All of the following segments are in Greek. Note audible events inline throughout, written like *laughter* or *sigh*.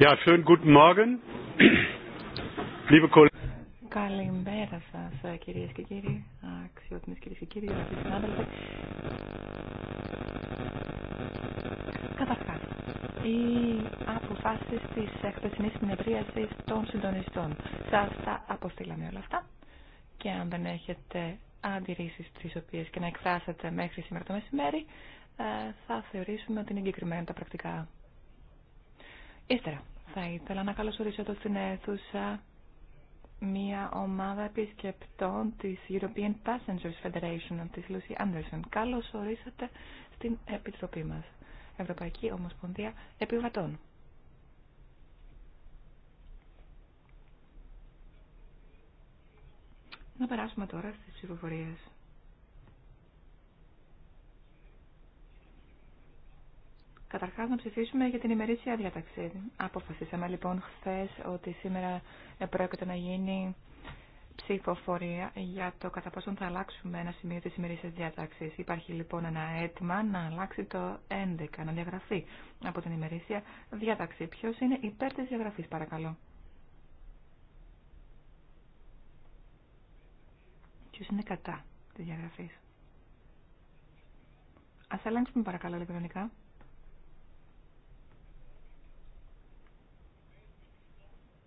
Ja, schönen guten Morgen. Liebe Kollegen. Καλημέρα σα, κυρίε και κύριοι, αξιότιμε κυρίε και κύριοι, αγαπητοί συνάδελφοι. Καταρχά, οι αποφάσει τη χθεσινή συνεδρίαση των συντονιστών. Σα τα αποστήλαμε όλα αυτά και αν δεν έχετε αντιρρήσει τι οποίε και να εκφράσετε μέχρι σήμερα το μεσημέρι, ε, θα θεωρήσουμε ότι είναι εγκεκριμένα τα πρακτικά Ύστερα, θα ήθελα να καλωσορίσω εδώ στην αίθουσα μια ομάδα επισκεπτών της European Passengers Federation της Lucy Anderson. Καλώς ορίσατε στην Επιτροπή μας, Ευρωπαϊκή Ομοσπονδία Επιβατών. Να περάσουμε τώρα στις ψηφοφορίες. Κατάρχά να ψηφίσουμε για την ημερήσια διάταξη. Αποφασίσαμε λοιπόν χθε ότι σήμερα πρόκειται να γίνει ψηφοφορία για το κατά πόσον θα αλλάξουμε ένα σημείο τη ημερήσια διάταξη. Υπάρχει λοιπόν ένα αίτημα να αλλάξει το 11, να διαγραφεί από την ημερήσια διάταξη. Ποιο είναι υπέρ τη διαγραφή παρακαλώ. Ποιο είναι κατά τη διαγραφή. Ας ελέγξουμε παρακαλώ ηλεκτρονικά.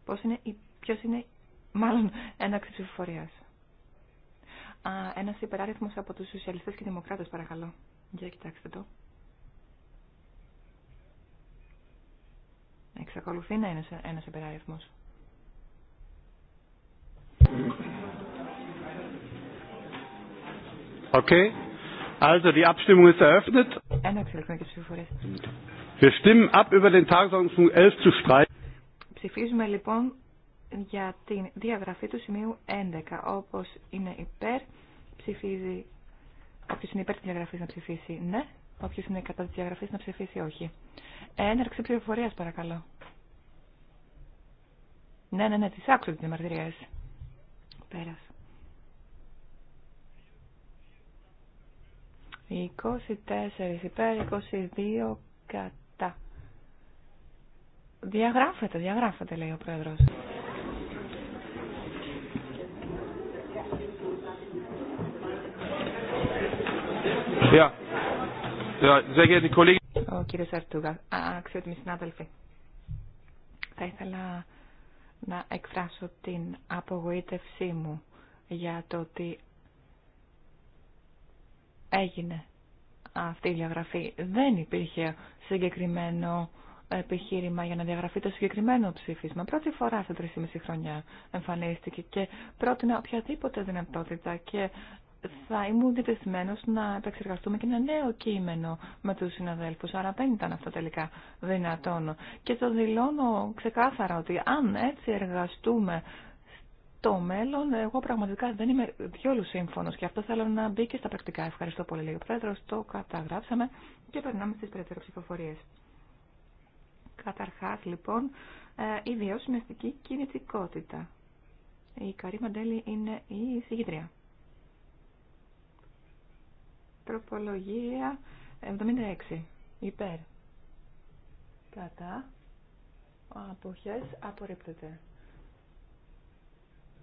Πώς είναι, ποιος είναι, μάλλον, έναξη ψηφοφορίας. Α, ένας υπεράριθμος από τους σοσιαλιστές και δημοκράτες, παρακαλώ. Για κοιτάξτε το. Εξακολουθεί να είναι ένας υπεράριθμος. Okay. Also die Abstimmung ist eröffnet. Wir stimmen ab über den Tagesordnungspunkt 11 zu Ψηφίζουμε λοιπόν για την διαγραφή του σημείου 11. Όπως είναι υπέρ, ψηφίζει... Όποιος είναι υπέρ της διαγραφής να ψηφίσει ναι, όποιος είναι κατά της διαγραφής να ψηφίσει όχι. Έναρξη ψηφοφορίας παρακαλώ. Ναι, ναι, ναι, τις άκουσα τις διαμαρτυρίες. πέρας 24 υπέρ, 22 κατά Διαγράφεται, διαγράφεται λέει ο Πρόεδρος. Ο κύριο Αρτούγα, αξιότιμοι συνάδελφοι, θα ήθελα να εκφράσω την απογοήτευσή μου για το ότι έγινε αυτή η διαγραφή. Δεν υπήρχε συγκεκριμένο επιχείρημα για να διαγραφεί το συγκεκριμένο ψήφισμα. Πρώτη φορά σε 3,5 χρόνια εμφανίστηκε και πρότεινα οποιαδήποτε δυνατότητα και θα ήμουν διτεθειμένο να επεξεργαστούμε και ένα νέο κείμενο με του συναδέλφου. Άρα δεν ήταν αυτό τελικά δυνατόν. Και το δηλώνω ξεκάθαρα ότι αν έτσι εργαστούμε στο μέλλον, εγώ πραγματικά δεν είμαι διόλου σύμφωνο και αυτό θέλω να μπει και στα πρακτικά. Ευχαριστώ πολύ, Λίγο Πρόεδρο. Το καταγράψαμε και περνάμε στι περαιτέρω ψηφοφορίε. Καταρχάς, λοιπόν, ε, η βιώσιμη κινητικότητα. Η Καρή Μαντέλη είναι η συγκεντρία. Τροπολογία 76. Υπέρ. Κατά. Αποχές απορρίπτεται.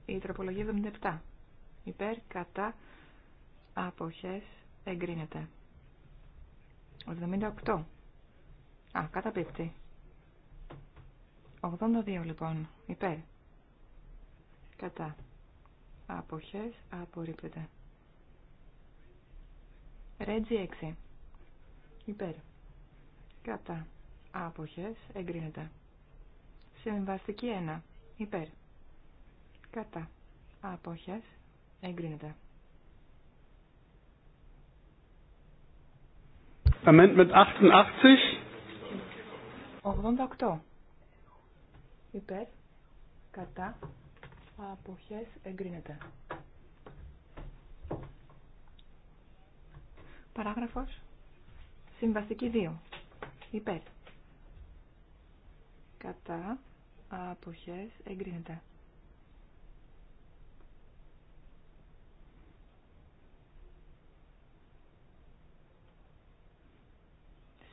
Η τροπολογία 77. Υπέρ. Κατά. Αποχές εγκρίνεται. 78. Α, καταπίπτει. 82 λοιπόν, υπέρ. Κατά. Αποχές απορρίπτεται. Ρέτζι 6. Υπέρ. Κατά. Άποχες εγκρίνεται. Συμβαστική 1. Υπέρ. Κατά. Άποχες εγκρίνεται. Amendment 88. 88 υπέρ, κατά, αποχές εγκρίνεται. Παράγραφος Συμβαστική 2 Υπέρ Κατά Αποχές εγκρίνεται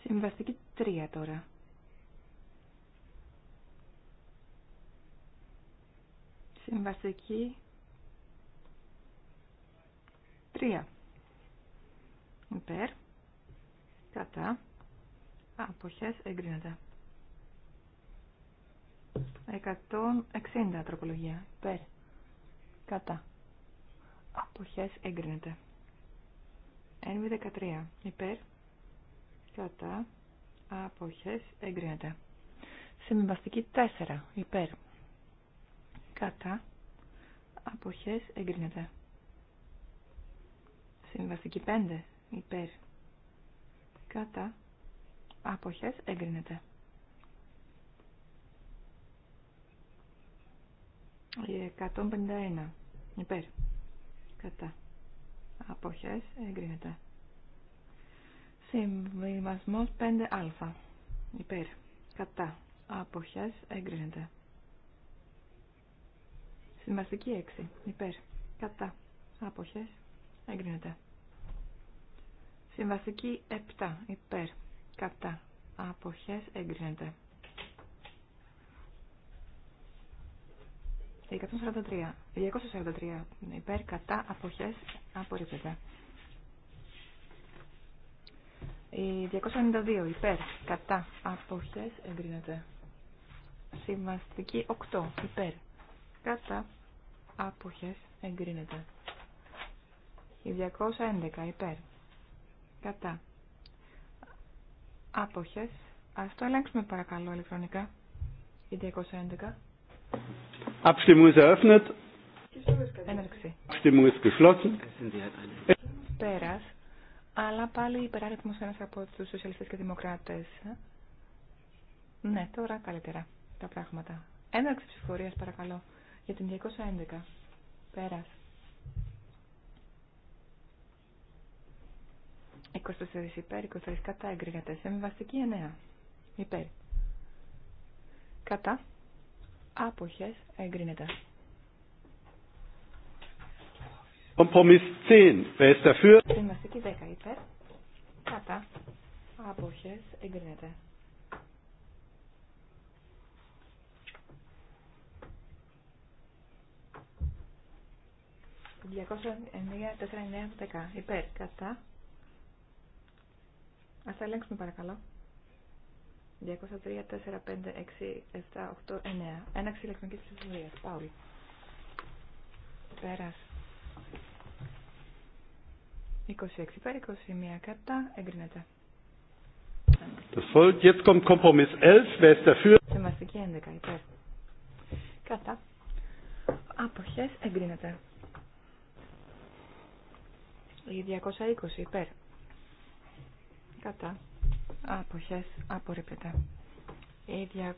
Συμβαστική 3 τώρα Συμβαστική 3. Υπέρ. Κατά. Αποχές εγκρίνεται. 160 τροπολογία. Υπέρ. Κατά. Αποχές εγκρίνεται. Ένβη 13. Υπέρ. Κατά. Αποχές εγκρίνεται. Συμβαστική 4. Υπέρ κατά, αποχές εγκρίνεται. Συμβαστική 5 υπέρ, κατά, αποχές εγκρίνεται. Η 151 υπέρ, κατά, αποχές εγκρίνεται. Συμβιβασμός 5α υπέρ, κατά, αποχές εγκρίνεται. Συμβαστική 6. Υπέρ. Κατά. Άποχες. Εγκρίνεται. Συμβαστική 7. Υπέρ. Κατά. Άποχες. Εγκρίνεται. 143. 243. Υπέρ. Κατά. Αποχές. Απορρίπτεται. Η 292. Υπέρ. Κατά. Αποχές. Εγκρίνεται. Συμβαστική 8. Υπέρ κατά άποχες εγκρίνεται. Η 211 υπέρ κατά άποχες. Ας το ελέγξουμε παρακαλώ ηλεκτρονικά. Η 211. Abstimmung ist eröffnet. Έναρξη. Abstimmung ist geschlossen. Πέρας. Αλλά πάλι υπεράριθμος ένας από τους σοσιαλιστές και δημοκράτες. Ναι, τώρα καλύτερα τα πράγματα. Έναρξη ψηφορίας παρακαλώ για την 211. Πέρα. 24 υπέρ, 23 κατά, εγκρίνεται. Σε μεβαστική 9. Υπέρ. Κατά. άποχέ, εγκρίνεται. Kompromiss 10. Wer ist dafür? 10 υπέρ. Κατά. Άποχε, εγκρίνεται. 209 4 9 Υπέρ. Κατά. Ας τα ελέγξουμε παρακαλώ. 203-4-5-6-7-8-9. Έναξη ηλεκτρονικής ψηφοφορίας. Παύλη. Πέρας. 26 υπέρ, 21 κατά. Εγκρίνεται. Das folgt, jetzt kommt Kompromiss 11. Wer ist dafür? Συμβαστική 11 υπέρ. Κατά. Αποχές εγκρίνεται. 220 υπέρ. Κατά. Αποχές απορρίπτεται. Η 225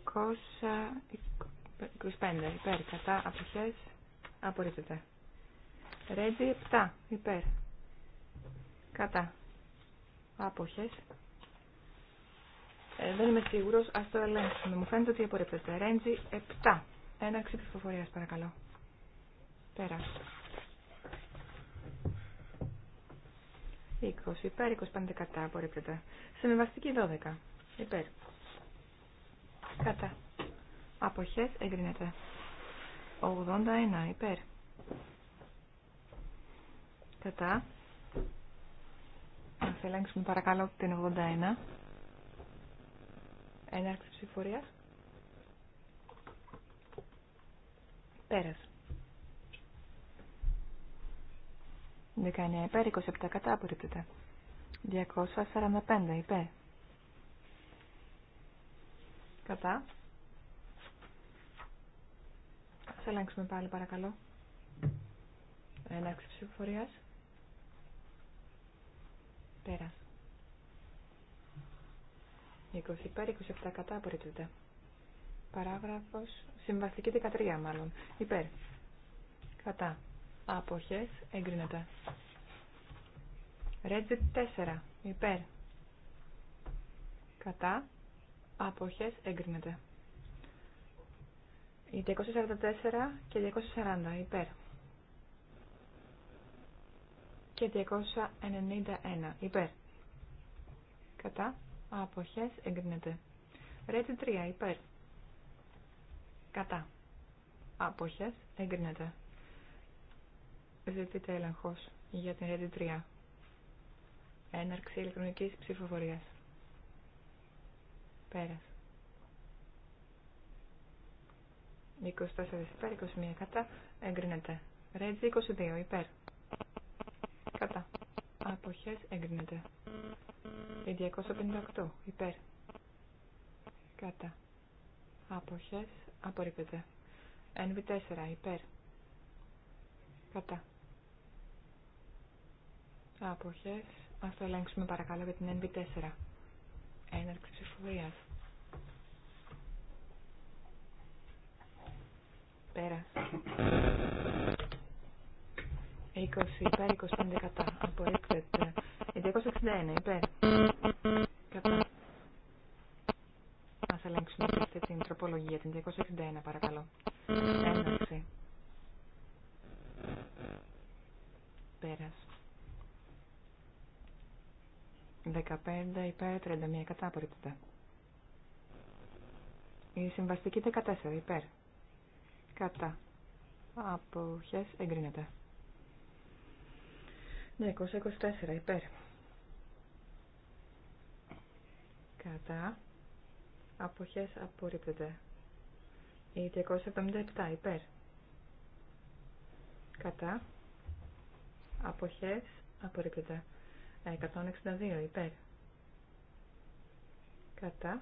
υπέρ. Κατά. Αποχές απορρίπτεται. Ρέντι 7 υπέρ. Κατά. Αποχές. Ε, δεν είμαι σίγουρος. Ας το ελέγξουμε. Μου φαίνεται ότι απορρίπτεται. Ρέντζι 7. Έναρξη ψηφοφορίας παρακαλώ. Πέρα. 20 υπέρ, 25 κατά απορρίπτεται. Συμβιβαστική 12 υπέρ. Κατά. Αποχές εγκρίνεται. 81 υπέρ. Κατά. Ας ελέγξουμε παρακαλώ την 81. Έναρξη ψηφορίας. Πέρασε. 19 υπέρ, 27 κατά απορρίπτεται. 245 υπέρ. Κατά. Ας ελέγξουμε πάλι παρακαλώ. παρακαλώ. ψηφοφορίας. Πέρας. 20 υπέρ, 27 κατά απορρίπτεται. Παράγραφος, συμβαστική 13 μάλλον. Υπέρ. Κατά. Αποχές εγκρίνεται. Ρέτζι 4. Υπέρ. Κατά. Αποχές εγκρίνεται. Η 244 και 240. Υπέρ. Και 291. Υπέρ. Κατά. Αποχές εγκρίνεται. Ρέτζι 3. Υπέρ. Κατά. Αποχές εγκρίνεται. Ζητείτε έλεγχο για την ΕΔΙ 3. Έναρξη ηλεκτρονικής ψηφοφορία. Πέρας. 24 υπέρ, 21 κατά, εγκρίνεται. Ρέτζι 22 υπέρ. Κατά. Αποχές εγκρίνεται. 258 υπέρ. Κατά. Αποχές απορρίπτεται. NV4 υπέρ. Κατά. Αποχές. Ας το ελέγξουμε παρακαλώ για την NB4. Έναρξη ψηφοφορίας. Πέρα. 20 υπέρ, 25 κατά. Απορρίπτεται. 261 υπέρ. Κατά. Ας ελέγξουμε αυτή την τροπολογία, την 261 παρακαλώ. Έναρξη. Πέρας. 15 υπέρ 31 κατά απορρίπτεται. Η συμβαστική 14 υπέρ. Κατά. Αποχές εγκρίνεται. 224 ναι, υπέρ. Κατά. Αποχές απορρίπτεται. Η 277 υπέρ. Κατά. Αποχές απορρίπτεται. 162 υπέρ. Κατά.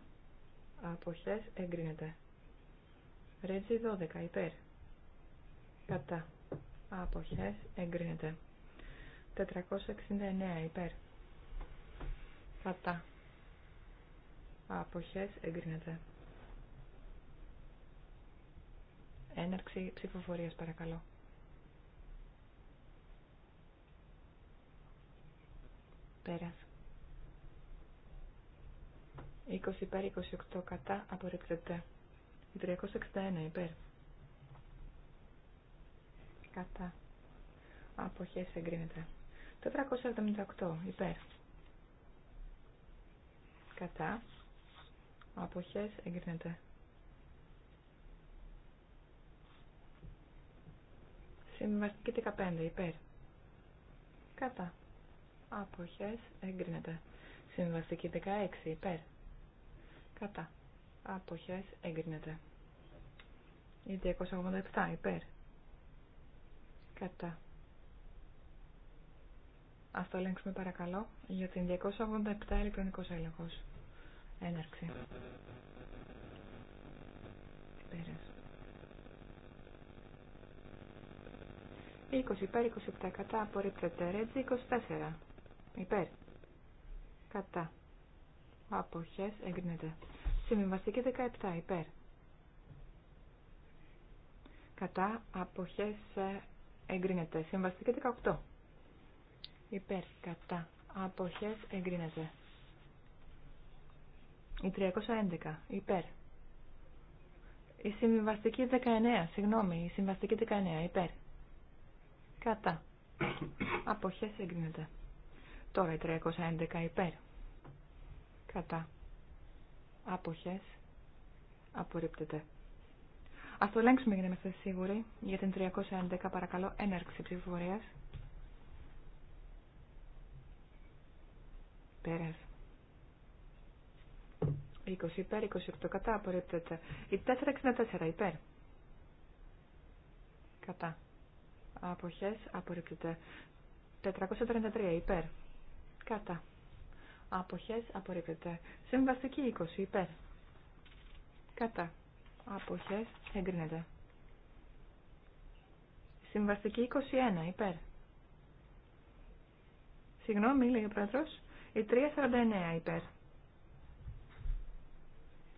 Αποχές εγκρίνεται. Ρέτζι 12 υπέρ. Κατά. Αποχές εγκρίνεται. 469 υπέρ. Κατά. Αποχές εγκρίνεται. Έναρξη ψηφοφορίας παρακαλώ. Πέρας. 20 υπέρ, 28 κατά, απορρίπτεται. 361 υπέρ. Κατά. Αποχές εγκρίνεται. 478 υπέρ. Κατά. Αποχές εγκρίνεται. Συμβαστική 15 υπέρ. Κατά. Αποχές εγκρίνεται. Συμβαστική 16 υπέρ. Κατά. Αποχές εγκρίνεται. Η 287 υπέρ. Κατά. Ας το ελέγξουμε παρακαλώ για την 287 ηλεκτρονικός έλεγχος. Έναρξη. Πέρας. 20 υπέρ, 27 κατά, απορρίπτεται. Ρέτζι, 24. Υπέρ. Κατά. Αποχές εγκρίνεται. Συμβιβαστική 17. Υπέρ. Κατά. Αποχές ε, εγκρίνεται. Συμβαστική 18. Υπέρ. Κατά. Αποχές εγκρίνεται. Η 311. Υπέρ. Η συμβιβαστική 19. Συγγνώμη. Η συμβαστική 19. Υπέρ. Κατά. Αποχές εγκρίνεται. Τώρα η 311 υπέρ. Κατά. Άποχες. Απορρίπτεται. Ας το ελέγξουμε για να είμαστε σίγουροι. Για την 311 παρακαλώ έναρξη ψηφοφορίας. Πέρας. 20 υπέρ, 28 κατά, απορρίπτεται. Η 464 υπέρ. Κατά. Αποχές, απορρίπτεται. 433 υπέρ. Κατά. Αποχές απορρίπτεται. Συμβαστική 20 υπέρ. Κατά. Αποχές εγκρίνεται. Συμβαστική 21 υπέρ. Συγγνώμη, λέει ο πρόεδρος. Η 349 υπέρ.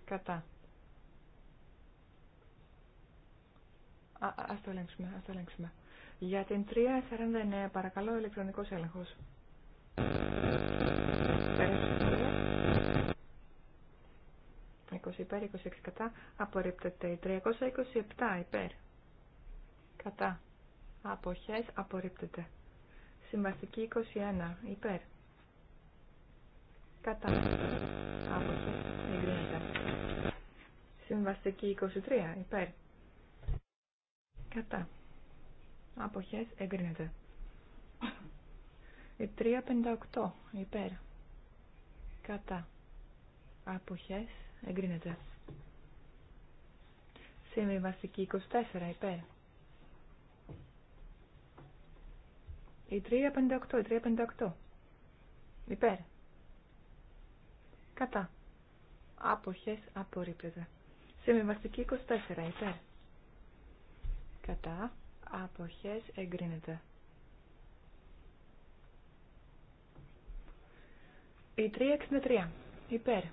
Κατά. Α, ας το ελέγξουμε, ας το ελέγξουμε. Για την 349 παρακαλώ ηλεκτρονικός έλεγχος. 20 υπέρ, 26 κατά, απορρίπτεται. 327 υπέρ, κατά, αποχές, απορρίπτεται. Συμβαστική 21 υπέρ, κατά, αποχές, εγκρίνεται. Συμβαστική 23 υπέρ, κατά, αποχές, εγκρίνεται. Η ε, 358 υπέρ. Κατά. Αποχές εγκρίνεται. Συμβιβαστική 24 υπέρ. Η 358, η 358. Υπέρ. Κατά. Άποχες απορρίπτεται. Συμβιβαστική 24 υπέρ. Κατά. Άποχες εγκρίνεται. Η 363. Υπέρ.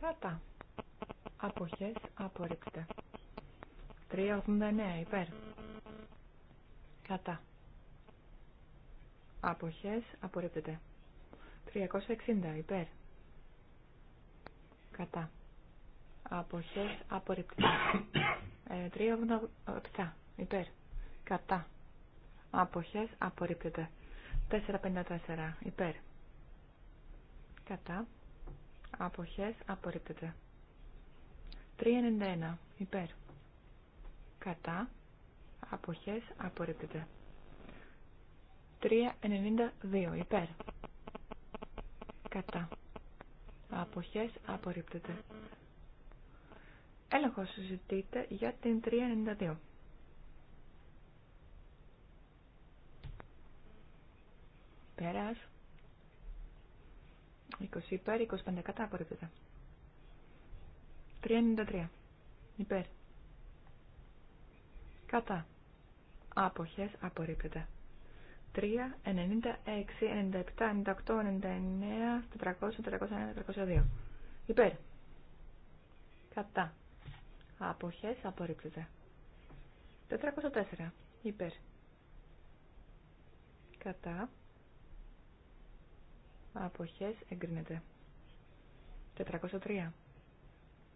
Κατά. Αποχές. Απορρίπτεται. 389. Υπέρ. Κατά. Αποχές. Απορρίπτεται. 360. Υπέρ. Κατά. Αποχές. Απορρίπτεται. 387. Ε, Υπέρ. Κατά. Αποχές. Απορρίπτεται. 454. Υπέρ. Κατά. Αποχές απορρίπτεται. 391. Υπέρ. Κατά. Αποχές απορρίπτεται. 392. Υπέρ. Κατά. Αποχές απορρίπτεται. Έλεγχος συζητείτε για την 392. Πέρας. 20 υπέρ, 25 κατά απορρίπτεται. 393 υπέρ. Κατά. Άποχες απορρίπτεται. 3, 96, 97, 98, 99, 400, 401, 402. Υπέρ. Κατά. Άποχες απορρίπτεται. 404. Υπέρ. Κατά. Αποχές εγκρίνεται. 403.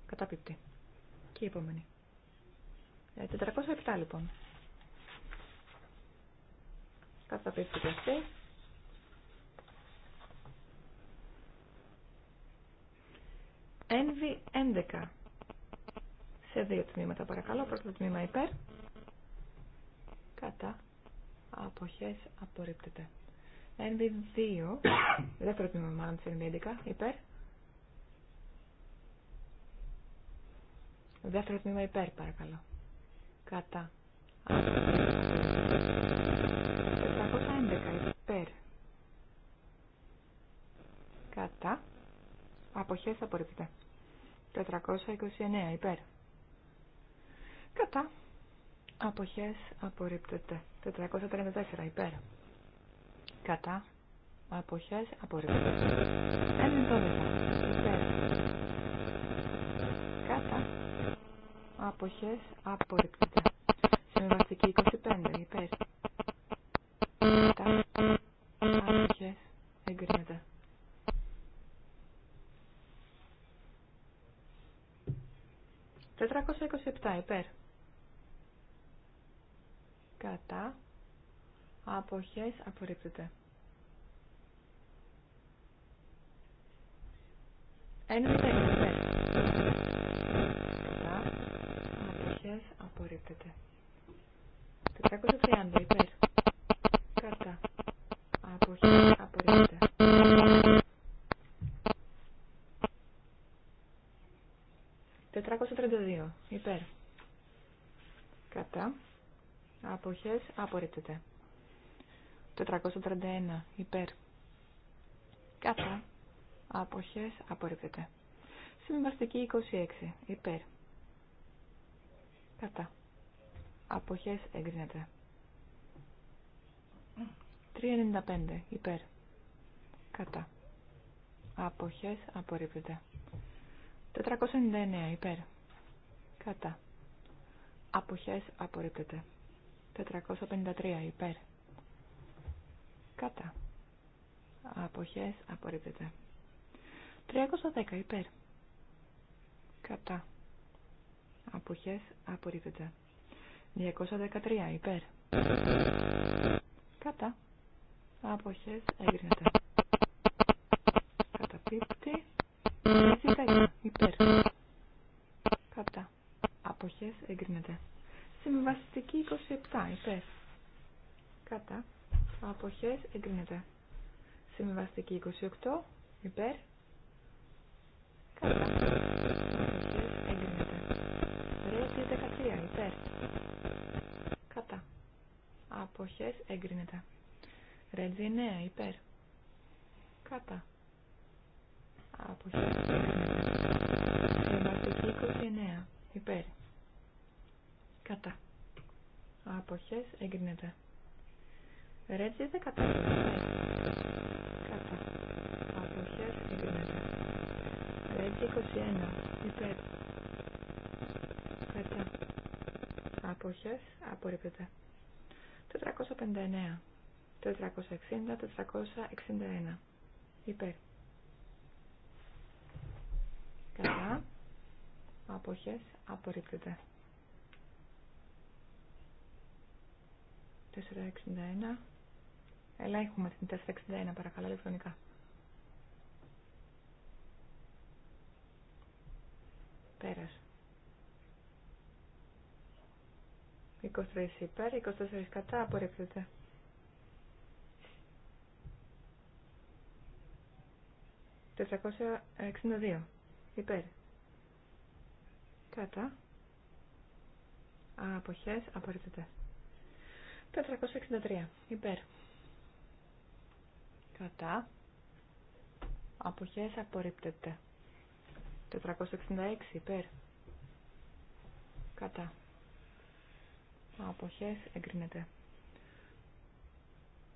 Καταπίπτει. Και η επόμενη. 407 ε, λοιπόν. Καταπίπτει και αυτή. Ένβη 11. Σε δύο τμήματα παρακαλώ. Πρώτο τμήμα υπέρ. Κατά. Αποχές απορρίπτεται nb 2 δεύτερο τμήμα μάλλον της nb 11 υπέρ. Δεύτερο τμήμα υπέρ, παρακαλώ. Κατά. 411 υπέρ. Κατά. Αποχές απορρίπτεται. 429 υπέρ. Κατά. Αποχές απορρίπτεται. 434 υπέρ. Κατά. Αποχές. Απορρίπτεται. το Υπέρ. Κατά. Αποχές. Απορρίπτωται. Συμβαστική 25. Υπέρ. Κατά. Αποχές. Εγκρίνεται. Τετρακόσια υπέρ. Κατά. Αποχές απορρίπτεται. Ένα υπέρ. Κατά. Αποχές απορρίπτεται. 430 υπέρ. Κατά. Αποχές απορρίπτεται. Το υπέρ. Κατά. Αποχές απορρίπτεται. 431 υπέρ αποχές απορρίπτεται. Συμβαστική 26 υπέρ. Κατά. Αποχές έγκρινεται. 395 υπέρ. Κατά. Αποχές απορρίπτεται. 499 υπέρ. Κατά. Αποχές απορρίπτεται. 453 υπέρ. Κατά. Αποχές απορρίπτεται. 310 υπέρ. Κατά. Αποχές απορρίπτεται. 213 υπέρ. Κατά. Αποχές εγκρίνεται. Καταπίπτει. 210 υπέρ. Κατά. Αποχές εγκρίνεται. Συμβαστική 27 υπέρ. Κατά. Αποχές εγκρίνεται. Συμβαστική 28 υπέρ. Κατά ε, αποχές εγκρίνεται. Ρέτη 13 υπέρ. Κατά Αποχέ εγκρίνεται. Ρέτζι 9 υπέρ. Κατά Αποχέ. εγκρίνεται. Συμβαστική 29 υπέρ. Κατά αποχές εγκρίνεται. Ρέτζι 14 ναι, υπέρ. 21 υπέρ κατά αποχές απορρίπτεται 459 460 461 υπέρ κατά αποχές απορρίπτεται 461 ελέγχουμε την 461 παρακαλώ ηλεκτρονικά 23 υπέρ, 24 κατά, απορρίπτεται. Τετρακόσια υπέρ. Κατά. Αποχές, απορρίπτεται. 463 υπέρ. Κατά. Αποχές, απορρίπτεται. 466 υπέρ. Κατά αποχές εγκρίνεται.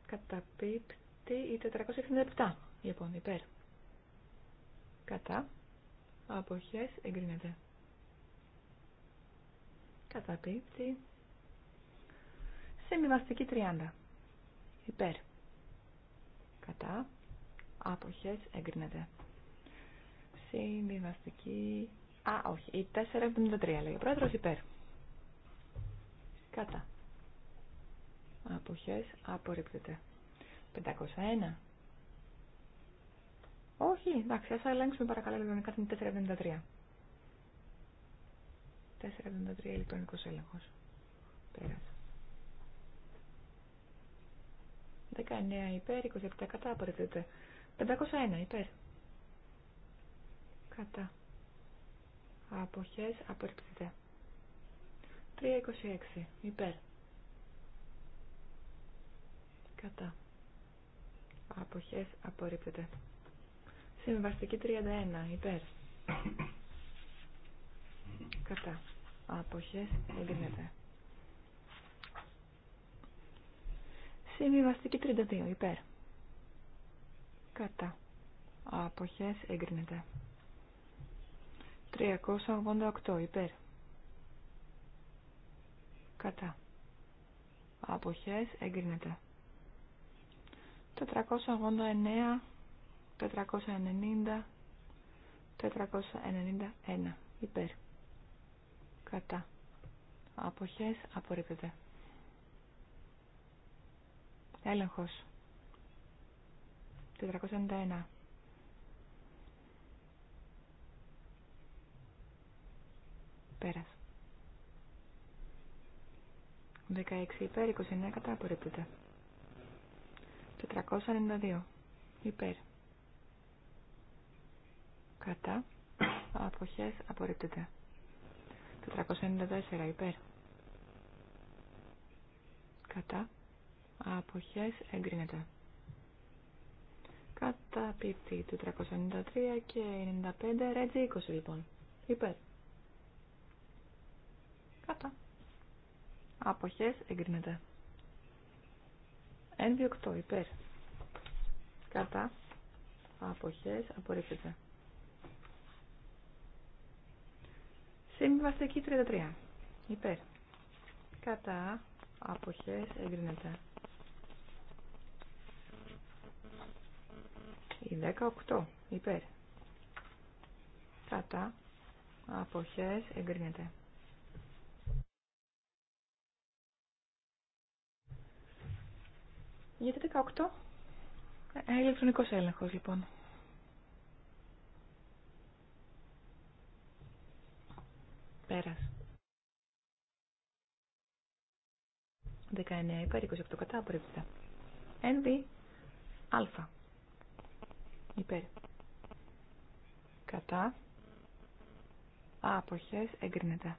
Καταπίπτει η 467 λοιπόν υπέρ. Κατά αποχές εγκρίνεται. Καταπίπτει συμβιβαστική 30 υπέρ. Κατά αποχές εγκρίνεται. Συμβιβαστική... Α, όχι, η 473 λέει ο πρόεδρος υπέρ Κατά. Αποχές απορρίπτεται. 501. Όχι, εντάξει, ας ελέγξουμε παρακαλώ ηλεκτρονικά την 473. 473 ηλεκτρονικός έλεγχος. Πέρασε. 19 υπέρ, 27 κατά, απορρίπτεται. 501 υπέρ. Κατά. Αποχές απορρίπτεται. 326. Υπέρ. Κατά. Αποχές απορρίπτεται. Συμβαστική 31. Υπέρ. Κατά. Αποχές εγκρίνεται. Συμβιβαστική 32. Υπέρ. Κατά. Αποχές εγκρίνεται. 388. Υπέρ. Κατά. Αποχές εγκρίνεται. 489, 490, 491. Υπέρ. Κατά. Αποχές απορρίπτεται. Έλεγχος. 491. Πέρας. 16 υπέρ, 29 κατά απορρίπτεται. 492 υπέρ. Κατά. Αποχές απορρίπτεται. 494 υπέρ. Κατά. Αποχές εγκρίνεται. Κατά πίπτη 493 και 95 ρέτζι 20 λοιπόν. Υπέρ. Κατά. Αποχές Ν2-8 NV8 υπέρ. Κατά. Αποχές απορρίπτεται. Συμβαστική 33. Υπέρ. Κατά. Αποχές εγκρίνεται. Η 18. Υπέρ. Κατά. Αποχές εγκρίνεται. Γιατί 18. Ε, ηλεκτρονικός έλεγχος λοιπόν. Πέρας. 19 υπέρ, 28 κατά, απορρίπτεται. NV, α. Υπέρ. Κατά. Άποχες, εγκρίνεται.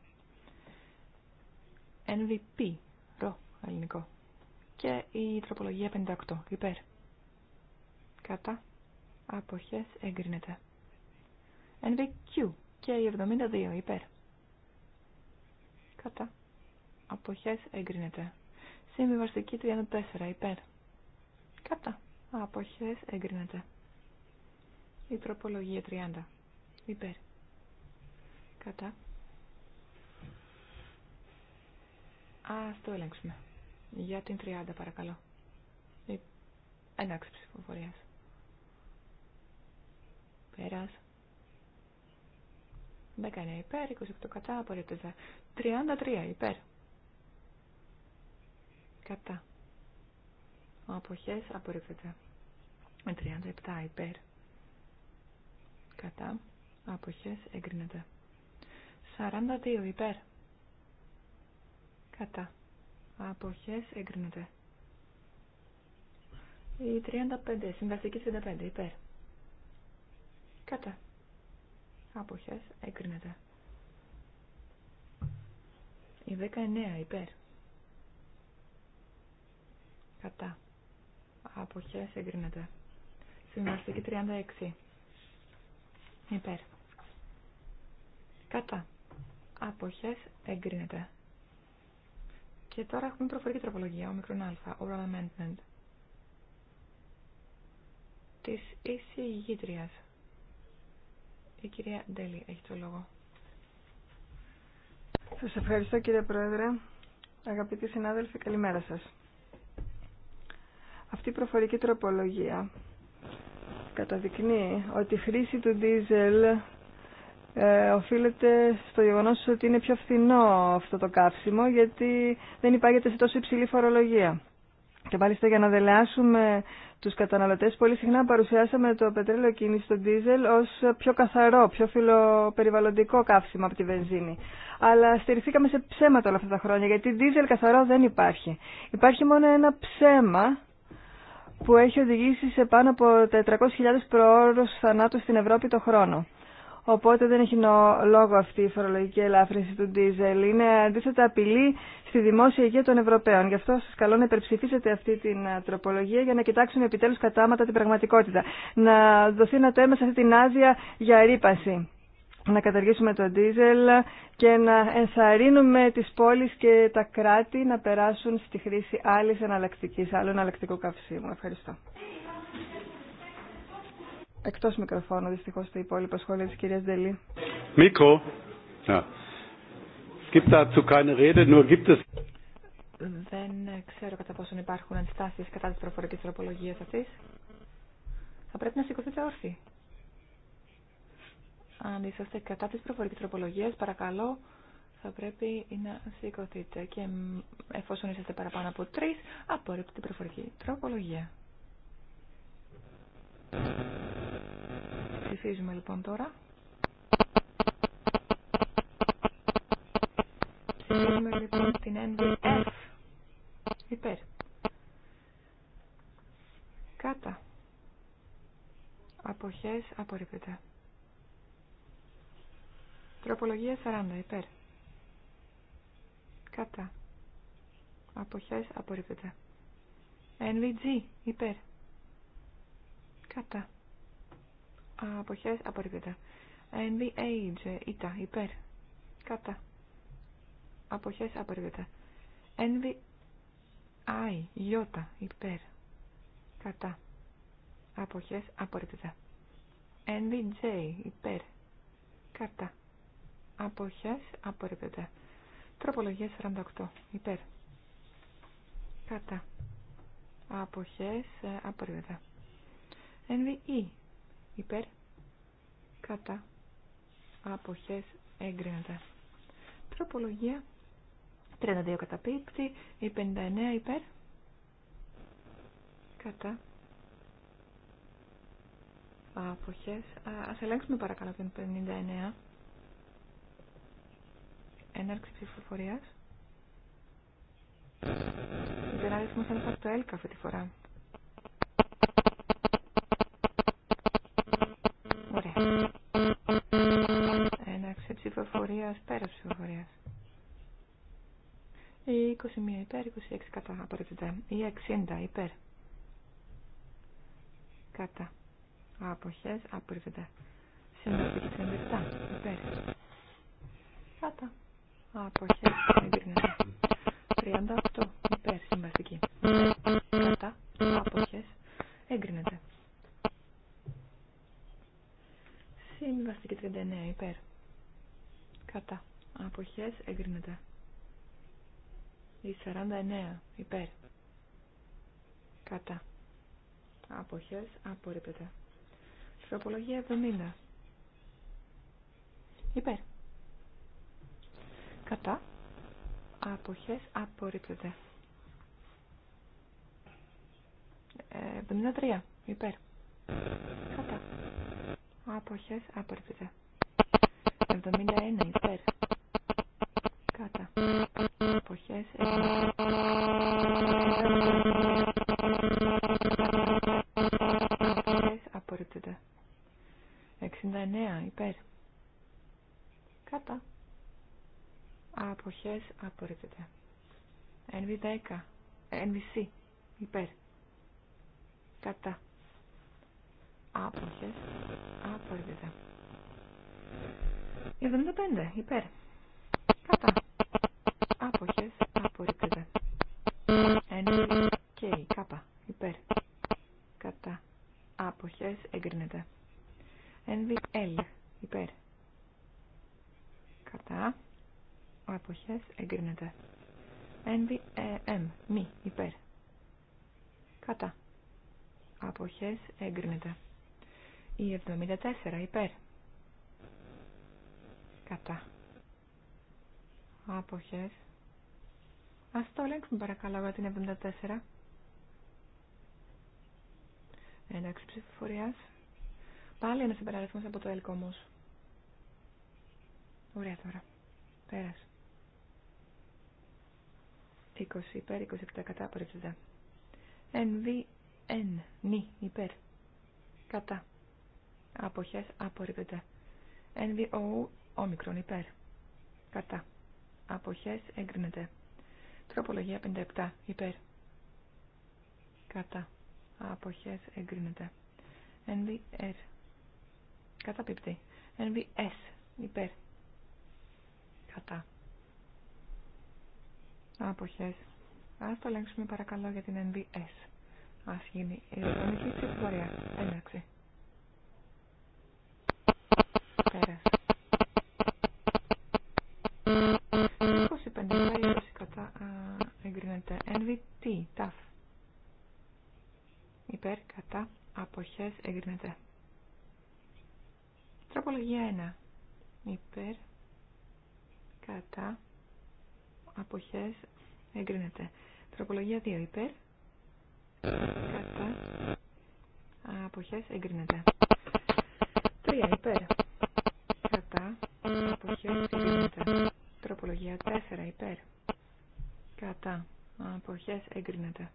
NVP, ρο, ελληνικό και η τροπολογία 58 υπέρ. Κατά αποχές εγκρίνεται. NVQ και η 72 υπέρ. Κατά αποχές εγκρίνεται. Συμβιβαστική 34 υπέρ. Κατά αποχές εγκρίνεται. Η τροπολογία 30 υπέρ. Κατά. Ας το ελέγξουμε. Για την 30 παρακαλώ. ενάξει ψηφοφορία. Πέρας. 19 υπέρ, 28 κατά, απορρίπτεται. 33 υπέρ. Κατά. Αποχές απορρίπτεται. 37 υπέρ. Κατά. Αποχές εγκρίνεται. 42 υπέρ. Κατά. Αποχές εγκρίνεται. Η 35, συμβαστική 35, υπέρ. Κατά. Αποχές εγκρίνεται. Η 19, υπέρ. Κατά. Αποχές εγκρίνεται. Συμβαστική 36. Υπέρ. Κατά. Αποχές εγκρίνεται. Και τώρα έχουμε προφορική τροπολογία, ο μικρόν α, oral amendment, της εισηγήτριας. Η κυρία Ντέλη έχει το λόγο. Σας ευχαριστώ κύριε Πρόεδρε. Αγαπητοί συνάδελφοι, καλημέρα σας. Αυτή η προφορική τροπολογία καταδεικνύει ότι η χρήση του δίζελ ε, οφείλεται στο γεγονός ότι είναι πιο φθηνό αυτό το καύσιμο γιατί δεν υπάγεται σε τόσο υψηλή φορολογία. Και μάλιστα για να δελεάσουμε τους καταναλωτές πολύ συχνά παρουσιάσαμε το πετρέλαιο κίνηση στο δίζελ ως πιο καθαρό, πιο φιλοπεριβαλλοντικό καύσιμο από τη βενζίνη. Αλλά στηριχθήκαμε σε ψέματα όλα αυτά τα χρόνια γιατί δίζελ καθαρό δεν υπάρχει. Υπάρχει μόνο ένα ψέμα που έχει οδηγήσει σε πάνω από 400.000 προώρους θανάτου στην Ευρώπη το χρόνο. Οπότε δεν έχει λόγο αυτή η φορολογική ελάφρυνση του ντίζελ. Είναι αντίθετα απειλή στη δημόσια υγεία των Ευρωπαίων. Γι' αυτό σα καλώ να υπερψηφίσετε αυτή την ε, τροπολογία για να κοιτάξουμε επιτέλου κατάματα την πραγματικότητα. Να δοθεί ένα τέμα σε αυτή την άδεια για ρήπαση. Να καταργήσουμε το ντίζελ και να ενθαρρύνουμε τι πόλει και τα κράτη να περάσουν στη χρήση άλλη εναλλακτική, άλλου εναλλακτικού καυσίμου. Ευχαριστώ. Εκτός μικροφώνου, δυστυχώς, τα υπόλοιπα σχόλια της κυρίας Δελή. Μίκρο; Δεν ξέρω κατά πόσον υπάρχουν αντιστάσεις κατά της προφορικής τροπολογίας αυτής. Θα πρέπει να σηκωθείτε όρθιοι. Αν είσαστε κατά της προφορικής τροπολογίας, παρακαλώ, θα πρέπει να σηκωθείτε. Και εφόσον είσαστε παραπάνω από τρεις, απορρίπτει την προφορική τροπολογία. Ψηφίζουμε λοιπόν τώρα. Ψηφίζουμε λοιπόν την NVF Υπέρ. Κάτα. Αποχές απορρίπτεται. Τροπολογία 40. Υπέρ. Κατά. Αποχές απορρίπτεται. NVG. Υπέρ. Κατά. Αποχές απορρίπτεται. Age ήτα, υπέρ. Κατά. Αποχές απορρίπτεται. NVI, γιώτα, υπέρ. Κατά. Αποχές απορρίπτεται. NVJ, υπέρ. Κατά. Αποχές απορρίπτεται. Τροπολογία 48, υπέρ. Κατά. Αποχές ε, απορρίπτεται. NVE. Υπέρ. Κατά. Αποχές έγκρινεται. Τροπολογία 32 καταπίπτει. Η 59 υπέρ. Κατά. Αποχές. Ας ελέγξουμε παρακαλώ την 59. Έναρξη ψηφοφορίας. Δεν αριθμός έλκα αυτή τη φορά. ψηφοφορία, πέρα ψηφοφορία. Η 21 υπέρ, 26 κατά Η 60 υπέρ. Κατά. Αποχέ, απορρίπτεται. Συμβουλή 37 υπέρ. Κατά. Αποχέ, εγκρίνεται. 38 υπέρ συμβαστική. Κατά. άποχέ εγκρίνεται. Συμβαστική 39 υπέρ. Κατά. Αποχές εγκρίνεται. Η 49. Υπέρ. Κατά. Αποχές απορρίπτεται. Στροπολογία 70. Υπέρ. Κατά. Αποχές απορρίπτεται. 73. Υπέρ. Κατά. Αποχές απορρίπτεται. 71 υπέρ. Κατά. Εποχές εγκρίνεται. 69 υπέρ. Κατά. Αποχές απορρίπτεται. NV10. NVC υπέρ. Κατά. Αποχές απορρίπτεται. 75 υπέρ. Κατά. Άποχες απορρίπτεται. Ένωση και κάπα υπέρ. Κατά. Άποχες εγκρίνεται. ελ υπέρ. Κατά. Άποχες εγκρίνεται. NVM ε μη υπέρ. Κατά. Άποχες εγκρίνεται. Η 74 υπέρ. Κατά. Άποχες. Ας το ελέγξουμε παρακαλώ για την 74. Ένα ψηφοφορίας. Πάλι ένας υπεραριθμός από το ΕΛΚ όμως. Ωραία τώρα. Πέρασε. 20 υπέρ, 27 κατά απορρίπτεται. NVN, νη, υπέρ. Κατά. Αποχές απορρίπτεται. NVO, Όμικρον υπέρ. Κατά. Αποχές εγκρίνεται. Τροπολογία 57 υπέρ. Κατά. Αποχές εγκρίνεται. NVR. Ε, καταπίπτει. NVS υπέρ. Κατά. Αποχές. Ας το ελέγξουμε παρακαλώ για την NVS. Ας γίνει η ηλεκτρονική συμφορία. Έναρξη. εγκρίνεται. NVT, ταφ. Υπέρ, κατά, αποχές, εγκρίνεται. Τροπολογία 1. Υπέρ, κατά, αποχές, εγκρίνεται. Τροπολογία 2. Υπέρ, κατά, αποχές, εγκρίνεται. 3. Υπέρ, κατά, αποχές, εγκρίνεται. Τροπολογία 4. Υπέρ, κατά, Αποχές εγκρίνεται.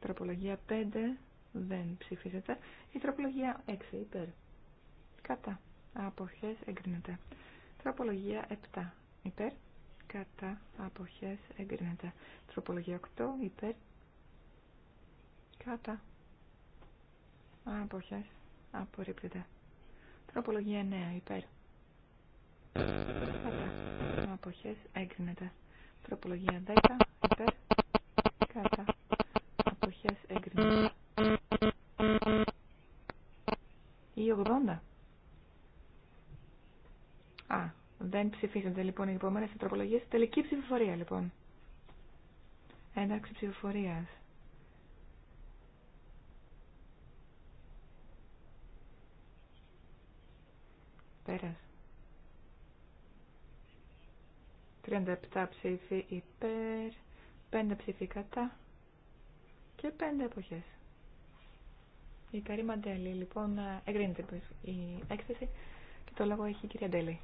Τροπολογία 5 δεν ψηφίζεται. Η τροπολογία 6 υπέρ. Κατά. Αποχές εγκρίνεται. Τροπολογία 7 υπέρ. Κατά. Αποχές εγκρίνεται. Τροπολογία 8 υπέρ. Κατά. Αποχές απορρίπτεται. Τροπολογία 9 υπέρ. Κατά. Αποχές εγκρίνεται. Τροπολογία 10 υπέρ κατά αποχές εγκρίνεται. Ή 80. Α, δεν ψηφίζονται λοιπόν οι επόμενε τροπολογίε. Τελική ψηφοφορία λοιπόν. Ένταξη ψηφοφορία. Πέρασε. 37 ψήφοι υπέρ, 5 ψήφοι κατά και 5 εποχές. Η Καρή Μαντέλη, λοιπόν, εγκρίνεται η έκθεση και το λόγο έχει η κυρία Ντέλη.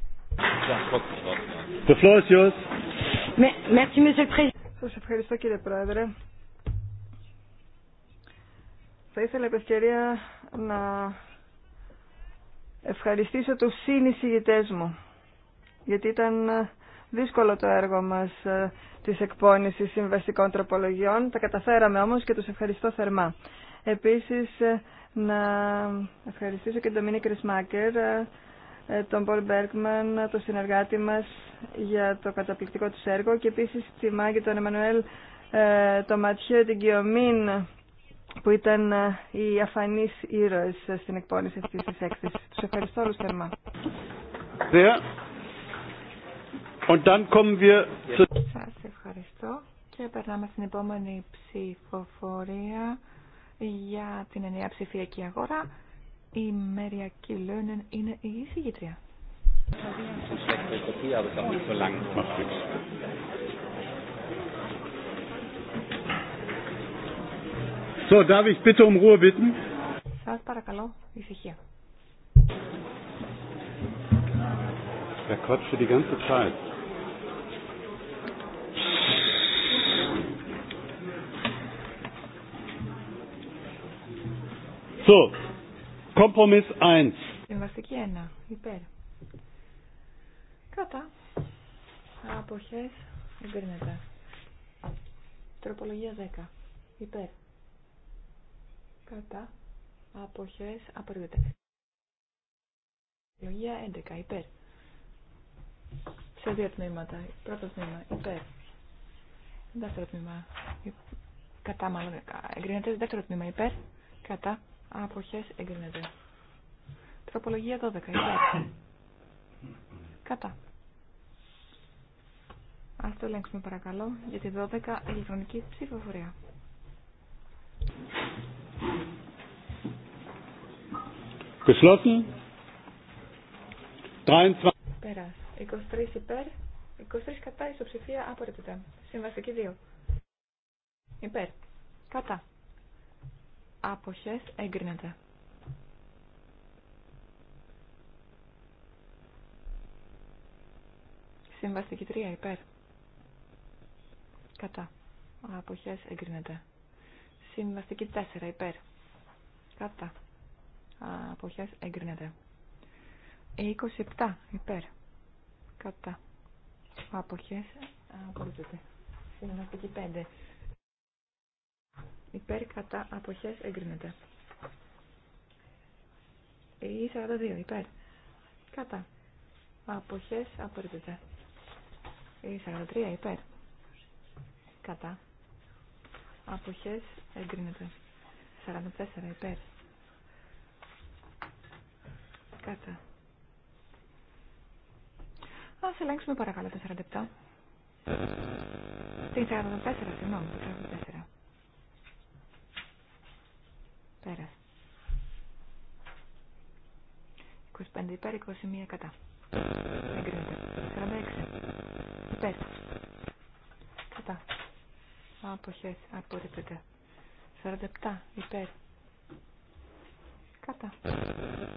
Σας ευχαριστώ κύριε Πρόεδρε. Θα ήθελα επ' ευκαιρία να ευχαριστήσω τους συνεισηγητές μου, γιατί ήταν δύσκολο το έργο μας ε, της εκπόνησης συμβαστικών τροπολογιών. Τα καταφέραμε όμως και τους ευχαριστώ θερμά. Επίσης, ε, να ευχαριστήσω και τον Μινί Κρισμάκερ, ε, τον Πολ Μπέρκμαν, τον συνεργάτη μας για το καταπληκτικό του έργο και επίσης τη Μάγκη, τον Εμμανουέλ, τον Ματιέ, την Κιωμίν, που ήταν οι αφανείς ήρωες στην εκπόνηση αυτής της έκθεσης. Τους ευχαριστώ όλους θερμά. Und Σας ευχαριστώ και περνάμε στην επόμενη ψηφοφορία για την ενιαία ψηφιακή αγορά. Η Μέρια Κιλόνεν είναι η εισηγήτρια. So, darf ich um Σας παρακαλώ, ησυχία. So, Kompromiss 1. Συμβαστική 1. Υπέρ. Κατά. Αποχές. Εγκρίνεται. Τροπολογία 10. Υπέρ. Κατά. Αποχές. Απορριβέται. Τροπολογία 11. Υπέρ. Σε δύο τμήματα. Πρώτο τμήμα. Υπέρ. Δεύτερο τμήμα. Κατά μάλλον. Εγκρίνεται. Δεύτερο τμήμα. Υπέρ. Κατά. Αποχές εγκρίνεται. Τροπολογία 12. Κατά. Ας το ελέγξουμε παρακαλώ για τη 12 ηλεκτρονική ψηφοφορία. Geschlossen. 23. Πέρας. 23 υπέρ. 23 κατά ισοψηφία απορρίπτεται. Συμβαστική 2. Υπέρ. Κατά. Αποχές εγκρίνεται. Συμβαστική 3 υπέρ. Κατά. Αποχές εγκρίνεται. Συμβαστική 4 υπέρ. Κατά. Αποχές εγκρίνεται. 27 υπέρ. Κατά. Αποχές απορρίπτεται. Συμβαστική 5 υπέρ κατά αποχές εγκρίνεται. Ή 42 υπέρ κατά αποχές απορρίπτεται. Ή 43 υπέρ κατά αποχές εγκρίνεται. 44 υπέρ κατά. Ας ελέγξουμε παρακαλώ τα 47. Την 44, συγγνώμη, το 44. Πέρα. 25 υπέρ, 21 κατά. Εγκρίνεται. 46 υπέρ. Κατά. Αποχές. Απορρίπτεται. 47 υπέρ. Κατά.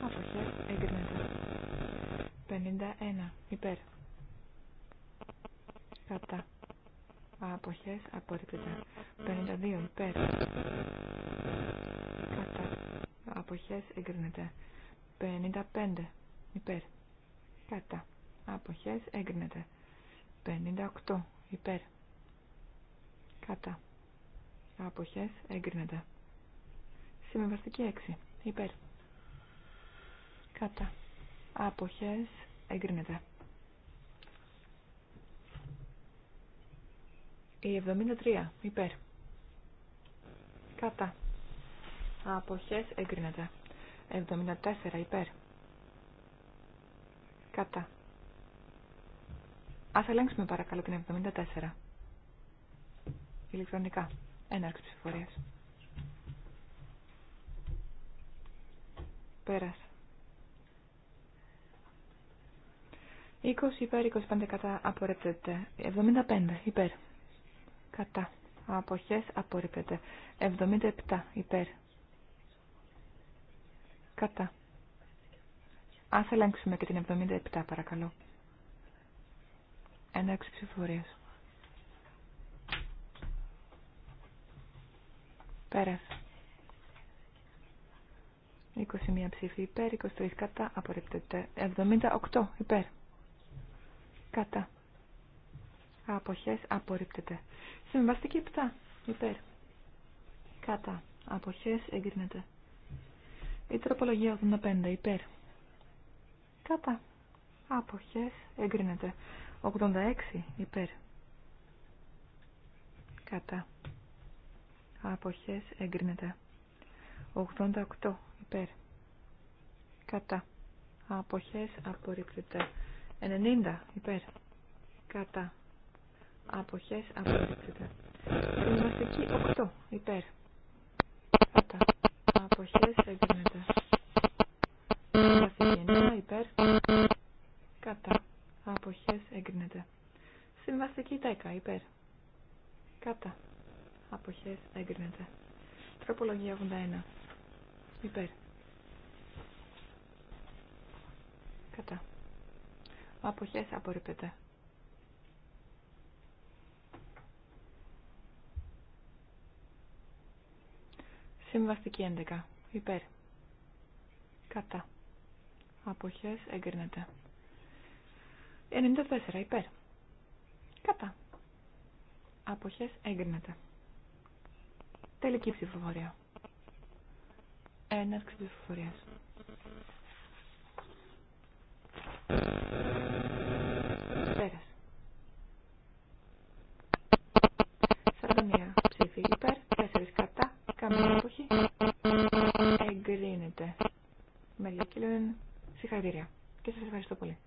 Αποχές. Εγκρίνεται. 51 υπέρ. Κατά. Αποχές. Απορρίπτεται. 52 υπέρ αποχές εγκρίνεται. 55 υπέρ. Κατά αποχές εγκρίνεται. 58 υπέρ. Κατά αποχές εγκρίνεται. Συμβαστική 6 υπέρ. Κατά αποχές εγκρίνεται. Η 73 υπέρ. Κατά. Αποχές εγκρίνεται. 74 υπέρ. Κατά. Ας ελέγξουμε παρακαλώ την 74. Ηλεκτρονικά. Έναρξη ψηφορίας. Πέρασε. 20 υπέρ, 25 κατά απορρέπτεται. 75 υπέρ. Κατά. Αποχές απορρίπτεται. 77 υπέρ. Κατά. Ας ελέγξουμε και την 77 παρακαλώ. Ένα ψηφορίας. Πέρασε. 21 ψήφοι υπέρ, 23 κατά, απορρίπτεται. 78 υπέρ. Κατά. Αποχές απορρίπτεται. Συμβαστική 7 υπέρ. Κατά. Αποχές εγκρίνεται. Η τροπολογία 85 υπέρ. Κατά. Άποχες εγκρίνεται. 86 υπέρ. Κατά. Άποχες εγκρίνεται. 88 υπέρ. Κατά. Άποχες απορρίπτεται. 90 υπέρ. Κατά. Άποχες απορρίπτεται. Συμβαστική 8 υπέρ. Κατά αποχές εγκρίνεται. Συμβαστική υπέρ κατά αποχές εγκρίνεται. Συμβαστική 10 υπέρ κατά αποχές εγκρίνεται. Τροπολογία 81 υπέρ κατά αποχές απορρίπτεται. Συμβαστική 11 υπέρ. Κατά. Αποχές εγκρίνεται. 94 υπέρ. Κατά. Αποχές εγκρίνεται. Τελική ψηφοφορία. Έναρξη ψηφοφορίας. Πέρας. 41 ψήφοι υπέρ, 4 κατά, καμία αποχή. Με Μεριά Κίλεν, συγχαρητήρια. Και σας ευχαριστώ πολύ.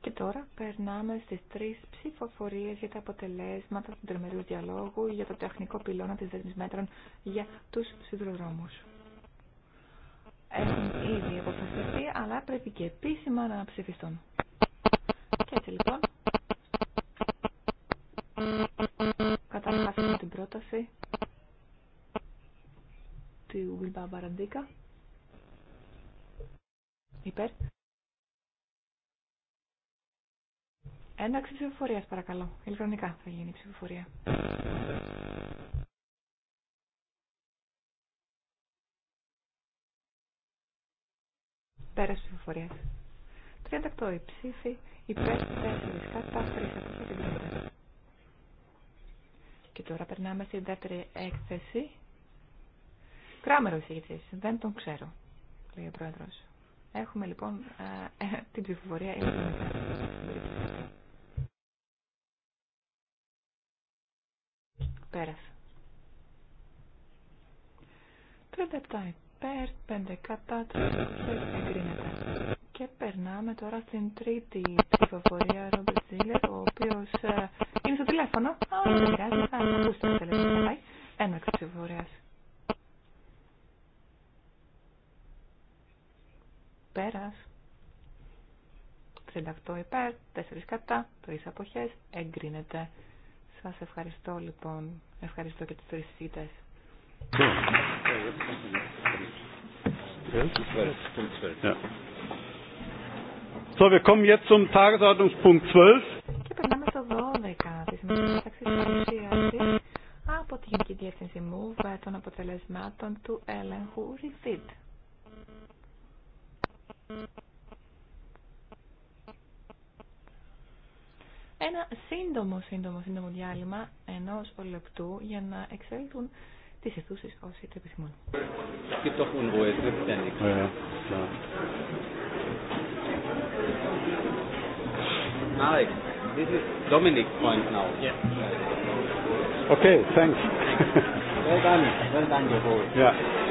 Και τώρα περνάμε στις τρεις ψηφοφορίες για τα αποτελέσματα του τριμερού διαλόγου για το τεχνικό πυλώνα της δεσμής μέτρων για τους σιδηροδρόμους έχουν ήδη αποφασιστεί, αλλά πρέπει και επίσημα να ψηφιστούν. Και έτσι λοιπόν, καταρχάς την πρόταση του Βιλμπά Μπαραντίκα. Υπέρ. Ένταξη ψηφοφορίας παρακαλώ. Ηλεκτρονικά θα γίνει η ψηφοφορία. Πέρας ψηφοφορίας. 38 η ψήφη υπέρ 4 κατά 3 Και τώρα περνάμε στην δεύτερη έκθεση. Κράμερο εισηγητής. Δεν τον ξέρω, λέει ο πρόεδρος. Έχουμε λοιπόν ε, ε, την ψηφοφορία. Πέρασε. 37 37η υπέρ, 5 κατά, 3 εγκρίνεται. Και περνάμε τώρα στην τρίτη ψηφοφορία, Ρόμπερτ Ζήλερ, ο οποίο ε, είναι στο τηλέφωνο. Α, δεν πειράζει, θα ακούσει το Πάει. Ένα ψηφοφορία. Πέρα. 38 υπέρ, 4 κατά, 3 αποχές, εγκρίνεται. Σας ευχαριστώ λοιπόν, ευχαριστώ και τους τρεις you. So, wir kommen jetzt zum Tagesordnungspunkt 12. Και περνάμε στο 12 της μεταξύ από την Γενική Διεύθυνση ε, των αποτελεσμάτων του έλεγχου REFIT. Ένα σύντομο, σύντομο, σύντομο διάλειμμα ενός λεπτού για να εξέλθουν τι αιθούσε όσοι το επιθυμούν. Marek, this is Dominic's point now. Yeah. Okay, thanks. well done. Well done, Jehovah. Yeah.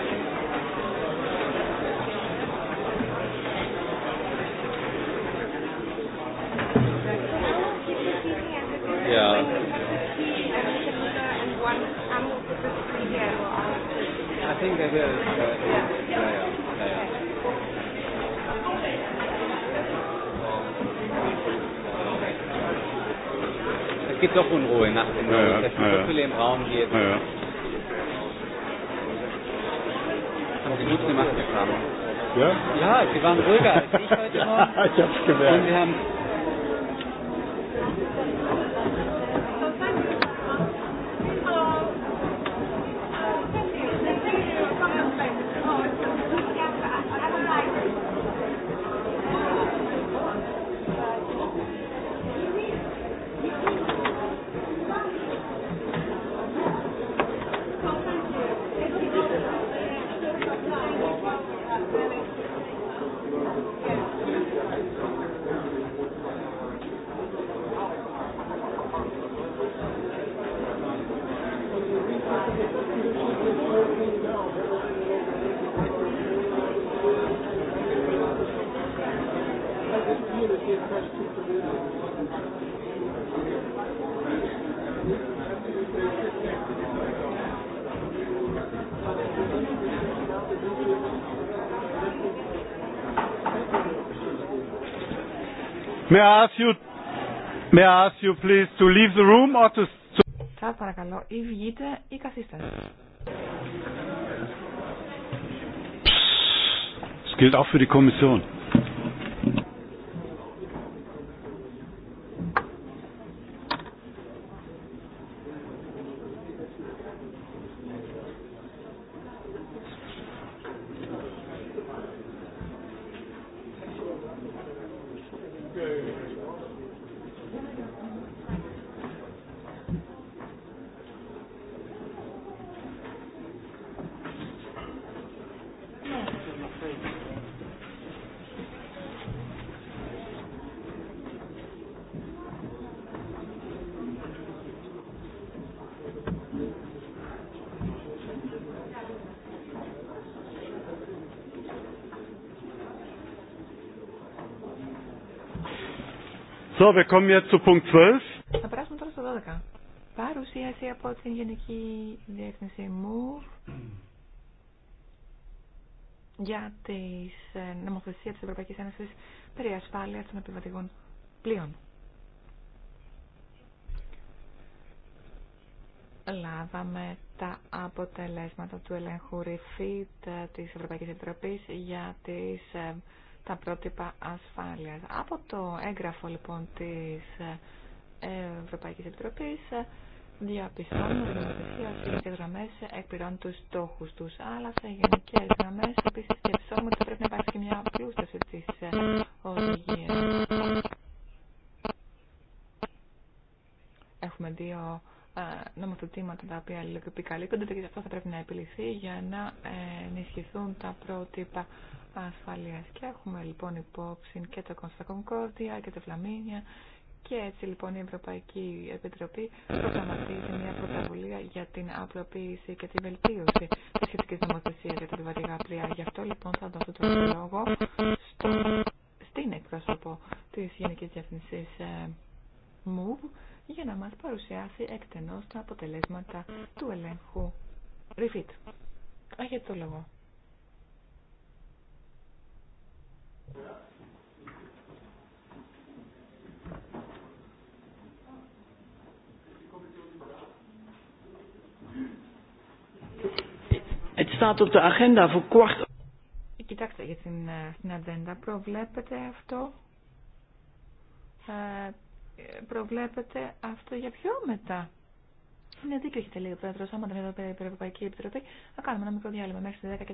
gibt doch Unruhe nach dem ja, Uhr. dass ja, so viele im Raum hier. Ja, ja. Haben Sie gut gemacht, die Kramer. Ja? Ja, Sie waren ruhiger als ich heute Morgen. ich hab's gemerkt. Und wir haben May I ask you, you please to leave the room or to... Θα παρακαλώ ή βγείτε ή καθίστε. gilt auch für die Kommission. So, wir kommen jetzt zu Punkt 12. Θα περάσουμε τώρα στο 12. Παρουσίαση από την Γενική Διεύθυνση μου για τη ε, νομοθεσία της Ευρωπαϊκής Ένωσης περί ασφάλειας των επιβατικών πλοίων. Λάβαμε τα αποτελέσματα του ελέγχου REFIT ε, της Ευρωπαϊκής Επιτροπής για τις ε, τα πρότυπα ασφάλειας. Από το έγγραφο λοιπόν της Ευρωπαϊκής Επιτροπής διαπιστώνουμε ότι η νομοθεσία γραμμέ εκπληρώνει του στόχου του. Αλλά σε γενικέ γραμμέ επίση σκεφτόμαστε ότι πρέπει να υπάρχει και μια απλούστευση τη οδηγία. Έχουμε δύο νομοθετήματα τα οποία επικαλύπτονται και αυτό θα πρέπει να επιληθεί για να ε, ενισχυθούν τα πρότυπα ασφαλείας. Και έχουμε λοιπόν υπόψη και το Κονκόρδια και το Φλαμίνια και έτσι λοιπόν η Ευρωπαϊκή Επιτροπή προγραμματίζει μια πρωτοβουλία για την απλοποίηση και τη βελτίωση τη σχετική νομοθεσία για τα επιβατικά πλοία. Γι' αυτό λοιπόν θα δώσω το λόγο στην εκπρόσωπο τη Γενική Διεύθυνση ε, MOVE για να μας παρουσιάσει εκτενώς τα αποτελέσματα του ελέγχου. Ριφίτ, έχετε το λόγο. Κοιτάξτε, για την, ε, στην ατζέντα προβλέπετε αυτό. Ε, προβλέπετε αυτό για πιο μετά. Είναι δίκιο έχετε λίγο ο Πρόεδρος, άμα δεν είναι η Επιτροπή, θα κάνουμε ένα μικρό διάλειμμα μέχρι 10 και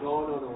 No, no, no.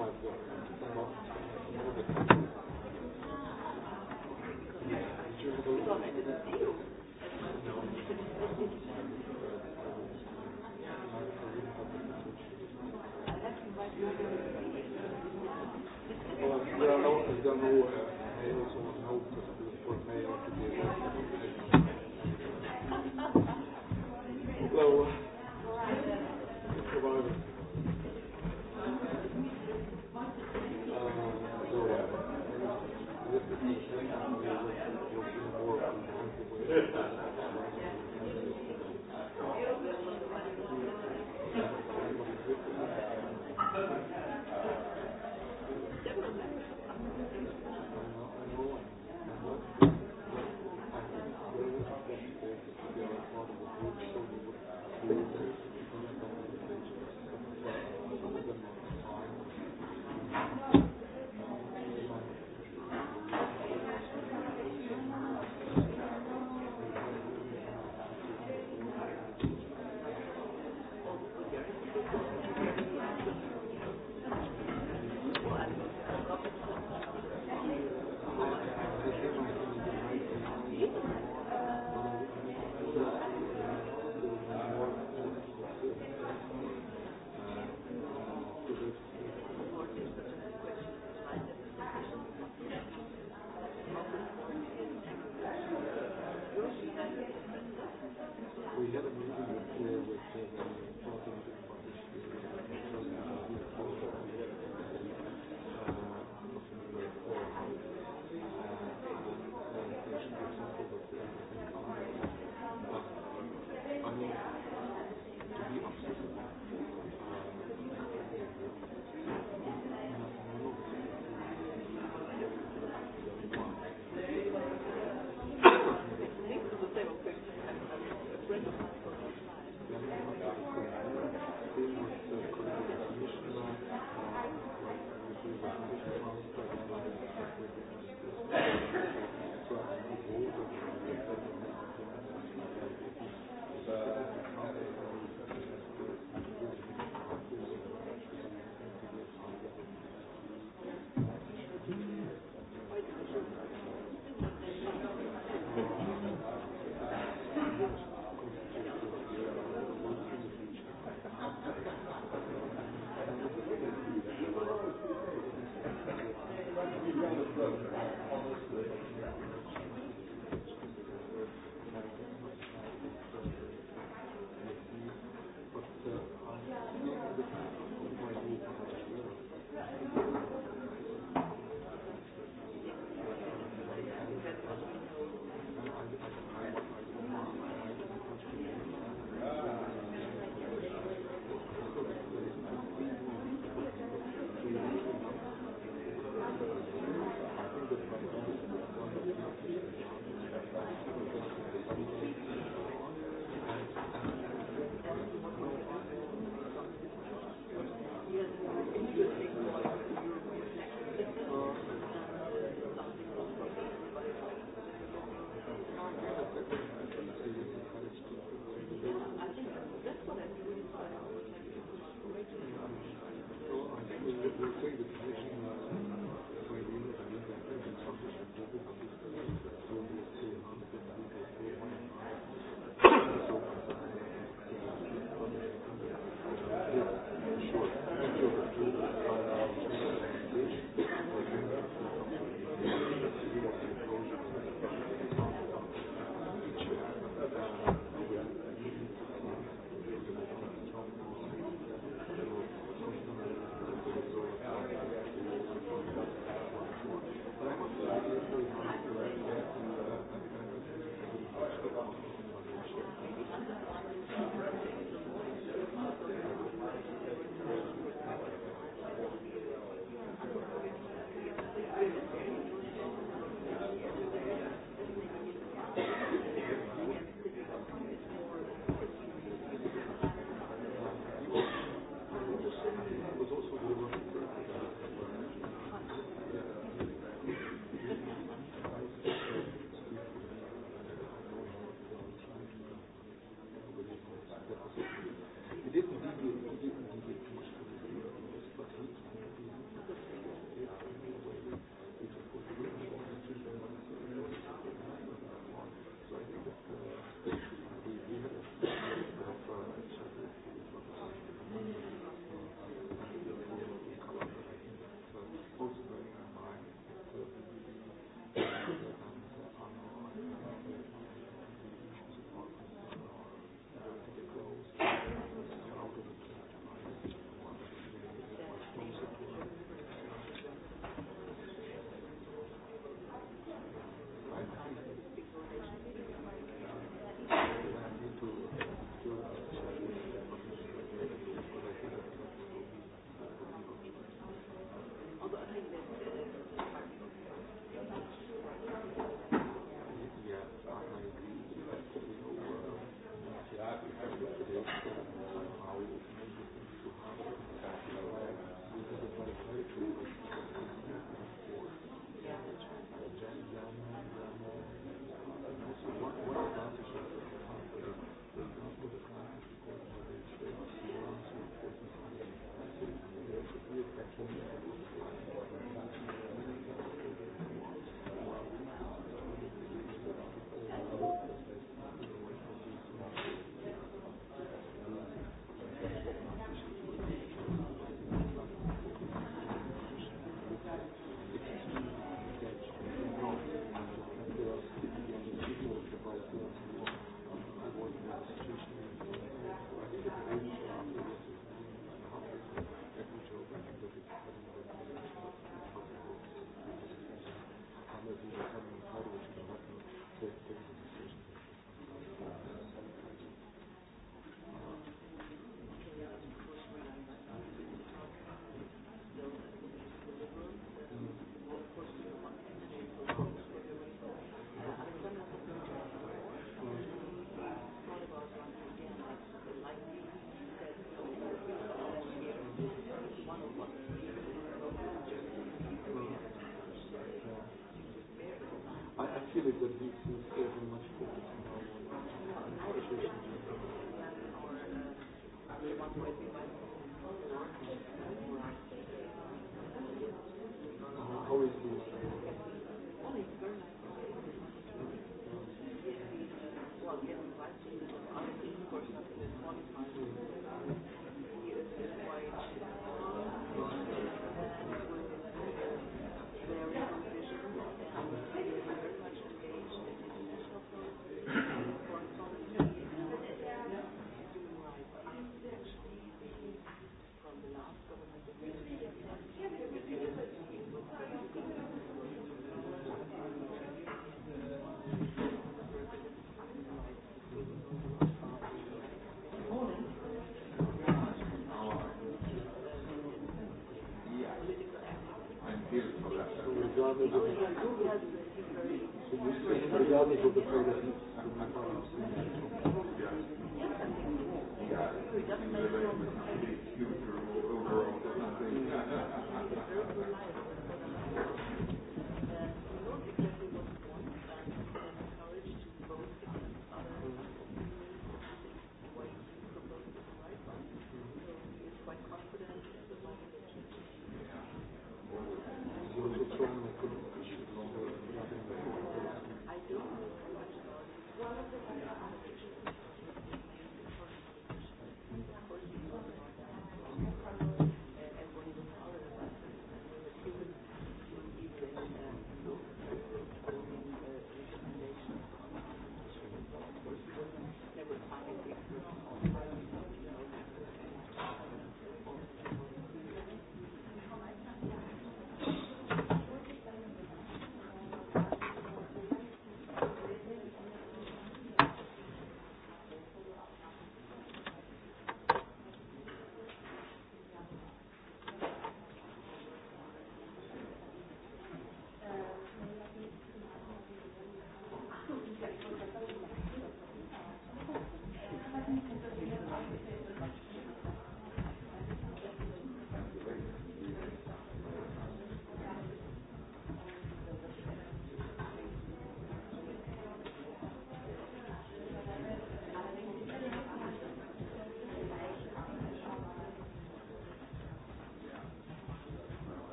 Силы гордиться успехом на школе.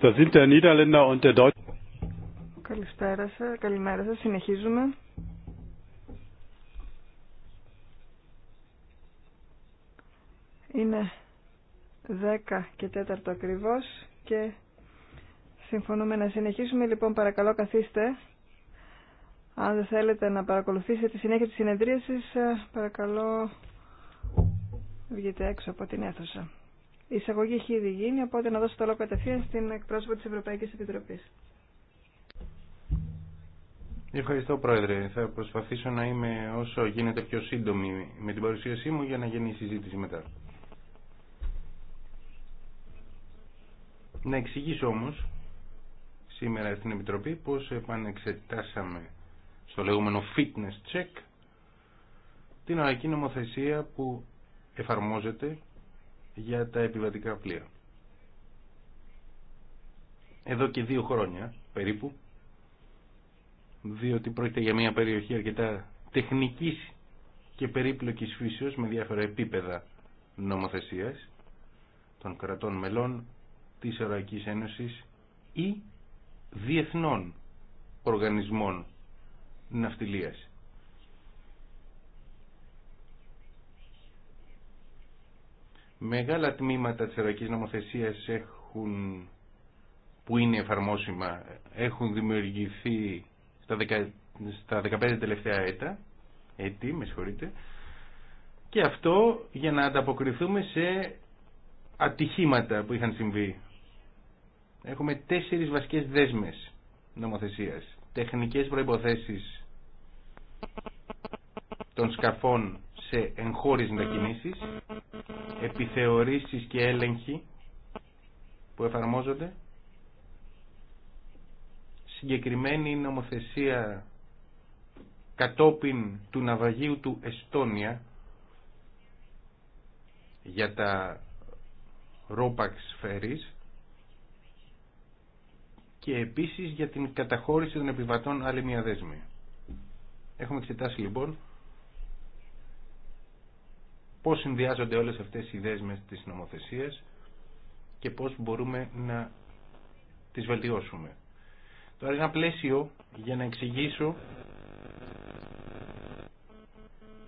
Καλησπέρα σας, καλημέρα σας, συνεχίζουμε. Είναι 10 και 4 ακριβώς και συμφωνούμε να συνεχίσουμε. Λοιπόν, παρακαλώ καθίστε. Αν δεν θέλετε να παρακολουθήσετε τη συνέχεια της συνεδρίασης, παρακαλώ βγείτε έξω από την αίθουσα. Η εισαγωγή έχει ήδη γίνει, οπότε να δώσω το λόγο κατευθείαν στην εκπρόσωπο της Ευρωπαϊκής Επιτροπής. Ευχαριστώ Πρόεδρε. Θα προσπαθήσω να είμαι όσο γίνεται πιο σύντομη με την παρουσίασή μου για να γίνει η συζήτηση μετά. Να εξηγήσω όμως σήμερα στην Επιτροπή πώς επανεξετάσαμε στο λεγόμενο fitness check την αρακή νομοθεσία που εφαρμόζεται για τα επιβατικά πλοία. Εδώ και δύο χρόνια περίπου, διότι πρόκειται για μια περιοχή αρκετά τεχνικής και περίπλοκης φύσεως με διάφορα επίπεδα νομοθεσίας των κρατών μελών της Ευρωπαϊκής Ένωσης ή διεθνών οργανισμών ναυτιλίας. Μεγάλα τμήματα της νομοθεσίας έχουν, που είναι εφαρμόσιμα έχουν δημιουργηθεί στα, στα 15 τελευταία έτα, έτη, με συγχωρείτε, και αυτό για να ανταποκριθούμε σε ατυχήματα που είχαν συμβεί. Έχουμε τέσσερις βασικές δέσμες νομοθεσίας. Τεχνικές προϋποθέσεις των σκαφών σε εγχώριες μετακινήσεις, επιθεωρήσεις και έλεγχοι που εφαρμόζονται, συγκεκριμένη νομοθεσία κατόπιν του ναυαγίου του Εστόνια για τα ρόπαξ φέρεις και επίσης για την καταχώρηση των επιβατών άλλη μια δέσμη. Έχουμε εξετάσει λοιπόν πώς συνδυάζονται όλες αυτές οι ιδέες με τις νομοθεσίες και πώς μπορούμε να τις βελτιώσουμε. Τώρα ένα πλαίσιο για να εξηγήσω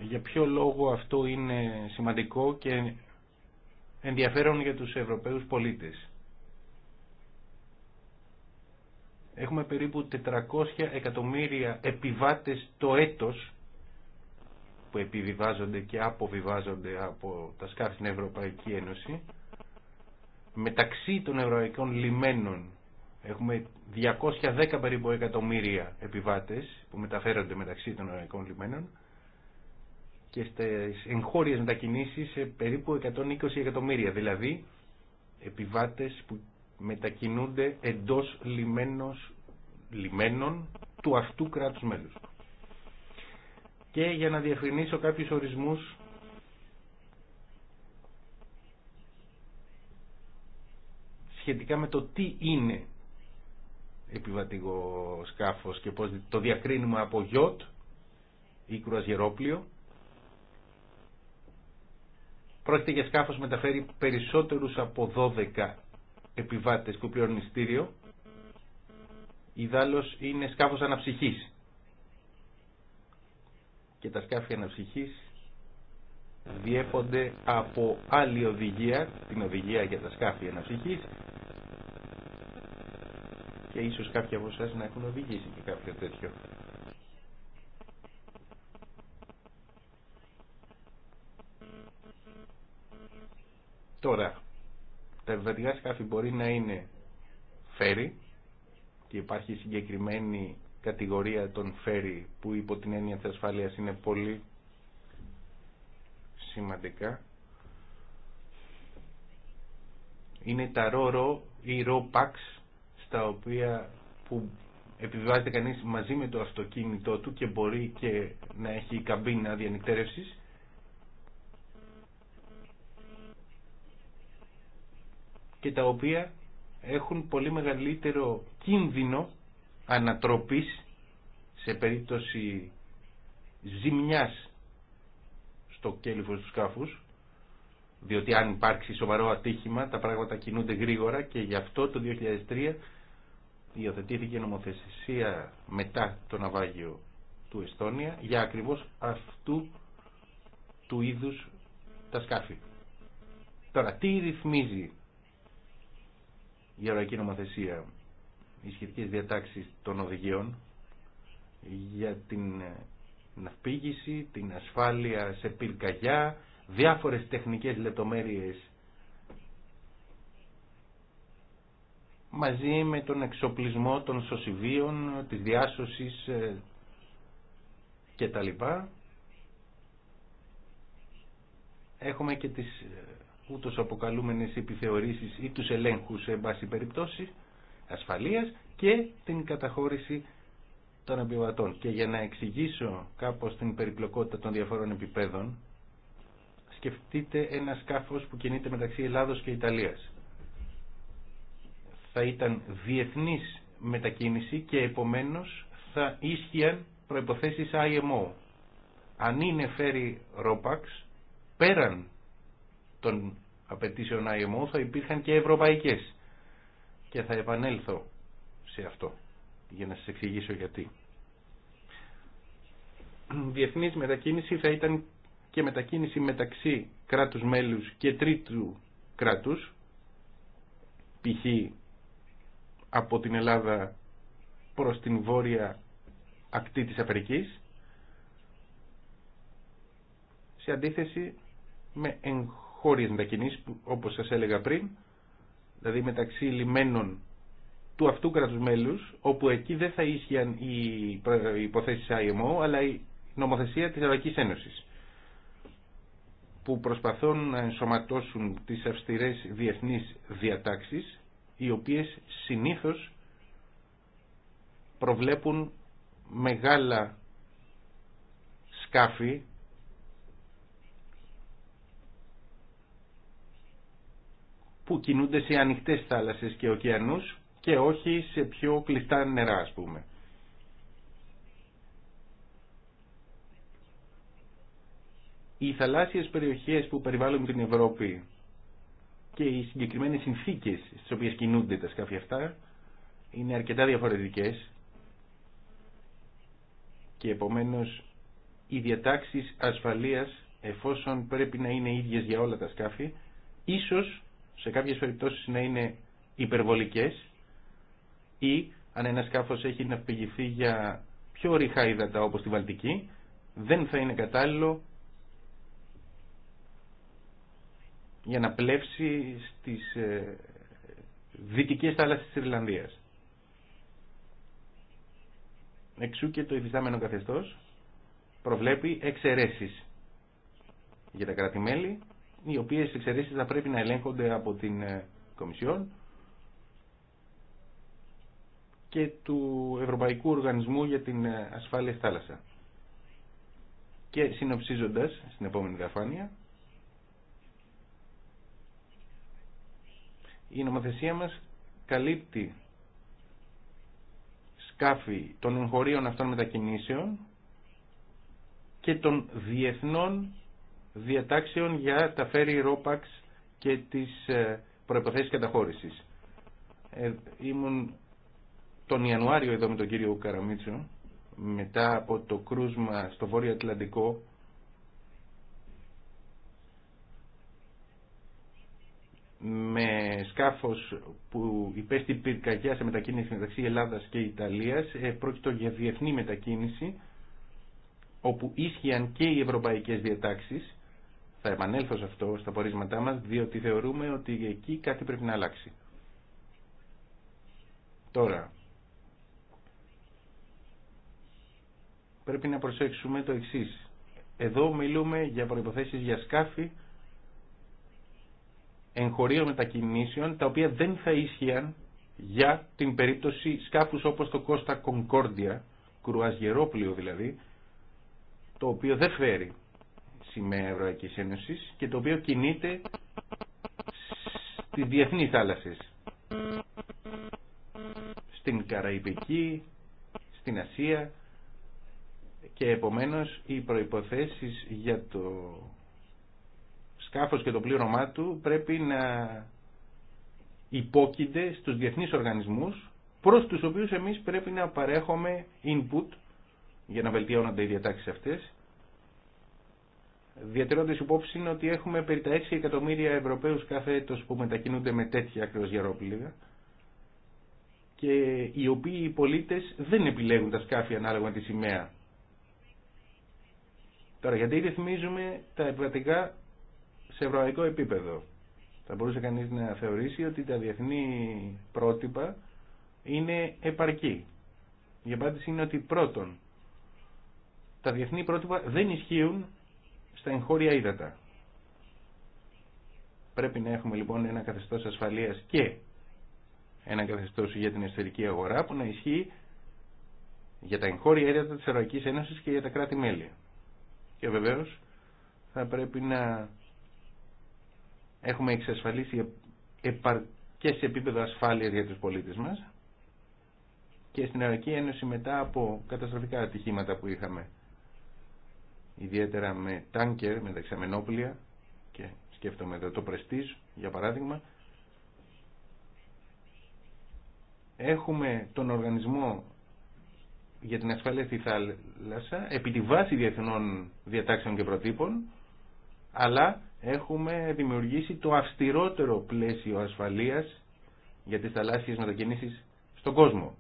για ποιο λόγο αυτό είναι σημαντικό και ενδιαφέρον για τους Ευρωπαίους πολίτες. Έχουμε περίπου 400 εκατομμύρια επιβάτες το έτος που επιβιβάζονται και αποβιβάζονται από τα σκάφη στην Ευρωπαϊκή Ένωση. Μεταξύ των ευρωπαϊκών λιμένων έχουμε 210 περίπου εκατομμύρια επιβάτες που μεταφέρονται μεταξύ των ευρωπαϊκών λιμένων και στις εγχώριες μετακινήσεις σε περίπου 120 εκατομμύρια, δηλαδή επιβάτες που μετακινούνται εντός λιμένος, λιμένων του αυτού κράτους μέλους και για να διευκρινίσω κάποιους ορισμούς σχετικά με το τι είναι επιβατικό σκάφος και πώς το διακρίνουμε από γιότ ή κρουαζιερόπλιο. Πρόκειται για σκάφος μεταφέρει περισσότερους από 12 επιβάτες που η δαλος είναι σκάφος αναψυχής και τα σκάφη αναψυχής διέπονται από άλλη οδηγία, την οδηγία για τα σκάφη αναψυχής και ίσως κάποιοι από εσάς να έχουν οδηγήσει και κάποιο τέτοιο. Τώρα, τα ευρωπαϊκά σκάφη μπορεί να είναι φέρι και υπάρχει συγκεκριμένη κατηγορία των φέρει που υπό την έννοια της ασφάλειας είναι πολύ σημαντικά είναι τα ρο-ρο ή ροπαξ στα οποία που επιβιβάζεται κανείς μαζί με το αυτοκίνητό του και μπορεί και να έχει καμπίνα διανυκτέρευσης και τα οποία έχουν πολύ μεγαλύτερο κίνδυνο ανατροπής σε περίπτωση ζημιάς στο κέλυφος του σκάφους διότι αν υπάρξει σοβαρό ατύχημα τα πράγματα κινούνται γρήγορα και γι' αυτό το 2003 υιοθετήθηκε νομοθεσία μετά το ναυάγιο του Εστόνια για ακριβώς αυτού του είδους τα σκάφη. Τώρα, τι ρυθμίζει η ευρωπαϊκή νομοθεσία οι σχετικέ διατάξεις των οδηγιών για την ναυπήγηση, την ασφάλεια σε πυρκαγιά, διάφορες τεχνικές λεπτομέρειες μαζί με τον εξοπλισμό των σωσιβίων, της διάσωσης ε, και τα λοιπά. Έχουμε και τις ε, ούτως αποκαλούμενες επιθεωρήσεις ή τους ελέγχους σε βάση περιπτώσει ασφαλείας και την καταχώρηση των επιβατών. Και για να εξηγήσω κάπως την περιπλοκότητα των διαφορών επιπέδων, σκεφτείτε ένα σκάφος που κινείται μεταξύ Ελλάδος και Ιταλίας. Θα ήταν διεθνής μετακίνηση και επομένως θα ίσχυαν προϋποθέσεις IMO. Αν είναι φέρει ρόπαξ, πέραν των απαιτήσεων IMO θα υπήρχαν και ευρωπαϊκές και θα επανέλθω σε αυτό για να σας εξηγήσω γιατί. Διεθνής μετακίνηση θα ήταν και μετακίνηση μεταξύ κράτους μέλους και τρίτου κράτους, π.χ. από την Ελλάδα προς την βόρεια ακτή της Αφρικής, σε αντίθεση με εγχώριες μετακινήσεις που όπως σας έλεγα πριν δηλαδή μεταξύ λιμένων του αυτού κράτους μέλους, όπου εκεί δεν θα ίσχυαν οι υποθέσεις IMO, αλλά η νομοθεσία της Ευρωπαϊκής Ένωσης, που προσπαθούν να ενσωματώσουν τις αυστηρές διεθνείς διατάξεις, οι οποίες συνήθως προβλέπουν μεγάλα σκάφη που κινούνται σε ανοιχτές θάλασσες και ωκεανούς και όχι σε πιο κλειστά νερά ας πούμε. Οι θαλάσσιες περιοχές που περιβάλλουν την Ευρώπη και οι συγκεκριμένες συνθήκες στις οποίες κινούνται τα σκάφη αυτά είναι αρκετά διαφορετικές και επομένως οι διατάξεις ασφαλείας εφόσον πρέπει να είναι ίδιες για όλα τα σκάφη ίσως σε κάποιες περιπτώσεις να είναι υπερβολικές ή αν ένα σκάφος έχει να πηγηθεί για πιο ρηχά ύδατα όπως τη Βαλτική δεν θα είναι κατάλληλο για να πλεύσει στις ε, δυτικές θάλασσες της Ιρλανδίας. Εξού και το υφιστάμενο καθεστώς προβλέπει εξαιρέσεις για τα κράτη-μέλη οι οποίες εξαιρέσει θα πρέπει να ελέγχονται από την ε, Κομισιόν και του Ευρωπαϊκού Οργανισμού για την ε, Ασφάλεια Θάλασσα. Και συνοψίζοντας στην επόμενη διαφάνεια, η νομοθεσία μας καλύπτει σκάφη των εγχωρίων αυτών μετακινήσεων και των διεθνών διατάξεων για τα ferry ΡΟΠΑΞ και τις ε, προϋποθέσεις καταχώρησης. Ε, ήμουν τον Ιανουάριο εδώ με τον κύριο Καραμίτσο μετά από το κρούσμα στο Βόρειο Ατλαντικό με σκάφος που υπέστη πυρκαγιά σε μετακίνηση μεταξύ Ελλάδας και Ιταλίας πρόκειται πρόκειτο για διεθνή μετακίνηση όπου ίσχυαν και οι ευρωπαϊκές διατάξεις θα επανέλθω σε αυτό στα πορίσματά μας διότι θεωρούμε ότι εκεί κάτι πρέπει να αλλάξει. Τώρα, πρέπει να προσέξουμε το εξής. Εδώ μιλούμε για προϋποθέσεις για σκάφη εγχωρίων μετακινήσεων τα οποία δεν θα ίσχυαν για την περίπτωση σκάφους όπως το Κώστα Κονκόρντια, κρουαζιερόπλιο δηλαδή, το οποίο δεν φέρει σημαία Ευρωπαϊκής Ένωσης και το οποίο κινείται στη Διεθνή θάλασσες. Στην Καραϊπική, στην Ασία και επομένως οι προϋποθέσεις για το σκάφος και το πλήρωμά του πρέπει να υπόκεινται στους διεθνείς οργανισμούς προς τους οποίους εμείς πρέπει να παρέχουμε input για να βελτιώνονται οι διατάξεις αυτές διατηρώντα υπόψη είναι ότι έχουμε περί τα 6 εκατομμύρια Ευρωπαίου κάθε έτο που μετακινούνται με τέτοια γεροπλήγα και οι οποίοι οι πολίτε δεν επιλέγουν τα σκάφη ανάλογα με τη σημαία. Τώρα, γιατί ρυθμίζουμε τα επιβατικά σε ευρωπαϊκό επίπεδο. Θα μπορούσε κανείς να θεωρήσει ότι τα διεθνή πρότυπα είναι επαρκή. Η απάντηση είναι ότι πρώτον, τα διεθνή πρότυπα δεν ισχύουν στα εγχώρια ύδατα. Πρέπει να έχουμε λοιπόν ένα καθεστώς ασφαλείας και ένα καθεστώς για την εσωτερική αγορά που να ισχύει για τα εγχώρια ύδατα της Ευρωπαϊκής Ένωσης και για τα κράτη-μέλη. Και βεβαίως θα πρέπει να έχουμε εξασφαλίσει και σε επίπεδο ασφάλειας για τους πολίτες μας και στην Ευρωπαϊκή Ένωση μετά από καταστροφικά ατυχήματα που είχαμε ιδιαίτερα με τάνκερ, με δεξαμενόπλια και σκέφτομαι εδώ το Prestige για παράδειγμα έχουμε τον οργανισμό για την ασφάλεια στη θάλασσα επί τη βάση διεθνών διατάξεων και προτύπων αλλά έχουμε δημιουργήσει το αυστηρότερο πλαίσιο ασφαλείας για τις θαλάσσιες μετακινήσεις στον κόσμο.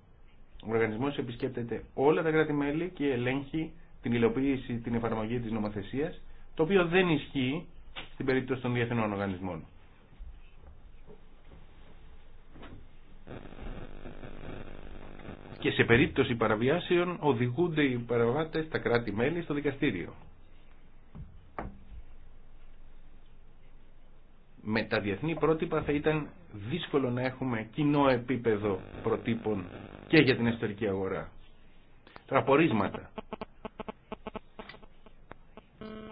Ο οργανισμός επισκέπτεται όλα τα κράτη-μέλη και ελέγχει την υλοποίηση, την εφαρμογή της νομοθεσίας, το οποίο δεν ισχύει στην περίπτωση των διεθνών οργανισμών. Και σε περίπτωση παραβιάσεων οδηγούνται οι παραβάτες, τα κράτη-μέλη, στο δικαστήριο. με τα διεθνή πρότυπα θα ήταν δύσκολο να έχουμε κοινό επίπεδο προτύπων και για την εσωτερική αγορά. Τραπορίσματα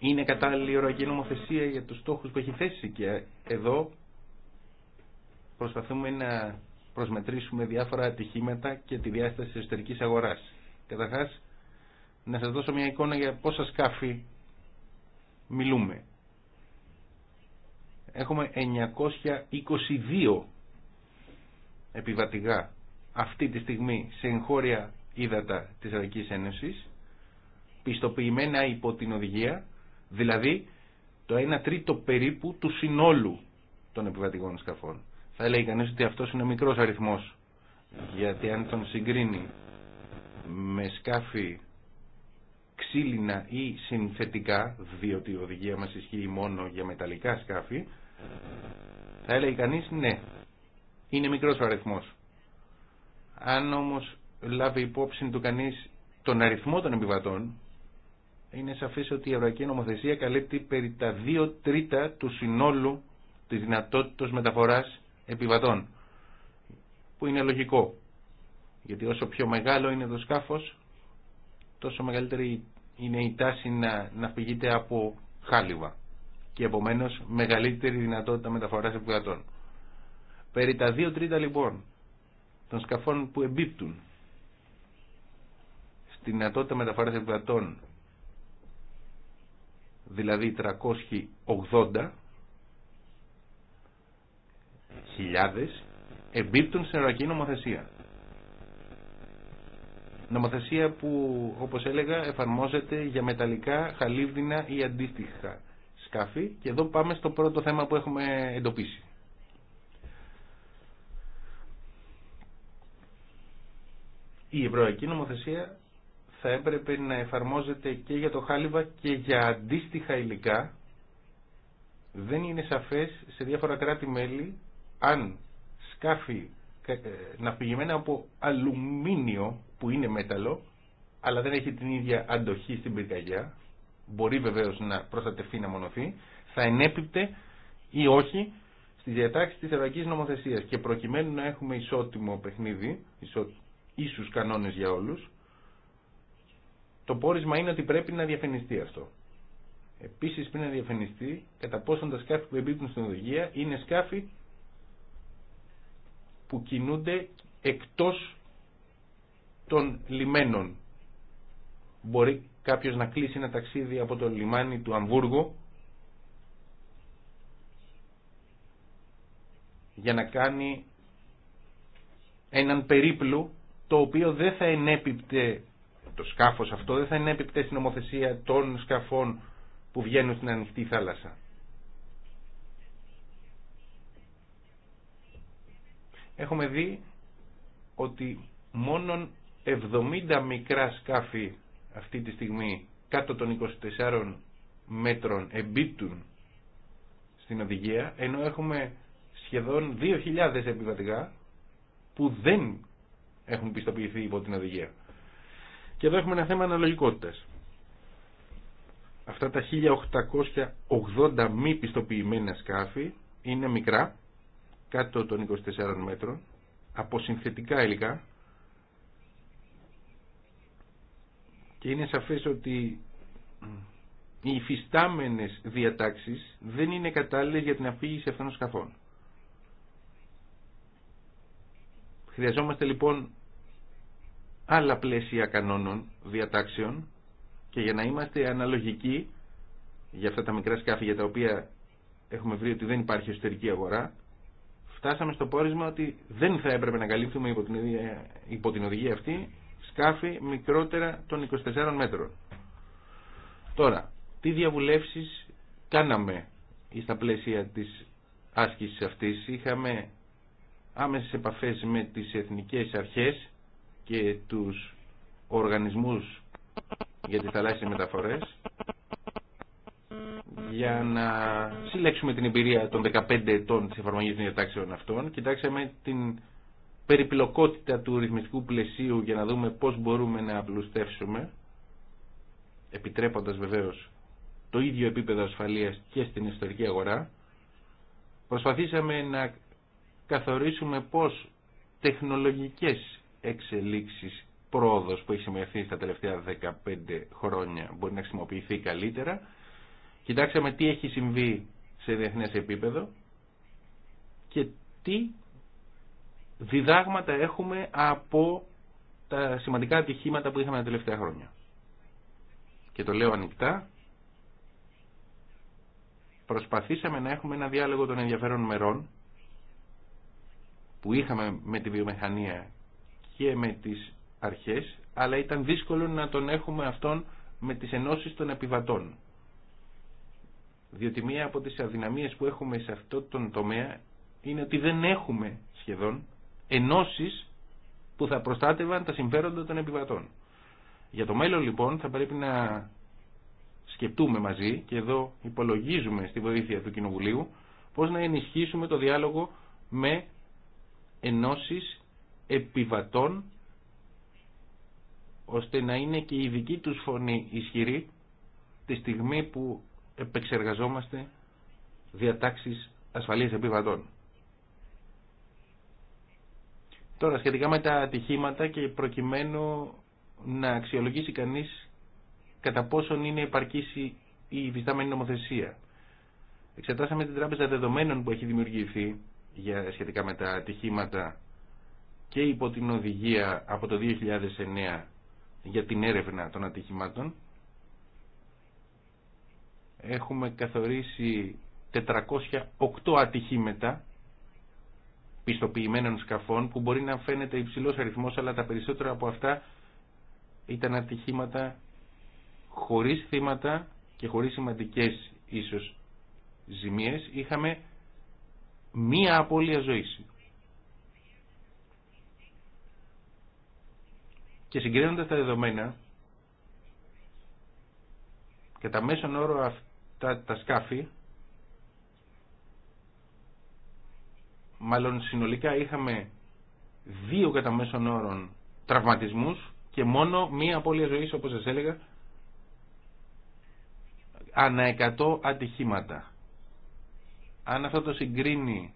είναι κατάλληλη η ορακή νομοθεσία για τους στόχους που έχει θέσει και εδώ προσπαθούμε να προσμετρήσουμε διάφορα ατυχήματα και τη διάσταση της εσωτερικής αγοράς. Καταρχάς, να σας δώσω μια εικόνα για πόσα σκάφη μιλούμε. Έχουμε 922 επιβατηγά αυτή τη στιγμή σε εγχώρια ύδατα της Ευρωπαϊκής Ένωσης, πιστοποιημένα υπό την οδηγία Δηλαδή το 1 τρίτο περίπου του συνόλου των επιβατικών σκαφών. Θα έλεγε κανείς ότι αυτός είναι μικρός αριθμός. Γιατί αν τον συγκρίνει με σκάφη ξύλινα ή συνθετικά, διότι η οδηγία μας ισχύει μόνο για μεταλλικά σκάφη, θα έλεγε κανείς ναι, είναι μικρός αριθμός. Αν όμως λάβει υπόψη του κανείς τον αριθμό των επιβατών, είναι σαφές ότι η ευρωπαϊκή νομοθεσία καλύπτει περί τα δύο τρίτα του συνόλου της δυνατότητας μεταφοράς επιβατών. Που είναι λογικό. Γιατί όσο πιο μεγάλο είναι το σκάφος, τόσο μεγαλύτερη είναι η τάση να, να φυγείται από χάλιβα και επομένως μεγαλύτερη δυνατότητα μεταφοράς επιβατών. Περί τα δύο τρίτα λοιπόν των σκαφών που εμπίπτουν στη δυνατότητα μεταφοράς επιβατών δηλαδή 380 χιλιάδες εμπίπτουν στην νομοθεσία. Νομοθεσία που, όπως έλεγα, εφαρμόζεται για μεταλλικά, χαλίβδινα ή αντίστοιχα σκάφη. Και εδώ πάμε στο πρώτο θέμα που έχουμε εντοπίσει. Η ευρωπαϊκή νομοθεσία θα έπρεπε να εφαρμόζεται και για το χάλιβα και για αντίστοιχα υλικά δεν είναι σαφές σε διάφορα κράτη-μέλη αν σκάφη ε, ναυπηγημένα από αλουμίνιο που είναι μέταλλο αλλά δεν έχει την ίδια αντοχή στην πυρκαγιά μπορεί βεβαίως να προστατευτεί να μονοθεί θα ενέπιπτε ή όχι στις διατάξεις της ευρωπαϊκής νομοθεσίας και προκειμένου να έχουμε ισότιμο παιχνίδι ίσους κανόνες για όλους το πόρισμα είναι ότι πρέπει να διαφαινιστεί αυτό. Επίση πρέπει να διαφενιστεί κατά πόσον τα σκάφη που εμπίπτουν στην οδηγία είναι σκάφη που κινούνται εκτός των λιμένων. Μπορεί κάποιο να κλείσει ένα ταξίδι από το λιμάνι του Αμβούργου για να κάνει έναν περίπλου το οποίο δεν θα ενέπιπτε το σκάφος αυτό δεν θα είναι έπιπτε στην νομοθεσία των σκαφών που βγαίνουν στην ανοιχτή θάλασσα. Έχουμε δει ότι μόνον 70 μικρά σκάφη αυτή τη στιγμή κάτω των 24 μέτρων εμπίπτουν στην οδηγία, ενώ έχουμε σχεδόν 2.000 επιβατικά που δεν έχουν πιστοποιηθεί υπό την οδηγία. Και εδώ έχουμε ένα θέμα αναλογικότητας. Αυτά τα 1880 μη πιστοποιημένα σκάφη είναι μικρά, κάτω των 24 μέτρων, από συνθετικά υλικά και είναι σαφές ότι οι υφιστάμενες διατάξεις δεν είναι κατάλληλες για την αφήγηση αυτών των σκαφών. Χρειαζόμαστε λοιπόν άλλα πλαίσια κανόνων διατάξεων και για να είμαστε αναλογικοί για αυτά τα μικρά σκάφη για τα οποία έχουμε βρει ότι δεν υπάρχει εσωτερική αγορά φτάσαμε στο πόρισμα ότι δεν θα έπρεπε να καλύπτουμε υπό την, οδηγία, υπό την οδηγία αυτή σκάφη μικρότερα των 24 μέτρων. Τώρα, τι διαβουλεύσεις κάναμε στα πλαίσια της άσκησης αυτής. Είχαμε άμεσες επαφές με τις εθνικές αρχές και τους οργανισμούς για τις θαλάσσιες μεταφορές για να συλλέξουμε την εμπειρία των 15 ετών της εφαρμογής των διατάξεων αυτών. Κοιτάξαμε την περιπλοκότητα του ρυθμιστικού πλαισίου για να δούμε πώς μπορούμε να απλουστεύσουμε επιτρέποντας βεβαίως το ίδιο επίπεδο ασφαλείας και στην ιστορική αγορά προσπαθήσαμε να καθορίσουμε πώς τεχνολογικές εξελίξεις πρόοδος που έχει σημειωθεί στα τελευταία 15 χρόνια μπορεί να χρησιμοποιηθεί καλύτερα. Κοιτάξαμε τι έχει συμβεί σε διεθνές επίπεδο και τι διδάγματα έχουμε από τα σημαντικά ατυχήματα που είχαμε τα τελευταία χρόνια. Και το λέω ανοιχτά, προσπαθήσαμε να έχουμε ένα διάλογο των ενδιαφέρων μερών που είχαμε με τη βιομηχανία και με τις αρχές, αλλά ήταν δύσκολο να τον έχουμε αυτόν με τις ενώσεις των επιβατών. Διότι μία από τις αδυναμίες που έχουμε σε αυτό τον τομέα είναι ότι δεν έχουμε σχεδόν ενώσεις που θα προστάτευαν τα συμφέροντα των επιβατών. Για το μέλλον λοιπόν θα πρέπει να σκεπτούμε μαζί και εδώ υπολογίζουμε στη βοήθεια του Κοινοβουλίου πώς να ενισχύσουμε το διάλογο με ενώσεις επιβατών ώστε να είναι και η δική τους φωνή ισχυρή τη στιγμή που επεξεργαζόμαστε διατάξεις ασφαλείας επιβατών. Τώρα σχετικά με τα ατυχήματα και προκειμένου να αξιολογήσει κανείς κατά πόσον είναι επαρκής η υφιστάμενη νομοθεσία. Εξετάσαμε την τράπεζα δεδομένων που έχει δημιουργηθεί για σχετικά με τα ατυχήματα και υπό την οδηγία από το 2009 για την έρευνα των ατυχημάτων έχουμε καθορίσει 408 ατυχήματα πιστοποιημένων σκαφών που μπορεί να φαίνεται υψηλός αριθμός αλλά τα περισσότερα από αυτά ήταν ατυχήματα χωρίς θύματα και χωρίς σημαντικές ίσως ζημίες είχαμε μία απώλεια ζωής και συγκρίνοντας τα δεδομένα τα μέσον όρο αυτά τα σκάφη μάλλον συνολικά είχαμε δύο κατά μέσον όρων τραυματισμούς και μόνο μία απώλεια ζωής όπως σας έλεγα ανά 100 ατυχήματα. Αν αυτό το συγκρίνει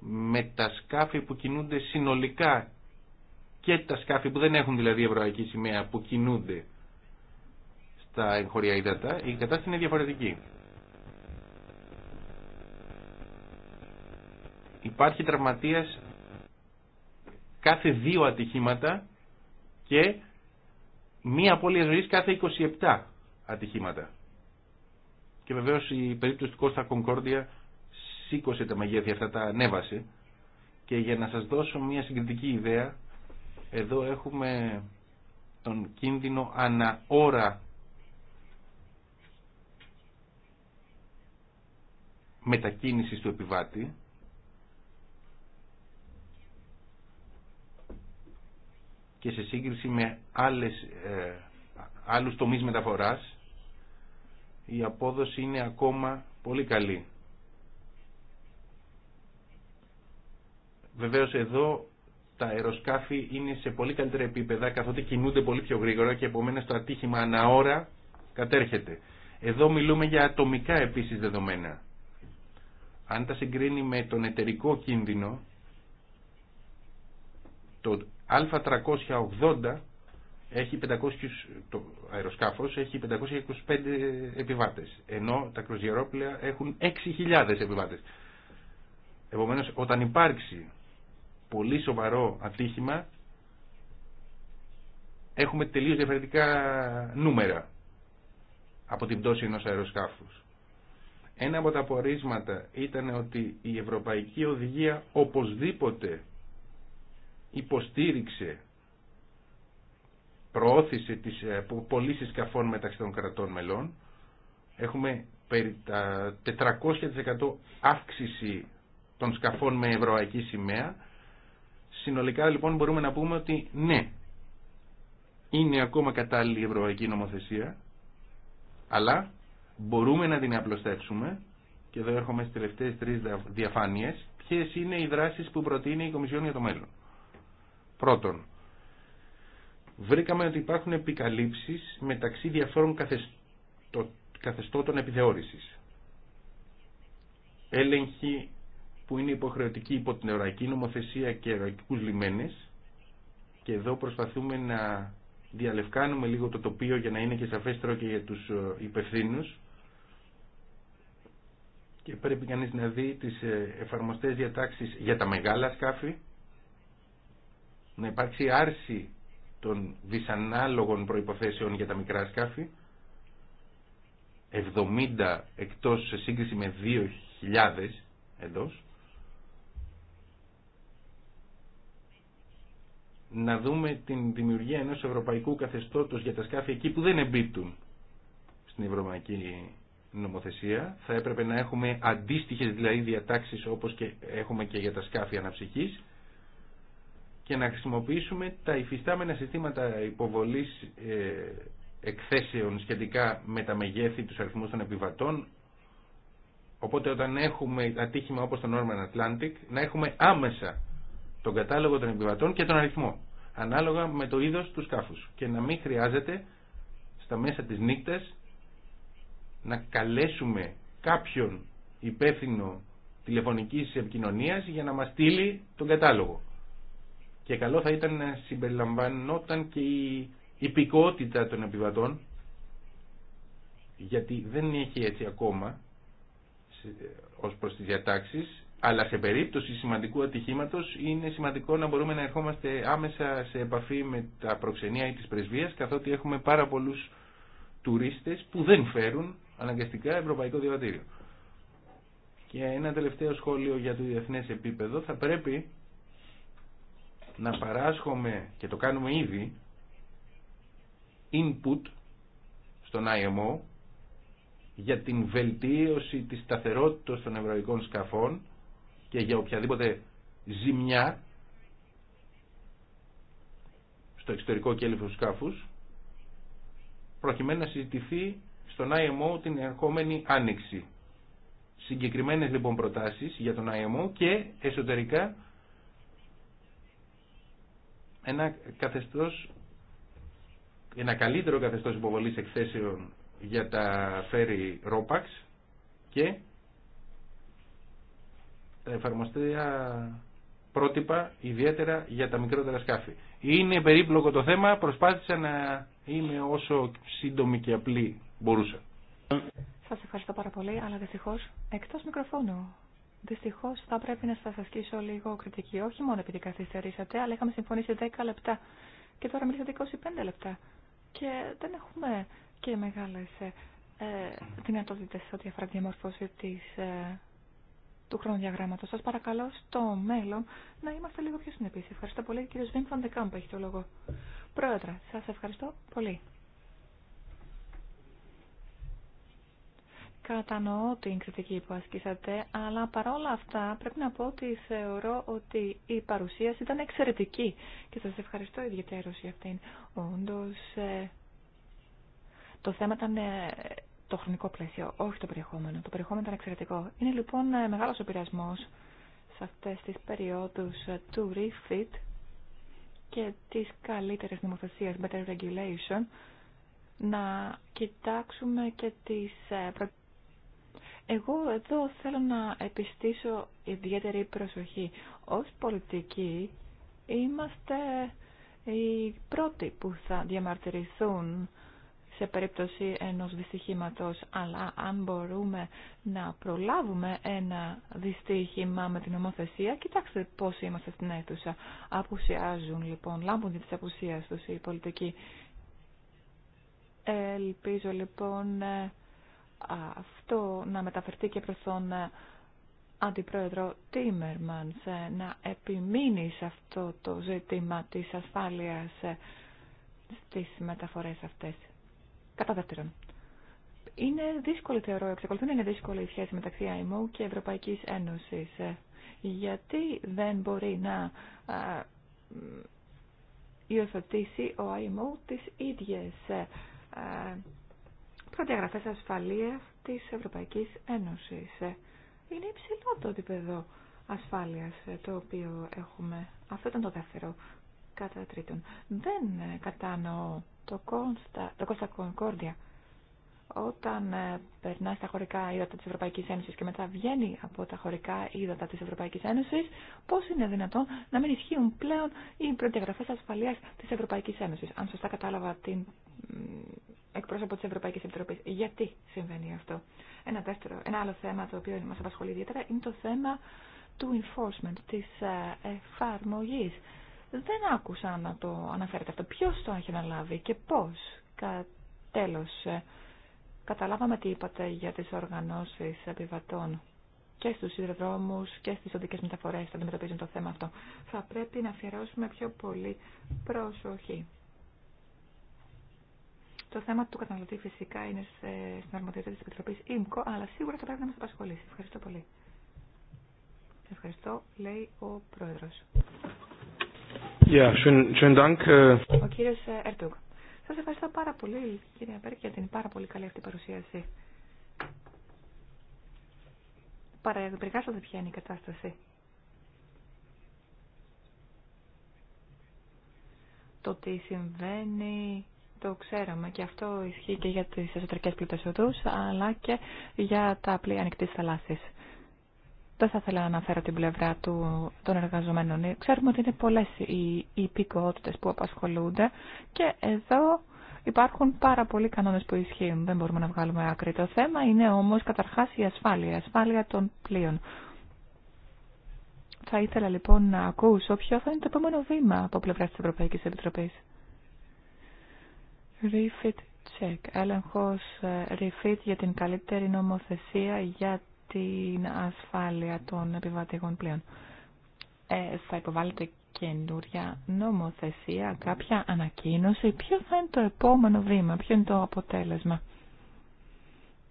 με τα σκάφη που κινούνται συνολικά και τα σκάφη που δεν έχουν δηλαδή ευρωπαϊκή σημαία που κινούνται στα εγχωρία η κατάσταση είναι διαφορετική. Υπάρχει τραυματίας κάθε δύο ατυχήματα και μία απώλεια ζωής κάθε 27 ατυχήματα. Και βεβαίως η περίπτωση του Κώστα Κονκόρδια σήκωσε τα μαγεία αυτά, τα ανέβασε. Και για να σας δώσω μια συγκριτική ιδέα, εδώ έχουμε τον κίνδυνο αναώρα μετακίνησης του επιβάτη και σε σύγκριση με άλλες, ε, άλλους τομείς μεταφοράς η απόδοση είναι ακόμα πολύ καλή. Βεβαίως εδώ τα αεροσκάφη είναι σε πολύ καλύτερα επίπεδα καθότι κινούνται πολύ πιο γρήγορα και επομένως το ατύχημα ανά ώρα κατέρχεται. Εδώ μιλούμε για ατομικά επίσης δεδομένα. Αν τα συγκρίνει με τον εταιρικό κίνδυνο, το Α380 έχει 500, το αεροσκάφος έχει 525 επιβάτες, ενώ τα κρουζιερόπλαια έχουν 6.000 επιβάτες. Επομένως, όταν υπάρξει πολύ σοβαρό ατύχημα έχουμε τελείως διαφορετικά νούμερα από την πτώση ενός αεροσκάφους. Ένα από τα απορίσματα ήταν ότι η Ευρωπαϊκή Οδηγία οπωσδήποτε υποστήριξε προώθησε τις ε, πωλήσει σκαφών μεταξύ των κρατών μελών. Έχουμε περί τα 400% αύξηση των σκαφών με ευρωαϊκή σημαία Συνολικά λοιπόν μπορούμε να πούμε ότι ναι, είναι ακόμα κατάλληλη η ευρωπαϊκή νομοθεσία, αλλά μπορούμε να την απλωστεύσουμε και εδώ έρχομαι στις τελευταίες τρεις διαφάνειες, ποιες είναι οι δράσεις που προτείνει η Κομισιόν για το μέλλον. Πρώτον, βρήκαμε ότι υπάρχουν επικαλύψεις μεταξύ διαφόρων καθεστώτων επιθεώρησης. Έλεγχοι που είναι υποχρεωτική υπό την ευρωπαϊκή νομοθεσία και ευρωπαϊκούς λιμένες και εδώ προσπαθούμε να διαλευκάνουμε λίγο το τοπίο για να είναι και σαφέστερο και για τους ε, υπευθύνου. και πρέπει κανείς να δει τις ε, εφαρμοστές διατάξεις για τα μεγάλα σκάφη να υπάρξει άρση των δυσανάλογων προϋποθέσεων για τα μικρά σκάφη 70 εκτός σε σύγκριση με 2.000 εντός να δούμε την δημιουργία ενός ευρωπαϊκού καθεστώτος για τα σκάφη εκεί που δεν εμπίπτουν στην ευρωπαϊκή νομοθεσία. Θα έπρεπε να έχουμε αντίστοιχες δηλαδή διατάξεις όπως και έχουμε και για τα σκάφη αναψυχής και να χρησιμοποιήσουμε τα υφιστάμενα συστήματα υποβολής ε, εκθέσεων σχετικά με τα μεγέθη, τους αριθμούς των επιβατών. Οπότε όταν έχουμε ατύχημα όπως το Norman Atlantic να έχουμε άμεσα τον κατάλογο των επιβατών και τον αριθμό, ανάλογα με το είδος του σκάφους και να μην χρειάζεται στα μέσα της νύχτας να καλέσουμε κάποιον υπεύθυνο τηλεφωνικής επικοινωνίας για να μας στείλει τον κατάλογο. Και καλό θα ήταν να συμπεριλαμβανόταν και η υπηκότητα των επιβατών γιατί δεν έχει έτσι ακόμα ως προς τις διατάξεις αλλά σε περίπτωση σημαντικού ατυχήματος είναι σημαντικό να μπορούμε να ερχόμαστε άμεσα σε επαφή με τα προξενία ή τις πρεσβείες καθότι έχουμε πάρα πολλούς τουρίστες που δεν φέρουν αναγκαστικά ευρωπαϊκό διαβατήριο. Και ένα τελευταίο σχόλιο για το διεθνές επίπεδο θα πρέπει να παράσχουμε και το κάνουμε ήδη input στον IMO για την βελτίωση της σταθερότητας των ευρωπαϊκών σκαφών και για οποιαδήποτε ζημιά στο εξωτερικό κέλυφο του σκάφους προκειμένου να συζητηθεί στον IMO την ερχόμενη άνοιξη. Συγκεκριμένες λοιπόν προτάσεις για τον IMO και εσωτερικά ένα καθεστώς ένα καλύτερο καθεστώς υποβολής εκθέσεων για τα φέρει ρόπαξ και εφαρμοστεία πρότυπα, ιδιαίτερα για τα μικρότερα σκάφη. Είναι περίπλοκο το θέμα, προσπάθησα να είμαι όσο σύντομη και απλή μπορούσα. Σας ευχαριστώ πάρα πολύ, αλλά δυστυχώς εκτός μικροφώνου. Δυστυχώ θα πρέπει να σα ασκήσω λίγο κριτική, όχι μόνο επειδή καθυστερήσατε, αλλά είχαμε συμφωνήσει 10 λεπτά και τώρα μιλήσατε 25 λεπτά. Και δεν έχουμε και μεγάλε ε, ε δυνατότητε ό,τι αφορά τη διαμόρφωση τη ε, του χρονοδιαγράμματος. Σας παρακαλώ στο μέλλον να είμαστε λίγο πιο συνεπείς. Ευχαριστώ πολύ. Κύριο Βίνκ που έχει το λόγο. Πρόεδρε, σας ευχαριστώ πολύ. Κατανοώ την κριτική που ασκήσατε, αλλά παρόλα αυτά πρέπει να πω ότι θεωρώ ότι η παρουσίαση ήταν εξαιρετική και σας ευχαριστώ ιδιαίτερως για αυτήν. Όντως, ε, το θέμα ήταν ε, το χρονικό πλαίσιο, όχι το περιεχόμενο. Το περιεχόμενο ήταν εξαιρετικό. Είναι λοιπόν ε, μεγάλος ο πειρασμός σε αυτές τις περιόδους ε, του refit και της καλύτερης νομοθεσίας, better regulation, να κοιτάξουμε και τις... Ε, Εγώ εδώ θέλω να επιστήσω ιδιαίτερη προσοχή. Ως πολιτικοί είμαστε οι πρώτοι που θα διαμαρτυρηθούν σε περίπτωση ενός δυστυχήματος. Αλλά αν μπορούμε να προλάβουμε ένα δυστύχημα με την ομόθεσία, κοιτάξτε πώς είμαστε στην αίθουσα. Απουσιάζουν λοιπόν, λάμπουν τις απουσίας τους οι πολιτικοί. Ελπίζω λοιπόν αυτό να μεταφερθεί και προς τον Αντιπρόεδρο Τίμερμανς να επιμείνει σε αυτό το ζήτημα της ασφάλειας στις μεταφορές αυτές. Κατά δεύτερον, είναι δύσκολη, θεωρώ, εξακολουθεί να είναι δύσκολη η σχέση μεταξύ IMO και Ευρωπαϊκής Ένωσης. Ε, γιατί δεν μπορεί να υιοθετήσει ο IMO τι ίδιε ε, προδιαγραφέ ασφαλείας της Ευρωπαϊκής Ένωσης. Ε, είναι υψηλό το επίπεδο ασφάλειας το οποίο έχουμε. Αυτό ήταν το δεύτερο. Κατά τρίτον, δεν κατάνοω το, Κόνστα, το Κώστα Κονκόρδια. Όταν ε, περνά στα χωρικά ύδατα της Ευρωπαϊκής Ένωσης και μετά βγαίνει από τα χωρικά ύδατα της Ευρωπαϊκής Ένωσης, πώς είναι δυνατόν να μην ισχύουν πλέον οι προδιαγραφές ασφαλείας της Ευρωπαϊκής Ένωσης. Αν σωστά κατάλαβα την εκπρόσωπο της Ευρωπαϊκής Επιτροπής. Γιατί συμβαίνει αυτό. Ένα, δεύτερο, ένα άλλο θέμα το οποίο μας απασχολεί ιδιαίτερα είναι το θέμα του enforcement, της ε, εφαρμογής δεν άκουσα να το αναφέρετε αυτό. Ποιος το έχει αναλάβει και πώς. Κα, τέλος, ε, καταλάβαμε τι είπατε για τις οργανώσεις επιβατών και στους σιδηροδρόμους και στις οδικές μεταφορές θα αντιμετωπίζουν το θέμα αυτό. Θα πρέπει να αφιερώσουμε πιο πολύ προσοχή. Το θέμα του καταναλωτή φυσικά είναι στην αρμοδιότητα της Επιτροπής ΙΜΚΟ, αλλά σίγουρα θα πρέπει να μας απασχολήσει. Ευχαριστώ πολύ. Ευχαριστώ, λέει ο Πρόεδρος. Ja, schön, Dank. Äh. Ο κύριο Ερτούγκ. Σα ευχαριστώ πάρα πολύ, κύριε Μπέρκ, για την πάρα πολύ καλή αυτή παρουσίαση. Παραδειγματικά ποια είναι η κατάσταση. Το τι συμβαίνει το ξέραμε και αυτό ισχύει και για τις εσωτερικές πλήτες αλλά και για τα πλοία ανοιχτής θαλάσσης. Δεν θα ήθελα να αναφέρω την πλευρά του, των εργαζομένων. Ξέρουμε ότι είναι πολλές οι υπηκότητες που απασχολούνται και εδώ υπάρχουν πάρα πολλοί κανόνες που ισχύουν. Δεν μπορούμε να βγάλουμε άκρη. Το θέμα είναι όμως καταρχάς η ασφάλεια, η ασφάλεια των πλοίων. Θα ήθελα λοιπόν να ακούσω ποιο θα είναι το επόμενο βήμα από πλευρά της Ευρωπαϊκής Επιτροπής. Refit check, έλεγχος ε, refit για την καλύτερη νομοθεσία για την ασφάλεια των επιβατηγών πλέον. Ε, θα υποβάλλετε καινούρια νομοθεσία, κάποια ανακοίνωση. Ποιο θα είναι το επόμενο βήμα, ποιο είναι το αποτέλεσμα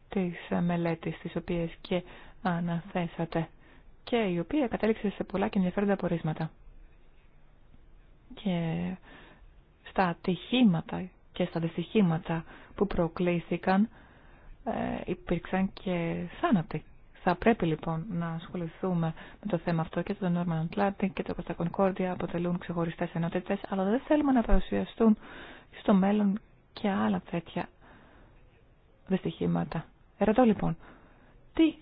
της μελέτης της οποίες και αναθέσατε και η οποία κατέληξε σε πολλά και ενδιαφέροντα απορίσματα. Και στα ατυχήματα και στα δυστυχήματα που προκλήθηκαν ε, υπήρξαν και θάνατοι θα πρέπει λοιπόν να ασχοληθούμε με το θέμα αυτό και το Norman Atlantic και το Costa Concordia αποτελούν ξεχωριστέ ενότητε, αλλά δεν θέλουμε να παρουσιαστούν στο μέλλον και άλλα τέτοια δυστυχήματα. Ερωτώ λοιπόν, τι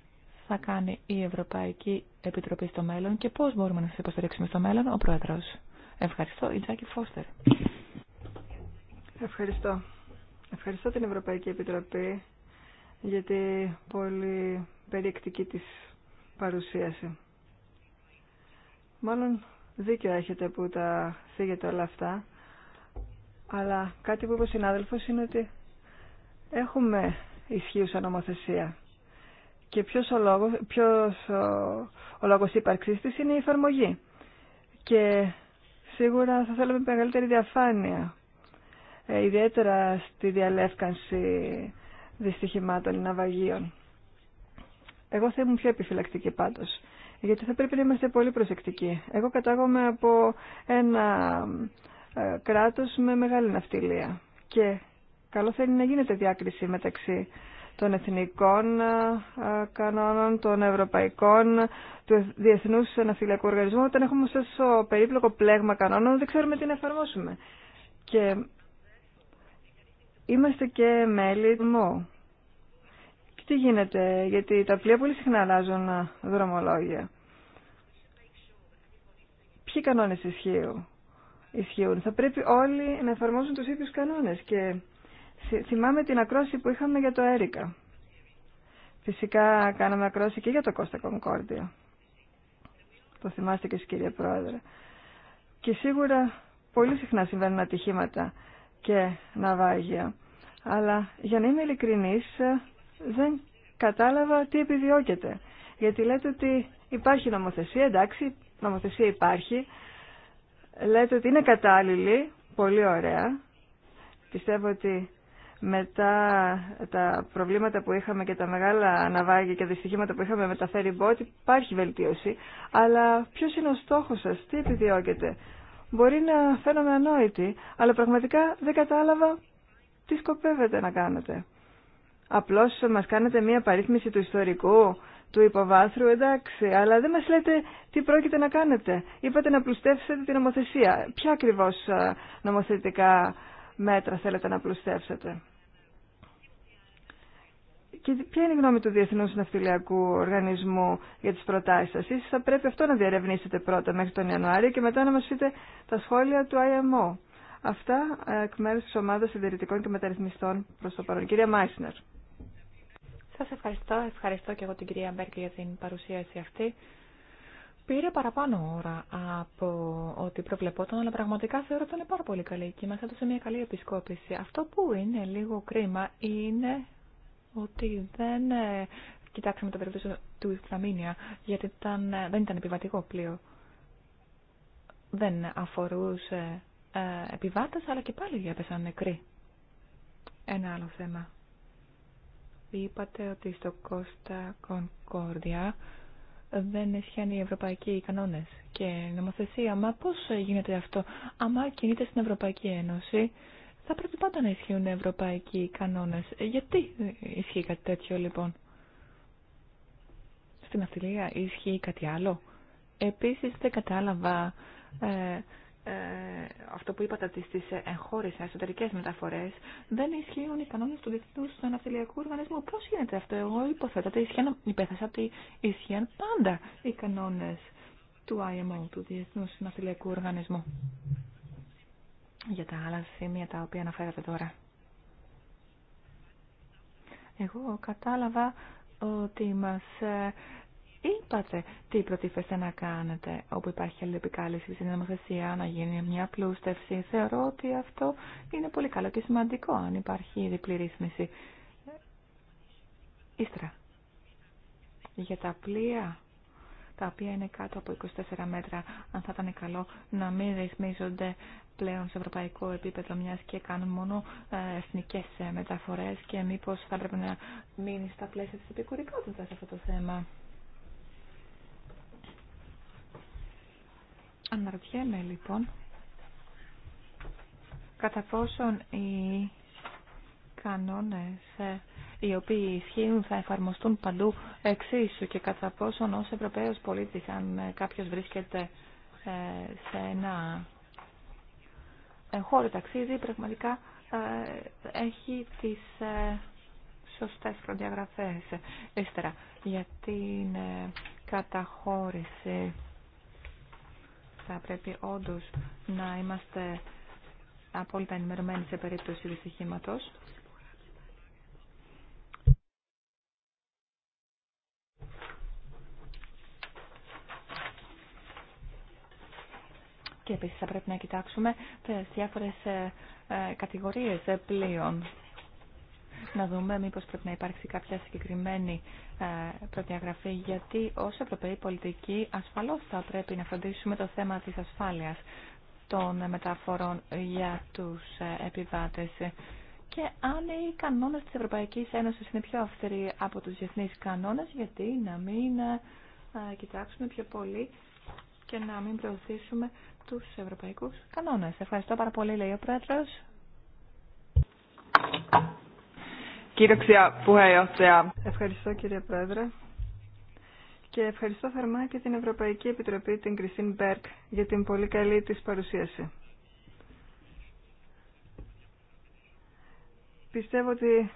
θα κάνει η Ευρωπαϊκή Επιτροπή στο μέλλον και πώς μπορούμε να σας υποστηρίξουμε στο μέλλον, ο Πρόεδρος. Ευχαριστώ, η Τζάκη Φώστερ. Ευχαριστώ. Ευχαριστώ την Ευρωπαϊκή Επιτροπή γιατί πολύ περιεκτική της παρουσίαση. Μάλλον δίκιο έχετε που τα φύγετε όλα αυτά, αλλά κάτι που είπε ο συνάδελφος είναι ότι έχουμε ισχύουσα νομοθεσία. Και ποιος ο λόγος, ποιος ο, λόγος ύπαρξής της είναι η εφαρμογή. Και σίγουρα θα θέλαμε μεγαλύτερη διαφάνεια, ε, ιδιαίτερα στη διαλεύκανση δυστυχημάτων ή ναυαγίων. Εγώ θα ήμουν πιο επιφυλακτική πάντως, γιατί θα πρέπει να είμαστε πολύ προσεκτικοί. Εγώ κατάγομαι από ένα ε, κράτος με μεγάλη ναυτιλία και καλό θα είναι να γίνεται διάκριση μεταξύ των εθνικών ε, ε, κανόνων, των ευρωπαϊκών, του Διεθνού Ναυτιλιακού Οργανισμού. Όταν έχουμε τόσο περίπλοκο πλέγμα κανόνων, δεν ξέρουμε τι να εφαρμόσουμε. Και Είμαστε και μέλη του ΜΟ. Και τι γίνεται, γιατί τα πλοία πολύ συχνά αλλάζουν δρομολόγια. Ποιοι κανόνες ισχύουν. ισχύουν. Θα πρέπει όλοι να εφαρμόσουν τους ίδιους κανόνες. Και θυμάμαι την ακρόση που είχαμε για το Έρικα. Φυσικά κάναμε ακρόση και για το Κώστα Κονκόρντια. Το θυμάστε και εσείς κύριε Πρόεδρε. Και σίγουρα πολύ συχνά συμβαίνουν ατυχήματα και ναυάγια. Αλλά για να είμαι ειλικρινής, δεν κατάλαβα τι επιδιώκεται. Γιατί λέτε ότι υπάρχει νομοθεσία, εντάξει, νομοθεσία υπάρχει. Λέτε ότι είναι κατάλληλη, πολύ ωραία. Πιστεύω ότι μετά τα προβλήματα που είχαμε και τα μεγάλα ναυάγια και δυστυχήματα που είχαμε με τα ferry boat υπάρχει βελτίωση. Αλλά ποιος είναι ο στόχος σας, τι επιδιώκετε. Μπορεί να φαίνομαι ανόητη, αλλά πραγματικά δεν κατάλαβα τι σκοπεύετε να κάνετε. Απλώς μας κάνετε μία παρήθμιση του ιστορικού, του υποβάθρου, εντάξει, αλλά δεν μας λέτε τι πρόκειται να κάνετε. Είπατε να πλουστεύσετε την νομοθεσία. Ποια ακριβώς ε, νομοθετικά μέτρα θέλετε να πλουστεύσετε. Και ποια είναι η γνώμη του Διεθνούς Ναυτιλιακού Οργανισμού για τις προτάσεις σας. Ίσως θα πρέπει αυτό να διαρευνήσετε πρώτα μέχρι τον Ιανουάριο και μετά να μας πείτε τα σχόλια του IMO. Αυτά ε, εκ μέρους της ομάδας συντηρητικών και μεταρρυθμιστών προς το παρόν. Κυρία Μάισνερ. Σας ευχαριστώ. Ευχαριστώ και εγώ την κυρία Μπέρκη για την παρουσίαση αυτή. Πήρε παραπάνω ώρα από ό,τι προβλεπόταν, αλλά πραγματικά θεωρώ ότι ήταν πάρα πολύ καλή και μας έδωσε μια καλή επισκόπηση. Αυτό που είναι λίγο κρίμα είναι ότι δεν ε, κοιτάξαμε το περίπτωση του Ισλαμίνια γιατί ήταν, ε, δεν ήταν επιβατικό πλοίο. Δεν αφορούσε ε, επιβάτες, αλλά και πάλι έπεσαν νεκροί. Ένα άλλο θέμα. Είπατε ότι στο Κώστα Κονκόρδια δεν ισχύουν οι ευρωπαϊκοί κανόνες και νομοθεσία. Μα πώς γίνεται αυτό, άμα κινείται στην Ευρωπαϊκή Ένωση θα πρέπει πάντα να ισχύουν ευρωπαϊκοί κανόνες. Ε, γιατί ισχύει κάτι τέτοιο λοιπόν. Στην αυτιλία ισχύει κάτι άλλο. Επίσης δεν κατάλαβα ε, ε αυτό που είπατε ότι στις εγχώρες εσωτερικές μεταφορές δεν ισχύουν οι κανόνες του διεθνούς του οργανισμού. Πώς γίνεται αυτό, εγώ υποθέτω ότι ισχύαν, υπέθεσα ότι ισχύαν πάντα οι κανόνες του IMO, του Διεθνούς Ναυτιλιακού Οργανισμού για τα άλλα σημεία τα οποία αναφέρατε τώρα. Εγώ κατάλαβα ότι μας ε, είπατε τι προτίθεστε να κάνετε όπου υπάρχει αλληλεπικάλυψη στην νομοθεσία, να γίνει μια πλούστευση. Θεωρώ ότι αυτό είναι πολύ καλό και σημαντικό αν υπάρχει διπλή ρύθμιση. Ύστερα, για τα πλοία τα οποία είναι κάτω από 24 μέτρα, αν θα ήταν καλό να μην ρυθμίζονται πλέον σε ευρωπαϊκό επίπεδο, μια και κάνουν μόνο ε, εθνικέ ε, μεταφορέ και μήπω θα πρέπει να μείνει στα πλαίσια της επικουρικότητας αυτό το θέμα. Αναρωτιέμαι λοιπόν κατά πόσον οι κανόνες ε, οι οποίοι ισχύουν θα εφαρμοστούν παντού εξίσου και κατά πόσον ως Ευρωπαίος πολίτης αν κάποιος βρίσκεται σε ένα ε, χώρο ταξίδι πραγματικά ε, έχει τις ε, σωστές προδιαγραφές. Ύστερα, για την καταχώρηση θα πρέπει όντως να είμαστε απόλυτα ενημερωμένοι σε περίπτωση δυστυχήματος. Και επίσης θα πρέπει να κοιτάξουμε τις διάφορες ε, ε, κατηγορίες ε, πλοίων. Να δούμε μήπως πρέπει να υπάρξει κάποια συγκεκριμένη προδιαγραφή, γιατί ως Ευρωπαίοι πολιτικοί ασφαλώς θα πρέπει να φροντίσουμε το θέμα της ασφάλειας των μεταφορών για τους επιβάτες. Και αν οι κανόνες της Ευρωπαϊκής Ένωσης είναι πιο αυστηροί από τους διεθνείς κανόνες, γιατί να μην κοιτάξουμε πιο πολύ και να μην προωθήσουμε τους ευρωπαϊκούς κανόνες. Ευχαριστώ πάρα πολύ, λέει ο Πρόεδρος. Ευχαριστώ κύριε Πρόεδρε και ευχαριστώ θερμά και την Ευρωπαϊκή Επιτροπή, την Κριστίν Μπέρκ, για την πολύ καλή της παρουσίαση. Πιστεύω ότι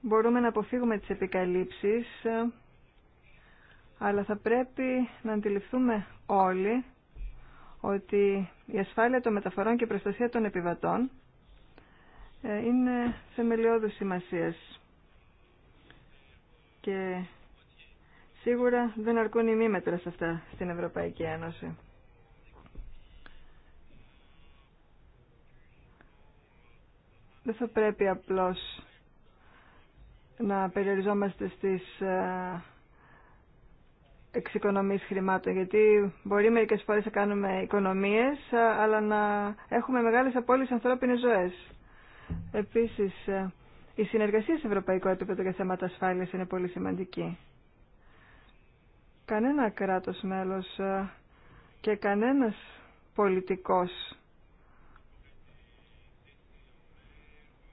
μπορούμε να αποφύγουμε τις επικαλύψεις, αλλά θα πρέπει να αντιληφθούμε όλοι ότι η ασφάλεια των μεταφορών και η προστασία των επιβατών ε, είναι θεμελιώδους σημασίας. Και σίγουρα δεν αρκούν οι μέτρα σε αυτά στην Ευρωπαϊκή Ένωση. Δεν θα πρέπει απλώς να περιοριζόμαστε στις ε, εξοικονομής χρημάτων, γιατί μπορεί μερικές φορές να κάνουμε οικονομίες, αλλά να έχουμε μεγάλες απώλειες ανθρώπινες ζωές. Επίσης, η συνεργασία σε ευρωπαϊκό επίπεδο για θέματα ασφάλειας είναι πολύ σημαντική. Κανένα κράτος μέλος και κανένας πολιτικός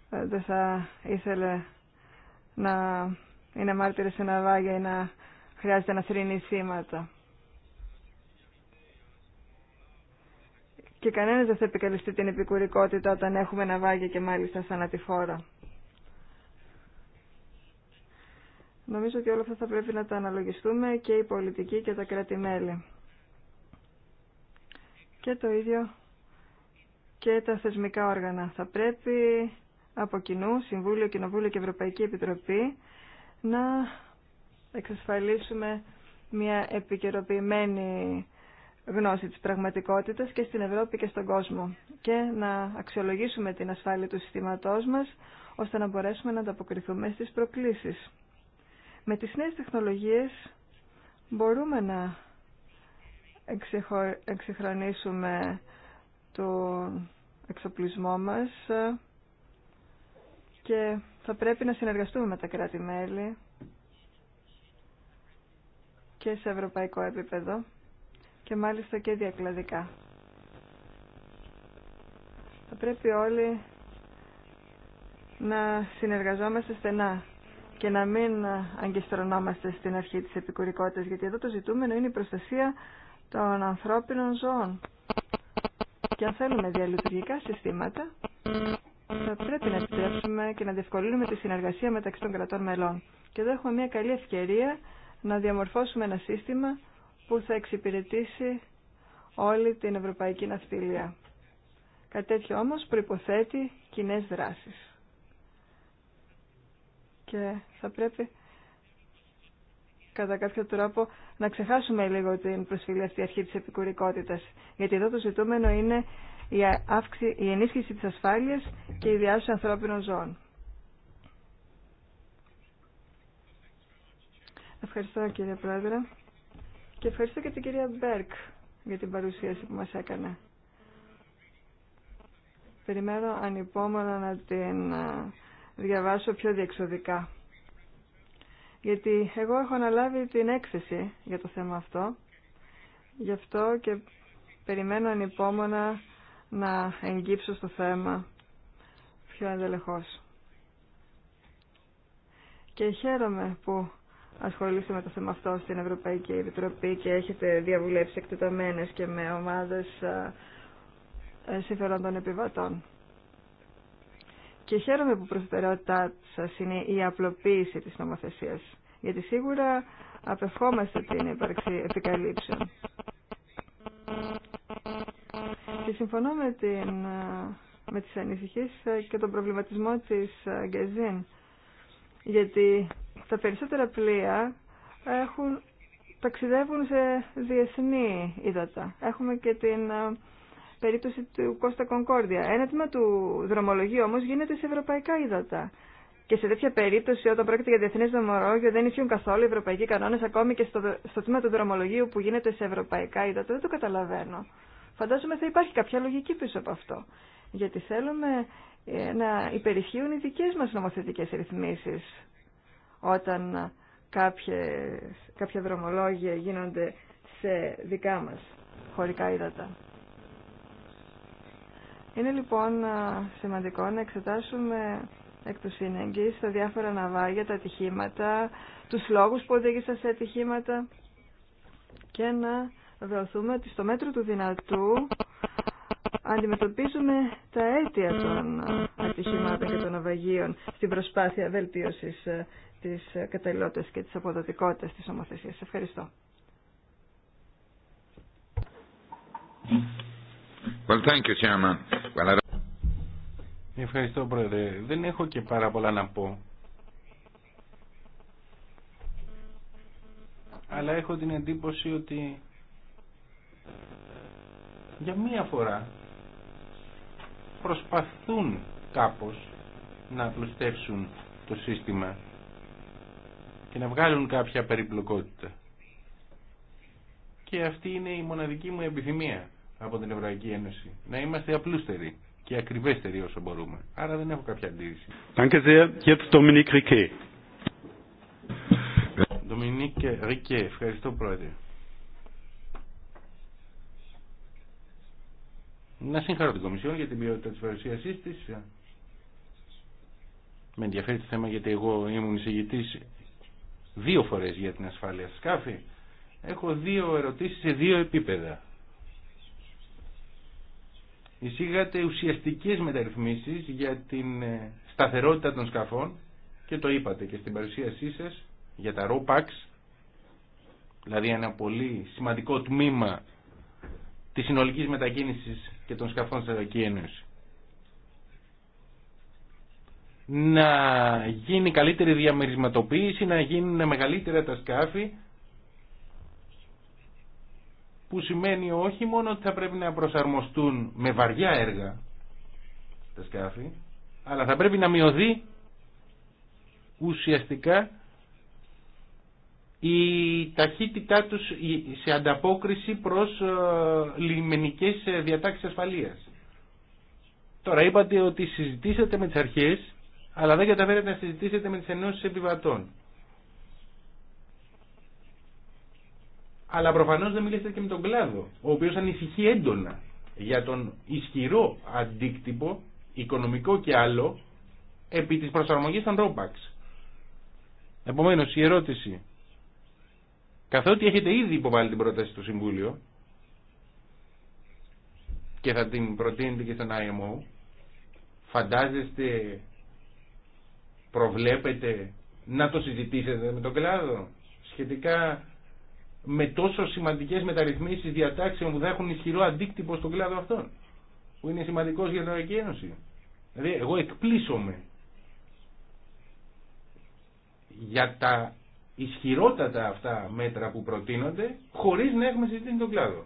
ε, δεν θα ήθελε να είναι μάρτυρες σε ναυάγια ή να χρειάζεται να θρύνει θύματα. Και κανένας δεν θα επικαλυστεί την επικουρικότητα όταν έχουμε ναυάγια και μάλιστα σαν θανατηφόρα. Νομίζω ότι όλα αυτά θα πρέπει να τα αναλογιστούμε και η πολιτική και τα κράτη-μέλη. Και το ίδιο και τα θεσμικά όργανα. Θα πρέπει από κοινού, Συμβούλιο, Κοινοβούλιο και Ευρωπαϊκή Επιτροπή να εξασφαλίσουμε μια επικαιροποιημένη γνώση της πραγματικότητας και στην Ευρώπη και στον κόσμο και να αξιολογήσουμε την ασφάλεια του συστήματός μας ώστε να μπορέσουμε να ανταποκριθούμε στις προκλήσεις. Με τις νέες τεχνολογίες μπορούμε να εξυγχρονίσουμε το εξοπλισμό μας και θα πρέπει να συνεργαστούμε με τα κράτη-μέλη και σε ευρωπαϊκό επίπεδο και μάλιστα και διακλαδικά. Θα πρέπει όλοι να συνεργαζόμαστε στενά και να μην αγκιστρωνόμαστε στην αρχή της επικουρικότητας, γιατί εδώ το ζητούμενο είναι η προστασία των ανθρώπινων ζώων. Και αν θέλουμε διαλειτουργικά συστήματα, θα πρέπει να επιτρέψουμε και να διευκολύνουμε τη συνεργασία μεταξύ των κρατών μελών. Και εδώ έχουμε μια καλή ευκαιρία να διαμορφώσουμε ένα σύστημα που θα εξυπηρετήσει όλη την ευρωπαϊκή ναυτιλία. Κάτι τέτοιο όμως προϋποθέτει κοινέ δράσεις. Και θα πρέπει κατά κάποιο τρόπο να ξεχάσουμε λίγο την προσφυλή αυτή αρχή της επικουρικότητας. Γιατί εδώ το ζητούμενο είναι η, αύξη, η ενίσχυση της ασφάλειας και η διάσωση ανθρώπινων ζώων. Ευχαριστώ κύριε Πρόεδρε και ευχαριστώ και την κυρία Μπέρκ για την παρουσίαση που μας έκανε. Περιμένω ανυπόμονα να την διαβάσω πιο διεξοδικά. Γιατί εγώ έχω αναλάβει την έκθεση για το θέμα αυτό. Γι' αυτό και περιμένω ανυπόμονα να εγγύψω στο θέμα πιο ενδελεχώς. Και χαίρομαι που ασχολείστε με το θέμα αυτό στην Ευρωπαϊκή Επιτροπή και έχετε διαβουλεύσει εκτεταμένε και με ομάδες ε, ε, συμφερόντων επιβατών. Και χαίρομαι που προτεραιότητά σα είναι η απλοποίηση της νομοθεσία. γιατί σίγουρα απευχόμαστε την ύπαρξη επικαλύψεων. Και συμφωνώ με, την, ε, με τις ανησυχίες και τον προβληματισμό της Γκεζίν γιατί τα περισσότερα πλοία έχουν, ταξιδεύουν σε διεθνή ύδατα. Έχουμε και την ε, περίπτωση του Κώστα Κονκόρδια. Ένα τμήμα του δρομολογίου όμως γίνεται σε ευρωπαϊκά ύδατα. Και σε τέτοια περίπτωση, όταν πρόκειται για διεθνέ δρομολόγιο, δεν ισχύουν καθόλου οι ευρωπαϊκοί κανόνε, ακόμη και στο, στο τμήμα του δρομολογίου που γίνεται σε ευρωπαϊκά ύδατα. Δεν το καταλαβαίνω. Φαντάζομαι θα υπάρχει κάποια λογική πίσω από αυτό. Γιατί θέλουμε να υπερισχύουν οι δικές μας νομοθετικές ρυθμίσεις όταν κάποιες, κάποια δρομολόγια γίνονται σε δικά μας χωρικά ύδατα. Είναι λοιπόν σημαντικό να εξετάσουμε εκ του σύνεγγυς τα διάφορα ναυάγια, τα ατυχήματα, τους λόγους που οδήγησαν σε ατυχήματα και να βεβαιωθούμε ότι στο μέτρο του δυνατού αντιμετωπίζουμε τα αίτια των ατυχημάτων και των αβαγίων στην προσπάθεια βελτίωσης ε, της καταλληλότητας και της αποδοτικότητας της ομοθεσίας. Ευχαριστώ. Well, thank you, Ευχαριστώ, Πρόεδρε. Δεν έχω και πάρα πολλά να πω. Αλλά έχω την εντύπωση ότι για μία φορά προσπαθούν κάπως να απλουστεύσουν το σύστημα και να βγάλουν κάποια περιπλοκότητα. Και αυτή είναι η μοναδική μου επιθυμία από την Ευρωπαϊκή Ένωση. Να είμαστε απλούστεροι και ακριβέστεροι όσο μπορούμε. Άρα δεν έχω κάποια αντίρρηση. Danke sehr. Jetzt Riquet. Riquet. Ευχαριστώ πρόεδρε. Να συγχαρώ την Κομισιόν για την ποιότητα τη παρουσίασή τη. Με ενδιαφέρει το θέμα γιατί εγώ ήμουν εισηγητή δύο φορές για την ασφάλεια σκάφη. Έχω δύο ερωτήσεις σε δύο επίπεδα. Εισήγατε ουσιαστικέ μεταρρυθμίσεις για την ε, σταθερότητα των σκαφών και το είπατε και στην παρουσίασή σα, για τα ROPAX, δηλαδή ένα πολύ σημαντικό τμήμα της συνολικής μετακίνησης και των σκαφών στην Ευρωπαϊκή Να γίνει καλύτερη διαμερισματοποίηση, να γίνουν μεγαλύτερα τα σκάφη, που σημαίνει όχι μόνο ότι θα πρέπει να προσαρμοστούν με βαριά έργα τα σκάφη, αλλά θα πρέπει να μειωθεί ουσιαστικά η ταχύτητά τους σε ανταπόκριση προς ε, λιμενικές ε, διατάξεις ασφαλείας. Τώρα είπατε ότι συζητήσατε με τις αρχές, αλλά δεν καταφέρατε να συζητήσετε με τις ενώσεις επιβατών. Αλλά προφανώς δεν μιλήσατε και με τον κλάδο, ο οποίος ανησυχεί έντονα για τον ισχυρό αντίκτυπο, οικονομικό και άλλο, επί της προσαρμογής των ρόμπαξ. Επομένως, η ερώτηση καθότι έχετε ήδη υποβάλει την πρόταση στο Συμβούλιο και θα την προτείνετε και στον IMO φαντάζεστε προβλέπετε να το συζητήσετε με τον κλάδο σχετικά με τόσο σημαντικές μεταρρυθμίσεις διατάξεων που θα έχουν ισχυρό αντίκτυπο στον κλάδο αυτόν που είναι σημαντικός για την Ευρωπαϊκή δηλαδή εγώ εκπλήσωμαι για τα ισχυρότατα αυτά μέτρα που προτείνονται χωρίς να έχουμε συζητήσει τον κλάδο.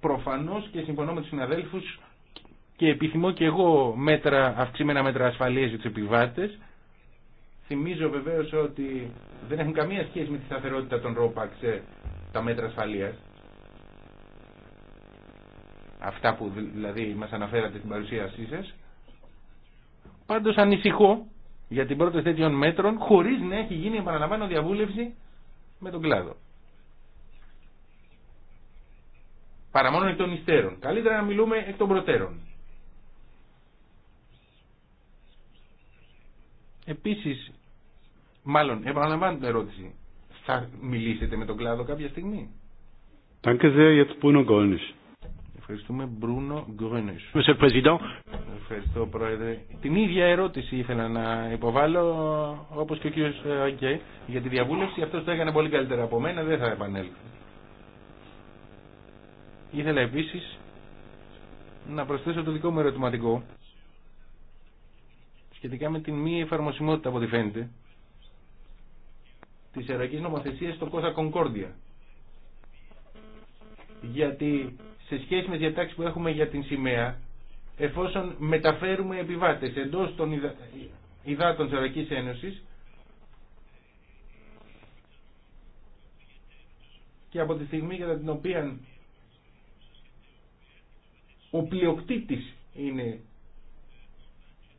Προφανώς και συμφωνώ με τους συναδέλφους και επιθυμώ και εγώ μέτρα, αυξημένα μέτρα ασφαλείας για τους επιβάτες. Θυμίζω βεβαίως ότι δεν έχουν καμία σχέση με τη σταθερότητα των σε τα μέτρα ασφαλείας. Αυτά που δηλαδή μας αναφέρατε στην παρουσίασή σας. Πάντως ανησυχώ για την πρώτη τέτοιων μέτρων χωρί να έχει γίνει επαναλαμβάνω διαβούλευση με τον κλάδο. Παρά μόνο εκ των υστέρων. Καλύτερα να μιλούμε εκ των προτέρων. Επίσης, μάλλον επαναλαμβάνω την ερώτηση. Θα μιλήσετε με τον κλάδο κάποια στιγμή. Danke sehr, jetzt Bruno Gollnisch. Ευχαριστούμε. Μπρούνο Γκρόνες. Ευχαριστώ Πρόεδρε. Την ίδια ερώτηση ήθελα να υποβάλω όπως και ο κύριος ε, Αγκέ για τη διαβούλευση. Αυτός το έκανε πολύ καλύτερα από μένα. Δεν θα επανέλθω. Ήθελα επίσης να προσθέσω το δικό μου ερωτηματικό σχετικά με την μη εφαρμοσιμότητα από ό,τι φαίνεται της Ιερακής Νομοθεσίας στο Κόσα Κονκόρδια. Γιατί σε σχέση με διατάξεις που έχουμε για την σημαία εφόσον μεταφέρουμε επιβάτες εντός των υδα... υδάτων της Ευρωπαϊκής Ένωσης και από τη στιγμή κατά την οποία ο πλειοκτήτης είναι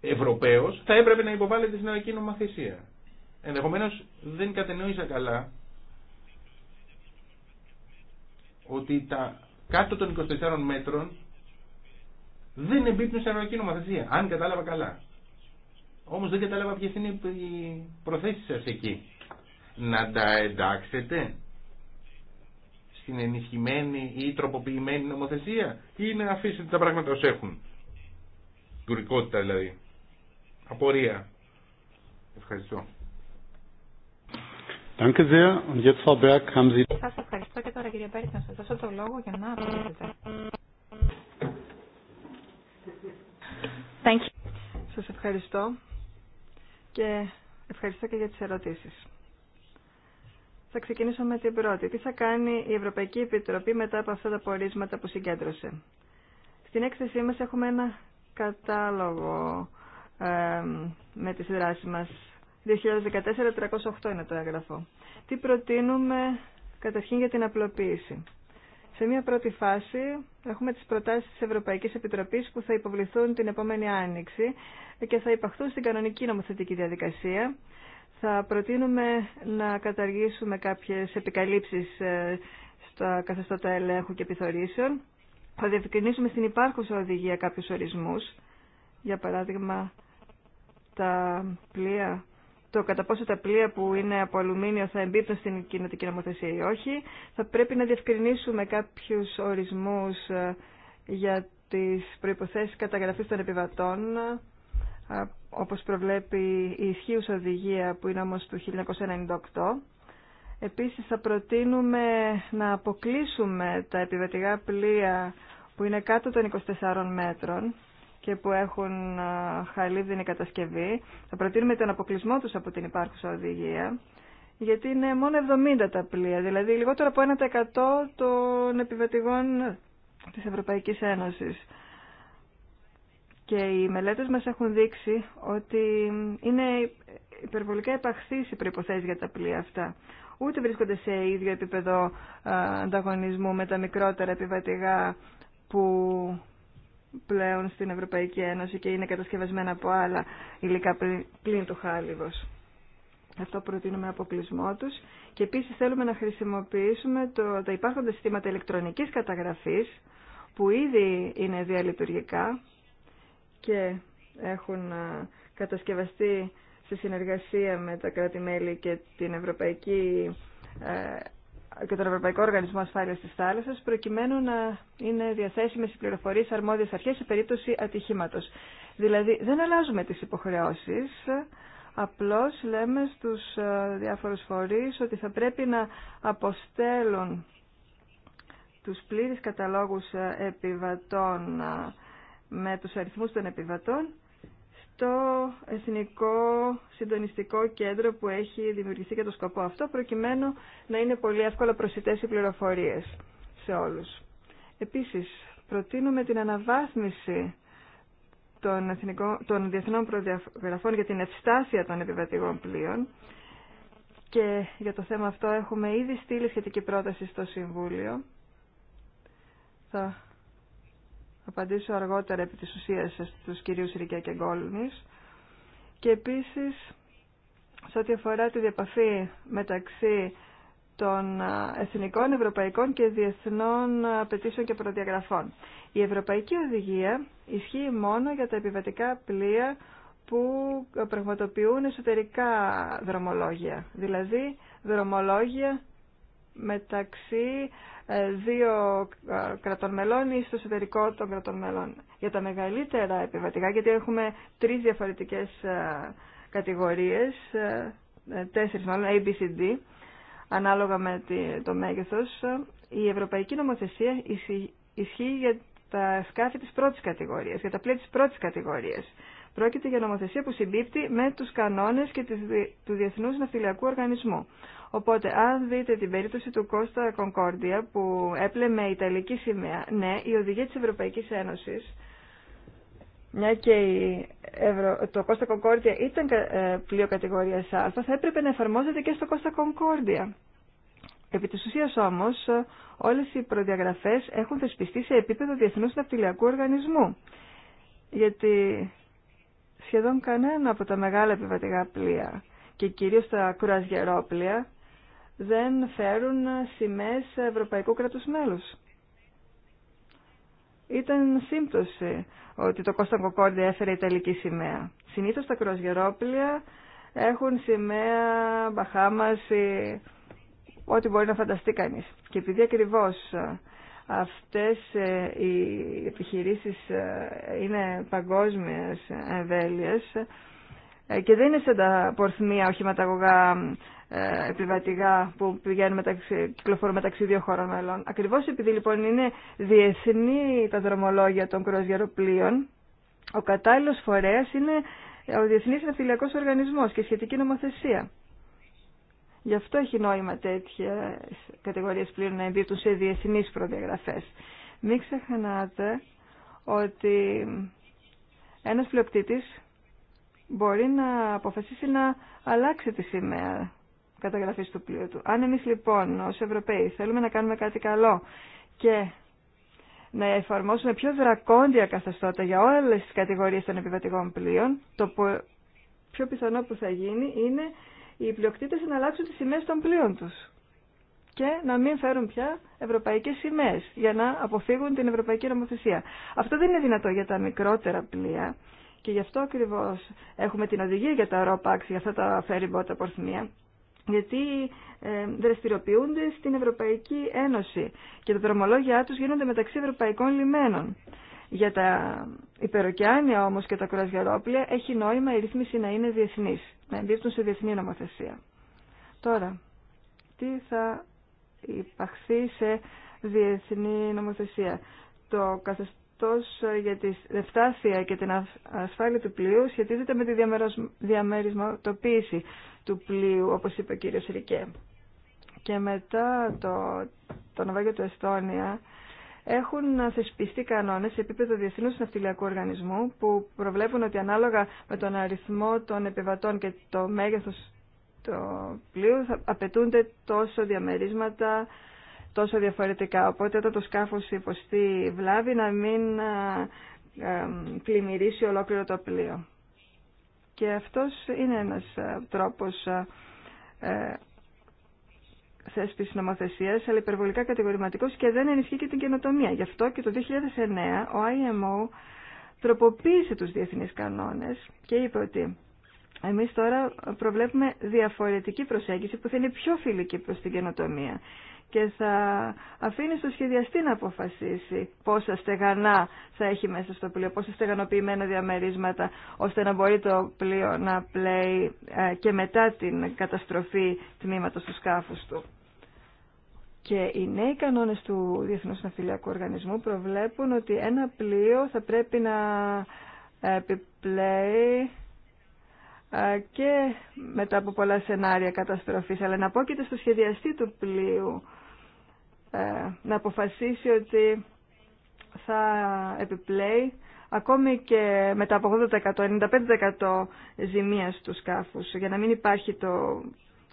Ευρωπαίος θα έπρεπε να υποβάλλεται στην Ευρωπαϊκή Νομοθεσία. Ενδεχομένως δεν κατενόησα καλά ότι τα κάτω των 24 μέτρων δεν εμπίπτουν σε ευρωπαϊκή νομοθεσία, αν κατάλαβα καλά. Όμω δεν κατάλαβα ποιες είναι οι προθέσεις σα εκεί. Να τα εντάξετε στην ενισχυμένη ή τροποποιημένη νομοθεσία ή να αφήσετε τα πράγματα ως έχουν. Τουρικότητα δηλαδή. Απορία. Ευχαριστώ. Danke sehr. Und jetzt, Frau Berg, haben Sie... Σας ευχαριστώ και τώρα, κύριε Μπέρκ, να σας δώσω το λόγο για να απαντήσετε. Σας ευχαριστώ και ευχαριστώ και για τις ερωτήσεις. Θα ξεκινήσω με την πρώτη. Τι θα κάνει η Ευρωπαϊκή Επιτροπή μετά από αυτά τα πορίσματα που συγκέντρωσε. Στην έκθεσή μας έχουμε ένα κατάλογο ε, με τις δράσεις μας 2014-308 είναι το έγγραφο. Τι προτείνουμε καταρχήν για την απλοποίηση. Σε μια πρώτη φάση έχουμε τις προτάσεις της Ευρωπαϊκής Επιτροπής που θα υποβληθούν την επόμενη άνοιξη και θα υπαχθούν στην κανονική νομοθετική διαδικασία. Θα προτείνουμε να καταργήσουμε κάποιες επικαλύψεις ε, στα καθεστώτα ελέγχου και επιθωρήσεων. Θα διευκρινίσουμε στην υπάρχουσα οδηγία κάποιους ορισμούς, για παράδειγμα τα πλοία το κατά πόσο τα πλοία που είναι από αλουμίνιο θα εμπίπτουν στην κοινωτική νομοθεσία ή όχι. Θα πρέπει να διευκρινίσουμε κάποιους ορισμούς ε, για τις προϋποθέσεις καταγραφής των επιβατών, ε, όπως προβλέπει η ισχύουσα οδηγία που είναι όμως του 1998. Επίσης θα προτείνουμε να αποκλείσουμε τα επιβατικά πλοία που είναι κάτω των 24 μέτρων και που έχουν χαλίδινη κατασκευή. Θα προτείνουμε τον αποκλεισμό τους από την υπάρχουσα οδηγία, γιατί είναι μόνο 70 τα πλοία, δηλαδή λιγότερο από 1% των επιβατηγών της Ευρωπαϊκής Ένωσης. Και οι μελέτες μας έχουν δείξει ότι είναι υπερβολικά επαχθείς οι προϋποθέσεις για τα πλοία αυτά. Ούτε βρίσκονται σε ίδιο επίπεδο ανταγωνισμού με τα μικρότερα επιβατηγά που πλέον στην Ευρωπαϊκή Ένωση και είναι κατασκευασμένα από άλλα υλικά πλην του χάλιβος. Αυτό προτείνουμε αποκλεισμό τους. Και επίσης θέλουμε να χρησιμοποιήσουμε το, τα υπάρχοντα συστήματα ηλεκτρονικής καταγραφής που ήδη είναι διαλειτουργικά και έχουν κατασκευαστεί σε συνεργασία με τα κράτη-μέλη και την Ευρωπαϊκή και τον Ευρωπαϊκό Οργανισμό Ασφάλεια τη Θάλασσα, προκειμένου να είναι διαθέσιμε οι πληροφορίε αρμόδιε αρχέ σε περίπτωση ατυχήματο. Δηλαδή, δεν αλλάζουμε τι υποχρεώσει, απλώ λέμε στου ε, διάφορου φορεί ότι θα πρέπει να αποστέλουν τους πλήρεις καταλόγους ε, επιβατών ε, με τους αριθμούς των επιβατών το Εθνικό Συντονιστικό Κέντρο που έχει δημιουργηθεί για το σκοπό αυτό, προκειμένου να είναι πολύ εύκολα προσιτές οι πληροφορίες σε όλους. Επίσης, προτείνουμε την αναβάθμιση των, εθνικών, των διεθνών προδιαγραφών για την ευστάθεια των επιβατηγών πλοίων και για το θέμα αυτό έχουμε ήδη στείλει σχετική πρόταση στο Συμβούλιο. Θα απαντήσω αργότερα επί της ουσίας στους κυρίους Ρικέ και Γκόλνης. Και επίσης, σε ό,τι αφορά τη διαπαφή μεταξύ των εθνικών, ευρωπαϊκών και διεθνών απαιτήσεων και προδιαγραφών. Η Ευρωπαϊκή Οδηγία ισχύει μόνο για τα επιβατικά πλοία που πραγματοποιούν εσωτερικά δρομολόγια, δηλαδή δρομολόγια μεταξύ ε, δύο ε, κρατών μελών ή στο εσωτερικό των κρατών μελών. Για τα μεγαλύτερα επιβατικά, γιατί έχουμε τρεις διαφορετικές ε, κατηγορίες, τέσσερις μάλλον, ABCD, ανάλογα με το μέγεθος, η ευρωπαϊκή νομοθεσία ισχύει για τα σκάφη της πρώτης κατηγορίας, για τα πλοία της πρώτης κατηγορίας. Πρόκειται για νομοθεσία που συμπίπτει με τους κανόνες και του Διεθνούς Ναυτιλιακού Οργανισμού. Οπότε, αν δείτε την περίπτωση του Κώστα Κονκόρντια που έπλεμε Ιταλική σημαία, ναι, η οδηγία της Ευρωπαϊκής Ένωσης, μια και το Κώστα Κονκόρντια ήταν ε, πλοίο κατηγορία Α, θα έπρεπε να εφαρμόζεται και στο Κώστα Κονκόρντια. Επί της ουσίας όμως, όλες οι προδιαγραφές έχουν θεσπιστεί σε επίπεδο Διεθνούς Ναυτιλιακού Οργανισμού. Γιατί σχεδόν κανένα από τα μεγάλα επιβατικά πλοία και κυρίως τα κρουαζιερόπλια δεν φέρουν σημαίες ευρωπαϊκού κράτους μέλους. Ήταν σύμπτωση ότι το Κώστα Κοκόρντι έφερε ιταλική σημαία. Συνήθως τα κρουαζιερόπλια έχουν σημαία Μπαχάμας ή ό,τι μπορεί να φανταστεί κανείς. Και επειδή ακριβώς ε, αυτές ε, οι επιχειρήσεις ε, είναι παγκόσμιες εμβέλειες και δεν είναι σε τα πορθμία οχηματαγωγά ε, επιβατηγά που πηγαίνουμε μεταξύ, κυκλοφορούν μεταξύ δύο χωρών μελών. Ακριβώς επειδή λοιπόν είναι διεθνή τα δρομολόγια των κροσγεροπλοίων, ο κατάλληλο φορέας είναι ο Διεθνής Ναυτιλιακό Οργανισμός και σχετική νομοθεσία. Γι' αυτό έχει νόημα τέτοιε κατηγορίε πλοίων να εμπίπτουν σε διεθνεί προδιαγραφέ. Μην ξεχνάτε ότι ένας πλειοκτήτης μπορεί να αποφασίσει να αλλάξει τη σημαία καταγραφής του πλοίου του. Αν εμείς λοιπόν ως Ευρωπαίοι θέλουμε να κάνουμε κάτι καλό και να εφαρμόσουμε πιο δρακόντια καθεστώτα για όλες τις κατηγορίες των επιβατικών πλοίων, το πιο πιθανό που θα γίνει είναι οι πλειοκτήτες να αλλάξουν τις σημαίες των πλοίων τους και να μην φέρουν πια ευρωπαϊκές σημαίες για να αποφύγουν την ευρωπαϊκή νομοθεσία. Αυτό δεν είναι δυνατό για τα μικρότερα πλοία και γι' αυτό ακριβώς έχουμε την οδηγία για τα ROPAX, για αυτά τα ferry boat απορθμία γιατί ε, δραστηριοποιούνται στην Ευρωπαϊκή Ένωση και τα δρομολόγια τους γίνονται μεταξύ ευρωπαϊκών λιμένων. Για τα υπεροκειάνια όμως και τα κουρασγερόπλια έχει νόημα η ρύθμιση να είναι διεθνής, να εμπίπτουν σε διεθνή νομοθεσία. Τώρα, τι θα υπαχθεί σε διεθνή νομοθεσία. Το, αυτός ε, για τη δευτάθεια και την ασφάλεια του πλοίου σχετίζεται με τη διαμερισματοποίηση του πλοίου, όπως είπε ο κύριος Ρικέ. Και μετά το, το ναυάγιο του Εστόνια έχουν θεσπιστεί κανόνες σε επίπεδο Διεθνούς Ναυτιλιακού Οργανισμού που προβλέπουν ότι ανάλογα με τον αριθμό των επιβατών και το μέγεθος του πλοίου θα απαιτούνται τόσο διαμερίσματα, τόσο διαφορετικά. Οπότε όταν το σκάφος υποστεί βλάβη να μην πλημμυρίσει ολόκληρο το πλοίο. Και αυτός είναι ένας τρόπος ε, θέσπιση νομοθεσία, αλλά υπερβολικά κατηγορηματικό και δεν ενισχύει και την καινοτομία. Γι' αυτό και το 2009 ο IMO τροποποίησε του διεθνεί κανόνε και είπε ότι εμεί τώρα προβλέπουμε διαφορετική προσέγγιση που θα είναι πιο φιλική προ την καινοτομία και θα αφήνει στο σχεδιαστή να αποφασίσει πόσα στεγανά θα έχει μέσα στο πλοίο, πόσα στεγανοποιημένα διαμερίσματα, ώστε να μπορεί το πλοίο να πλέει ε, και μετά την καταστροφή τμήματος του σκάφους του. Και οι νέοι κανόνες του Διεθνούς Ναυτιλιακού Οργανισμού προβλέπουν ότι ένα πλοίο θα πρέπει να επιπλέει ε, και μετά από πολλά σενάρια καταστροφής, αλλά να πόκειται στο σχεδιαστή του πλοίου ε, να αποφασίσει ότι θα επιπλέει ακόμη και μετά από 80%, 95% ζημίας του σκάφους, για να μην υπάρχει το,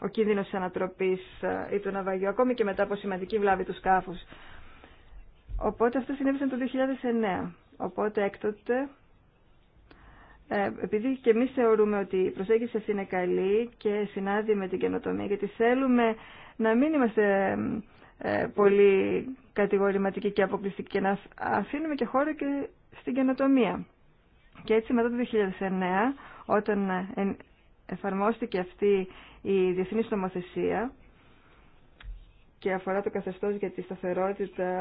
ο κίνδυνος της ανατροπής ε, ή του ναυαγιού, ακόμη και μετά από σημαντική βλάβη του σκάφους. Οπότε αυτό συνέβησαν το 2009. Οπότε έκτοτε, ε, επειδή και εμείς θεωρούμε ότι η προσέγγιση αυτή είναι καλή και συνάδει με την καινοτομία, γιατί θέλουμε να μην είμαστε ε, πολύ κατηγορηματική και αποκλειστική και να αφήνουμε και χώρο και στην καινοτομία. Και έτσι μετά το 2009 όταν ε, εφαρμόστηκε αυτή η διεθνή νομοθεσία και αφορά το καθεστώς για τη σταθερότητα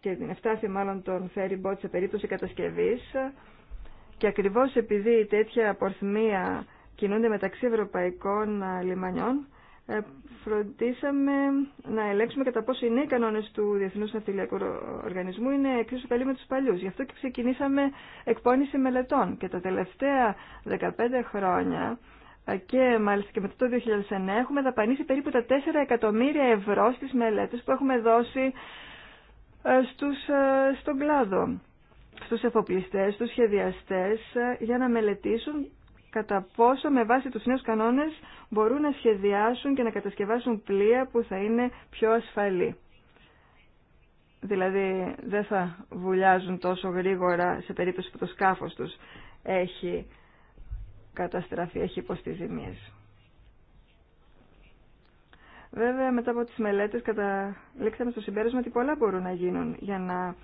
και την εφτάση μάλλον των ferry boats σε περίπτωση κατασκευής και ακριβώς επειδή τέτοια απορθμία κινούνται μεταξύ ευρωπαϊκών ε, λιμανιών ε, φροντίσαμε να ελέγξουμε κατά πόσο οι νέοι κανόνε του Διεθνού Ναυτιλιακού Οργανισμού είναι εξίσου καλοί με του παλιού. Γι' αυτό και ξεκινήσαμε εκπόνηση μελετών. Και τα τελευταία 15 χρόνια ε, και μάλιστα και μετά το 2009 έχουμε δαπανίσει περίπου τα 4 εκατομμύρια ευρώ στις μελέτες που έχουμε δώσει ε, στους, στον κλάδο, στους εφοπλιστές, στους σχεδιαστές για να μελετήσουν κατά πόσο με βάση τους νέους κανόνες μπορούν να σχεδιάσουν και να κατασκευάσουν πλοία που θα είναι πιο ασφαλή. Δηλαδή δεν θα βουλιάζουν τόσο γρήγορα σε περίπτωση που το σκάφος τους έχει καταστραφεί, έχει υποστεί ζημίες. Βέβαια μετά από τις μελέτες καταλήξαμε στο συμπέρασμα ότι πολλά μπορούν να γίνουν για να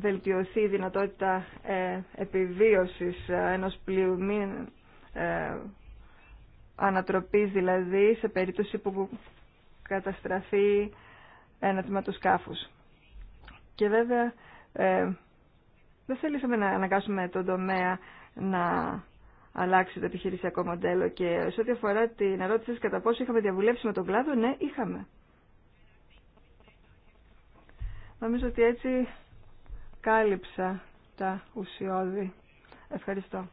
βελτιωθεί η δυνατότητα ε, επιβίωσης ε, ενός πλοίου, μην ε, ανατροπής δηλαδή σε περίπτωση που καταστραφεί ένα τμήμα του σκάφους. Και βέβαια δεν θέλησαμε να αναγκάσουμε τον τομέα να αλλάξει το επιχειρησιακό μοντέλο και σε ό,τι αφορά την ερώτηση κατά πόσο είχαμε διαβουλεύσει με τον κλάδο, ναι, είχαμε. Νομίζω ότι έτσι κάλυψα τα ουσιώδη. Ευχαριστώ.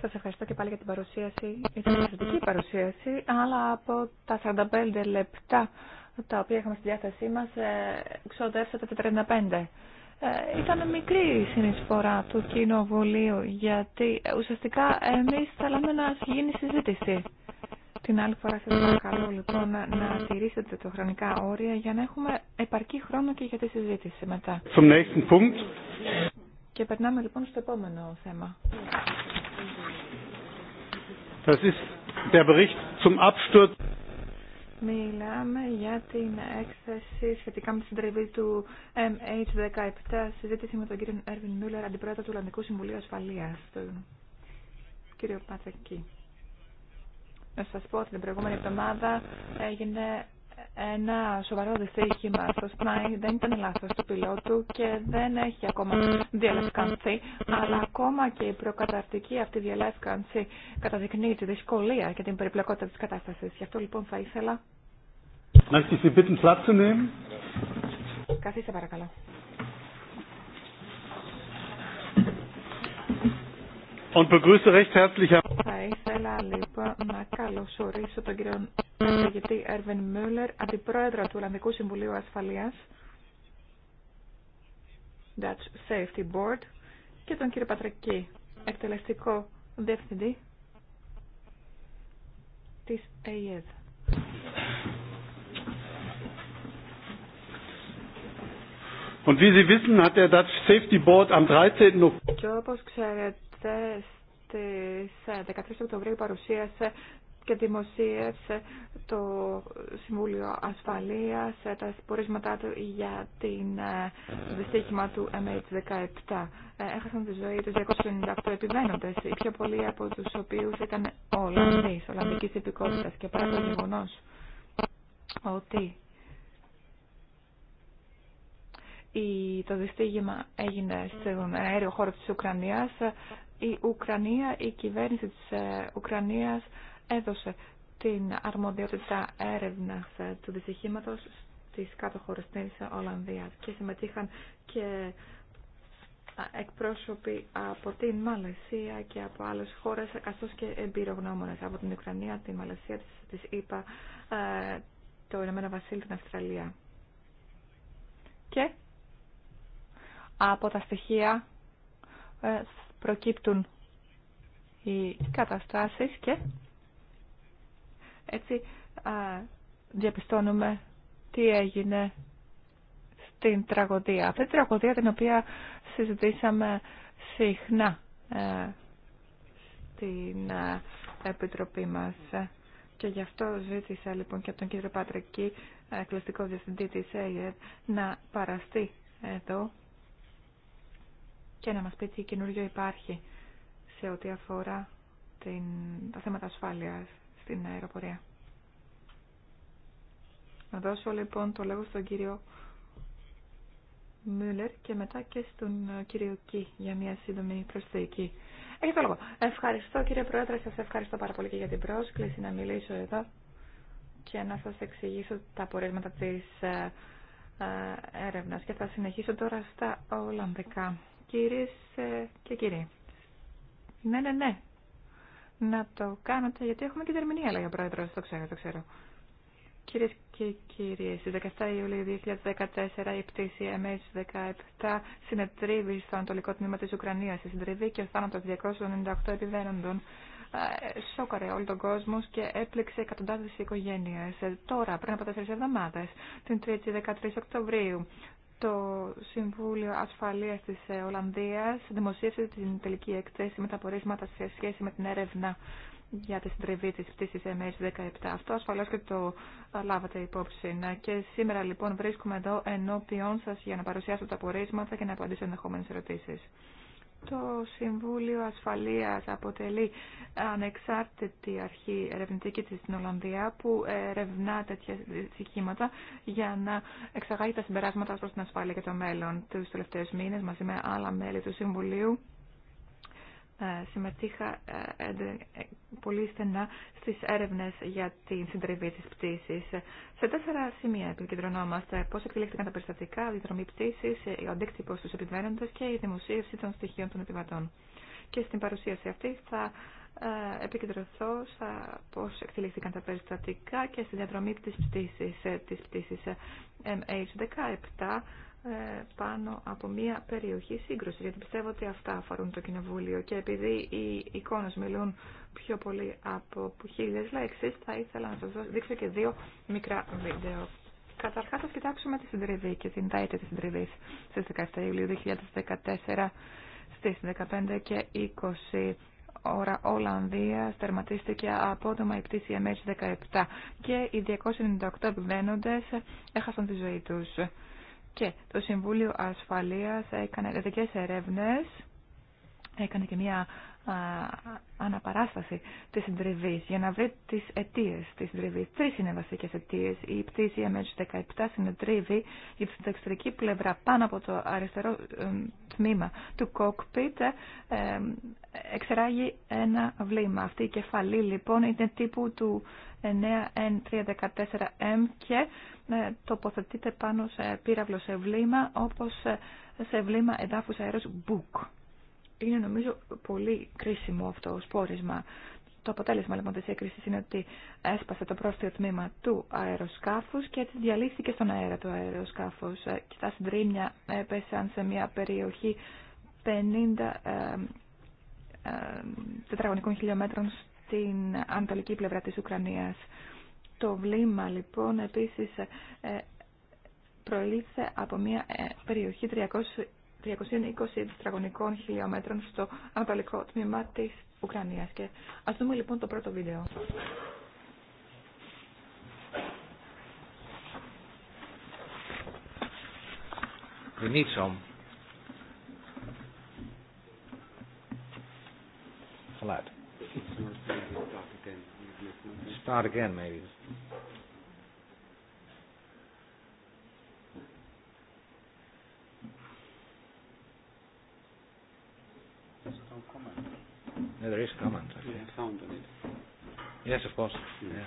Σα ευχαριστώ και πάλι για την παρουσίαση. Ήταν εξαιρετική παρουσίαση, αλλά από τα 45 λεπτά τα οποία είχαμε στη διάθεσή μα, ε, ξοδεύσατε τα 35. Ε, ήταν μικρή η συνεισφορά του Κοινοβουλίου, γιατί ουσιαστικά εμεί θέλαμε να γίνει συζήτηση. Την άλλη φορά σας παρακαλώ λοιπόν να, να τηρήσετε τα χρονικά όρια για να έχουμε επαρκή χρόνο και για τη συζήτηση μετά. Και περνάμε λοιπόν στο επόμενο θέμα. Das ist der Bericht zum Absturz. Μιλάμε για την έκθεση σχετικά με τη συντριβή του MH17, συζήτηση με τον κύριο Έρβιν Μιούλερ, αντιπρόεδρο του Ολλανδικού Συμβουλίου Ασφαλείας, τον κύριο Πατρική. Να σας πω ότι την προηγούμενη εβδομάδα έγινε ένα σοβαρό δυστύχημα στο Σπνάι. Δεν ήταν λάθος του πιλότου και δεν έχει ακόμα διαλευκανθεί. Αλλά ακόμα και η προκαταρτική αυτή διαλευκανσή καταδεικνύει τη δυσκολία και την περιπλοκότητα της κατάστασης. Γι' αυτό λοιπόν θα ήθελα... Καθίστε παρακαλώ. Und begrüße recht herzlich Herrn. Dutch Safety Board, και τον κύριο Πατρική, εκτελεστικό διευθυντή της ΑΕΔ. Und wie Sie wissen, hat der Dutch Safety Board am 13. Και όπως ξέρετε, χτες στις 13 ε, Οκτωβρίου παρουσίασε και δημοσίευσε το Συμβούλιο Ασφαλείας ε, τα πορίσματά του για την ε, δυστύχημα του MH17. Έχασαν τη ζωή τους 298 επιβαίνοντες, οι πιο πολλοί από τους οποίους ήταν Ολλανδοί, Ολλανδικής υπηκότητας και παρά το γεγονό ότι το δυστύχημα έγινε στον αέριο χώρο της Ουκρανίας, η Ουκρανία, η κυβέρνηση της ε, Ουκρανίας έδωσε την αρμοδιότητα έρευνας ε, του δυστυχήματος στις κάτω χώρες της Ολλανδίας και συμμετείχαν και εκπρόσωποι από την Μαλαισία και από άλλες χώρες, καθώς και εμπειρογνώμονες από την Ουκρανία, τη Μαλαισία, της ΗΠΑ, ε, το Ηνωμένο Βασίλειο, την Αυστραλία. Και από τα στοιχεία προκύπτουν οι καταστάσεις και έτσι α, διαπιστώνουμε τι έγινε στην τραγωδία. Αυτή την τραγωδία την οποία συζητήσαμε συχνά ε, στην ε, Επιτροπή μας. Και γι' αυτό ζήτησα λοιπόν και από τον κύριο Πατρική, ε, εκλεστικό διευθυντή της ΕΕΔ, να παραστεί εδώ και να μας πει τι καινούριο υπάρχει σε ό,τι αφορά τα θέματα ασφάλειας στην αεροπορία. Να δώσω λοιπόν το λόγο στον κύριο Μιουλερ και μετά και στον ε, κύριο Κι για μια σύντομη προσθήκη. Έχει το λόγο. Ευχαριστώ κύριε Πρόεδρε, σας ευχαριστώ πάρα πολύ και για την πρόσκληση να μιλήσω εδώ και να σας εξηγήσω τα απορρίσματα της ε, ε, έρευνας και θα συνεχίσω τώρα στα Ολλανδικά. Κυρίε ε, και κύριοι. Ναι, ναι, ναι. Να το κάνετε, γιατί έχουμε και τερμηνία, λέει ο πρόεδρος, το ξέρω, το ξέρω. Κυρίε και κύριοι, στι 17 Ιουλίου 2014 η πτήση MH17 συνετρίβει στο ανατολικό τμήμα τη Ουκρανία. Η συντριβή και ο θάνατο 298 επιβαίνοντων ε, σώκαρε όλο τον κόσμο και έπληξε εκατοντάδε οικογένειε. Ε, τώρα, πριν από τέσσερι εβδομάδε, την 3η 13 Οκτωβρίου, το Συμβούλιο Ασφαλείας της ε, Ολλανδίας δημοσίευσε την τελική εκθέση με τα πορίσματα σε σχέση με την έρευνα για τη συντριβή της πτήσης MS-17. Αυτό ασφαλώς και το ε, λάβατε υπόψη. Και σήμερα λοιπόν βρίσκομαι εδώ ενώπιον σας για να παρουσιάσω τα απορρίσματα και να απαντήσω ενδεχόμενες ερωτήσεις. Το Συμβούλιο Ασφαλείας αποτελεί ανεξάρτητη αρχή ερευνητική της στην Ολλανδία που ερευνά τέτοια συγχήματα για να εξαγάγει τα συμπεράσματα προς την ασφάλεια και το μέλλον. Τους τελευταίους μήνες μαζί με άλλα μέλη του Συμβουλίου ε, συμμετείχα ε, ε, πολύ στενά στις έρευνες για την συντριβή της πτήσης. Σε τέσσερα σημεία επικεντρωνόμαστε πώς εκτελήχθηκαν τα περιστατικά, η δρομή πτήσης, ο αντίκτυπος τους επιβαίνοντες και η δημοσίευση των στοιχείων των επιβατών. Και στην παρουσίαση αυτή θα επικεντρωθώ στα πώς εκτελέχθηκαν τα περιστατικά και στη διαδρομή της πτήσης, της πτήσης MH17 ε, πάνω από μία περιοχή σύγκρουση, γιατί πιστεύω ότι αυτά αφορούν το Κοινοβούλιο και επειδή οι εικόνε μιλούν πιο πολύ από χίλιε λέξει, θα ήθελα να σα δείξω και δύο μικρά βίντεο. Καταρχά, θα κοιτάξουμε τη συντριβή και την τάιτα της συντριβή στι 17 Ιουλίου 2014 στι 15 και 20 ώρα Ολλανδία στερματίστηκε απότομα η πτήση MH17 και οι 298 επιμένοντες έχασαν τη ζωή τους. Και το Συμβούλιο Ασφαλείας έκανε ειδικέ ερεύνες, έκανε και μια αναπαράσταση της συντριβής για να βρει τις αιτίες της συντριβής. Τρεις είναι βασικές αιτίες. Η πτήση MH17 συντριβή για την εξωτερική πλευρά πάνω από το αριστερό τμήμα του cockpit ε, εξεράγει ένα βλήμα. Αυτή η κεφαλή λοιπόν είναι τύπου του 9N314M και ε, τοποθετείται πάνω σε πύραυλο σε βλήμα όπως ε, σε βλήμα εδάφους αέρος BOOK. Είναι νομίζω πολύ κρίσιμο αυτό ως πόρισμα. Το αποτέλεσμα λοιπόν της έκρησης είναι ότι έσπασε το πρόσθετο τμήμα του αεροσκάφους και έτσι διαλύθηκε στον αέρα το αεροσκάφος. Ε, και τα συντρίμια έπεσαν σε μια περιοχή 50 ε, ε, τετραγωνικών χιλιόμετρων στην ανατολική πλευρά της Ουκρανίας. Το βλήμα λοιπόν επίσης ε, προήλθε από μια ε, περιοχή 300 320 τετραγωνικών χιλιόμετρων στο ανατολικό τμήμα της Ουκρανίας. Και ας δούμε λοιπόν το πρώτο βίντεο. We need some. Geluid. Start again maybe. Yes, of course. Yeah.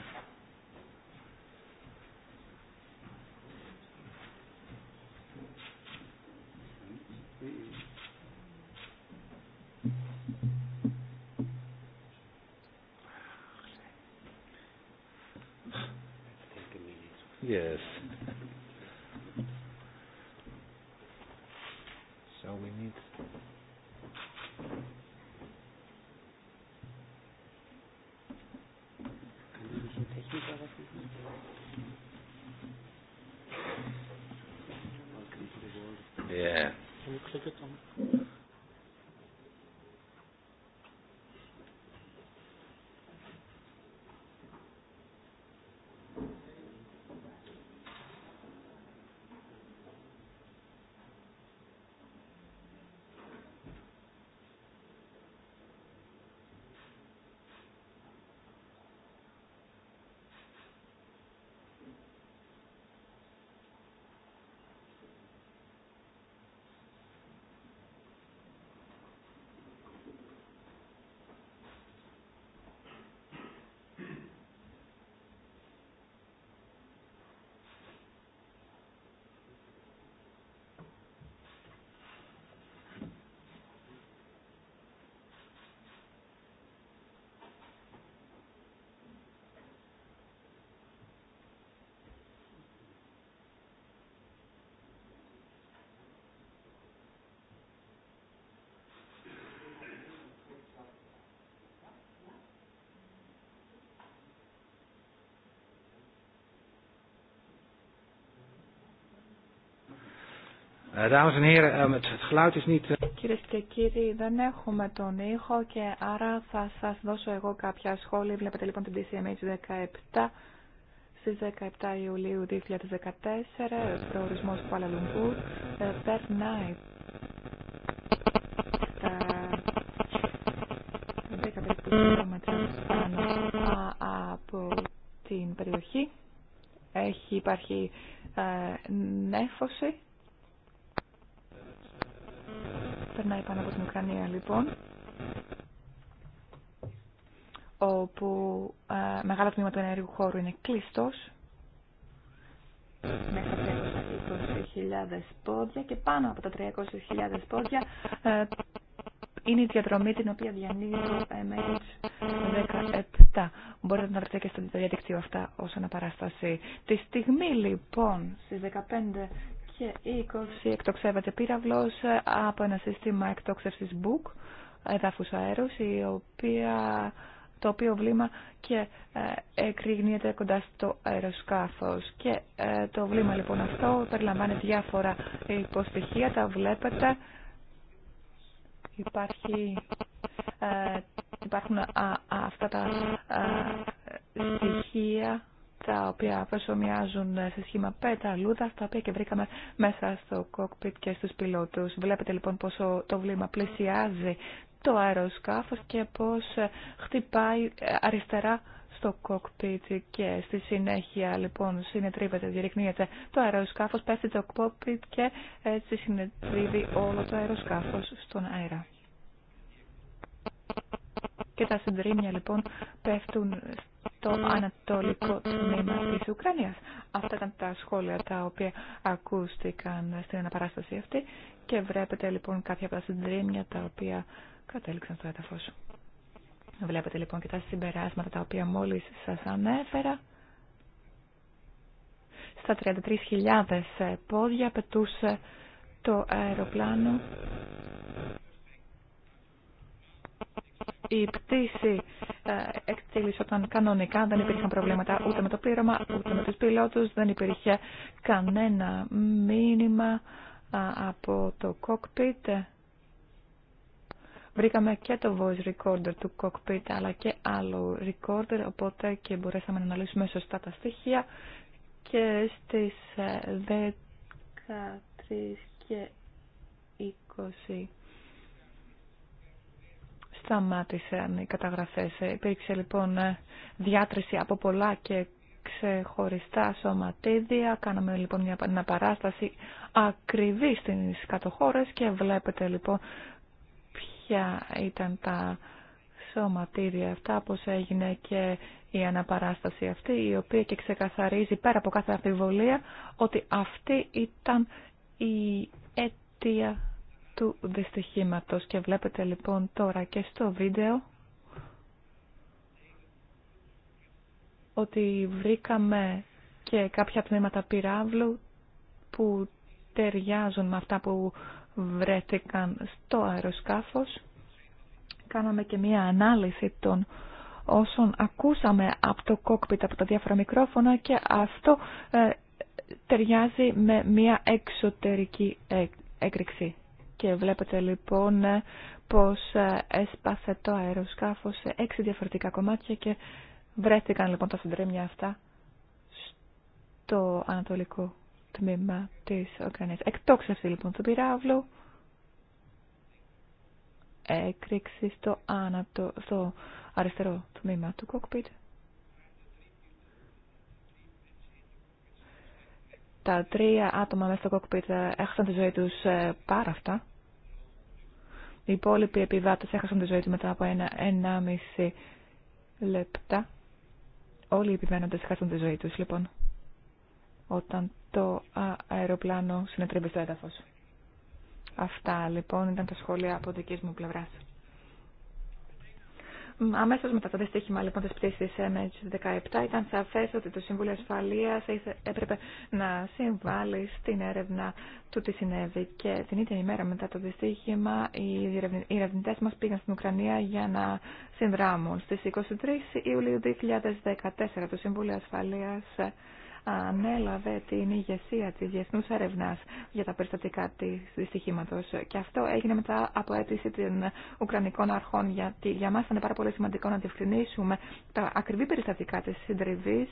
Eh, eh, eh, Κυρίε και κύριοι, δεν έχουμε τον ήχο και άρα θα σας δώσω εγώ κάποια σχόλια. Βλέπετε λοιπόν την DCMH 17 στι 17 Ιουλίου 2014, προορισμός Παλαλουμπούρ. Ε, περνάει τα από την περιοχή. Έχει υπάρχει ε, νέφωση περνάει πάνω από την Ουκρανία λοιπόν, όπου ε, μεγάλο τμήμα του ενέργου χώρου είναι κλειστός, μέχρι τα 20.000 πόδια και πάνω από τα 300.000 πόδια ε, είναι η διαδρομή την οποία διανύει το MH17. Μπορείτε να βρείτε και στο διαδίκτυο αυτά ως αναπαράσταση. Τη στιγμή λοιπόν στις 15 και η 20 εκτοξεύεται πύραυλος από ένα σύστημα εκτόξευσης BOOK, εδάφους αέρους, οποία, το οποίο βλήμα και ε, εκρήγνεται κοντά στο αεροσκάφο. Και ε, το βλήμα λοιπόν αυτό περιλαμβάνει διάφορα υποστοιχεία, τα βλέπετε. Υπάρχει, ε, υπάρχουν αυτά τα α, στοιχεία τα οποία προσωμιάζουν σε σχήμα πέτα τα οποία και βρήκαμε μέσα στο κόκπιτ και στους πιλότους. Βλέπετε λοιπόν πόσο το βλήμα πλησιάζει το αεροσκάφος και πώς χτυπάει αριστερά στο κόκπιτ και στη συνέχεια λοιπόν συνετρίβεται, διερυκνύεται το αεροσκάφος, πέφτει το κόκπιτ και έτσι συνετρίβει όλο το αεροσκάφος στον αέρα. Και τα συντρίμια λοιπόν πέφτουν το ανατολικό τμήμα της Ουκρανίας. Αυτά ήταν τα σχόλια τα οποία ακούστηκαν στην αναπαράσταση αυτή και βλέπετε λοιπόν κάποια από τα συντρίμια τα οποία κατέληξαν στο έδαφος. Βλέπετε λοιπόν και τα συμπεράσματα τα οποία μόλις σας ανέφερα. Στα 33.000 πόδια πετούσε το αεροπλάνο η πτήση ε, εκτήλησε όταν κανονικά δεν υπήρχαν προβλήματα ούτε με το πείραμα ούτε με τους πιλότους, δεν υπήρχε κανένα μήνυμα ε, από το cockpit. Βρήκαμε και το voice recorder του cockpit αλλά και άλλο recorder οπότε και μπορέσαμε να αναλύσουμε σωστά τα στοιχεία και στις 13 ε, και σταμάτησαν οι καταγραφές. Ε, υπήρξε λοιπόν ε, διάτρηση από πολλά και ξεχωριστά σωματίδια. Κάναμε λοιπόν μια αναπαράσταση ακριβή στις κατοχώρες και βλέπετε λοιπόν ποια ήταν τα σωματίδια αυτά, πώς έγινε και η αναπαράσταση αυτή, η οποία και ξεκαθαρίζει πέρα από κάθε αμφιβολία ότι αυτή ήταν η αίτια του δυστυχήματος και βλέπετε λοιπόν τώρα και στο βίντεο ότι βρήκαμε και κάποια τμήματα πυράβλου που ταιριάζουν με αυτά που βρέθηκαν στο αεροσκάφος. Κάναμε και μία ανάλυση των όσων ακούσαμε από το κόκπιτ, από τα διάφορα μικρόφωνα και αυτό ε, ταιριάζει με μία εξωτερική ε, έκρηξη. Και βλέπετε λοιπόν πως ε, έσπασε το αεροσκάφο σε έξι διαφορετικά κομμάτια και βρέθηκαν λοιπόν τα συντρέμια αυτά στο ανατολικό τμήμα της Ουκρανίας. Εκτόξευση λοιπόν του πυράβλου, έκρηξη στο, άνατο, στο αριστερό τμήμα του κόκπιτ τα τρία άτομα μέσα στο κόκπιτ ε, έχασαν τη ζωή τους ε, πάρα αυτά. Οι υπόλοιποι επιβάτε έχασαν τη ζωή του μετά από ένα, ένα μισή λεπτά. Όλοι οι επιβαίνοντε έχασαν τη ζωή του λοιπόν, όταν το αεροπλάνο συνετρίβει στο έδαφο. Αυτά, λοιπόν, ήταν τα σχόλια από δική μου πλευρά. Αμέσω μετά το δυστύχημα λοιπόν της πτήσης MH17 ήταν σαφέ ότι το Συμβούλιο Ασφαλείας έπρεπε να συμβάλλει στην έρευνα του τι συνέβη και την ίδια ημέρα μετά το δυστύχημα οι ερευνητέ μας πήγαν στην Ουκρανία για να συνδράμουν. Στις 23 Ιουλίου 2014 το Συμβούλιο Ασφαλεία ανέλαβε την ηγεσία της διεθνούς έρευνα για τα περιστατικά της δυστυχήματος. Και αυτό έγινε μετά από αίτηση των Ουκρανικών αρχών, γιατί για μας ήταν πάρα πολύ σημαντικό να διευκρινίσουμε τα ακριβή περιστατικά της συντριβής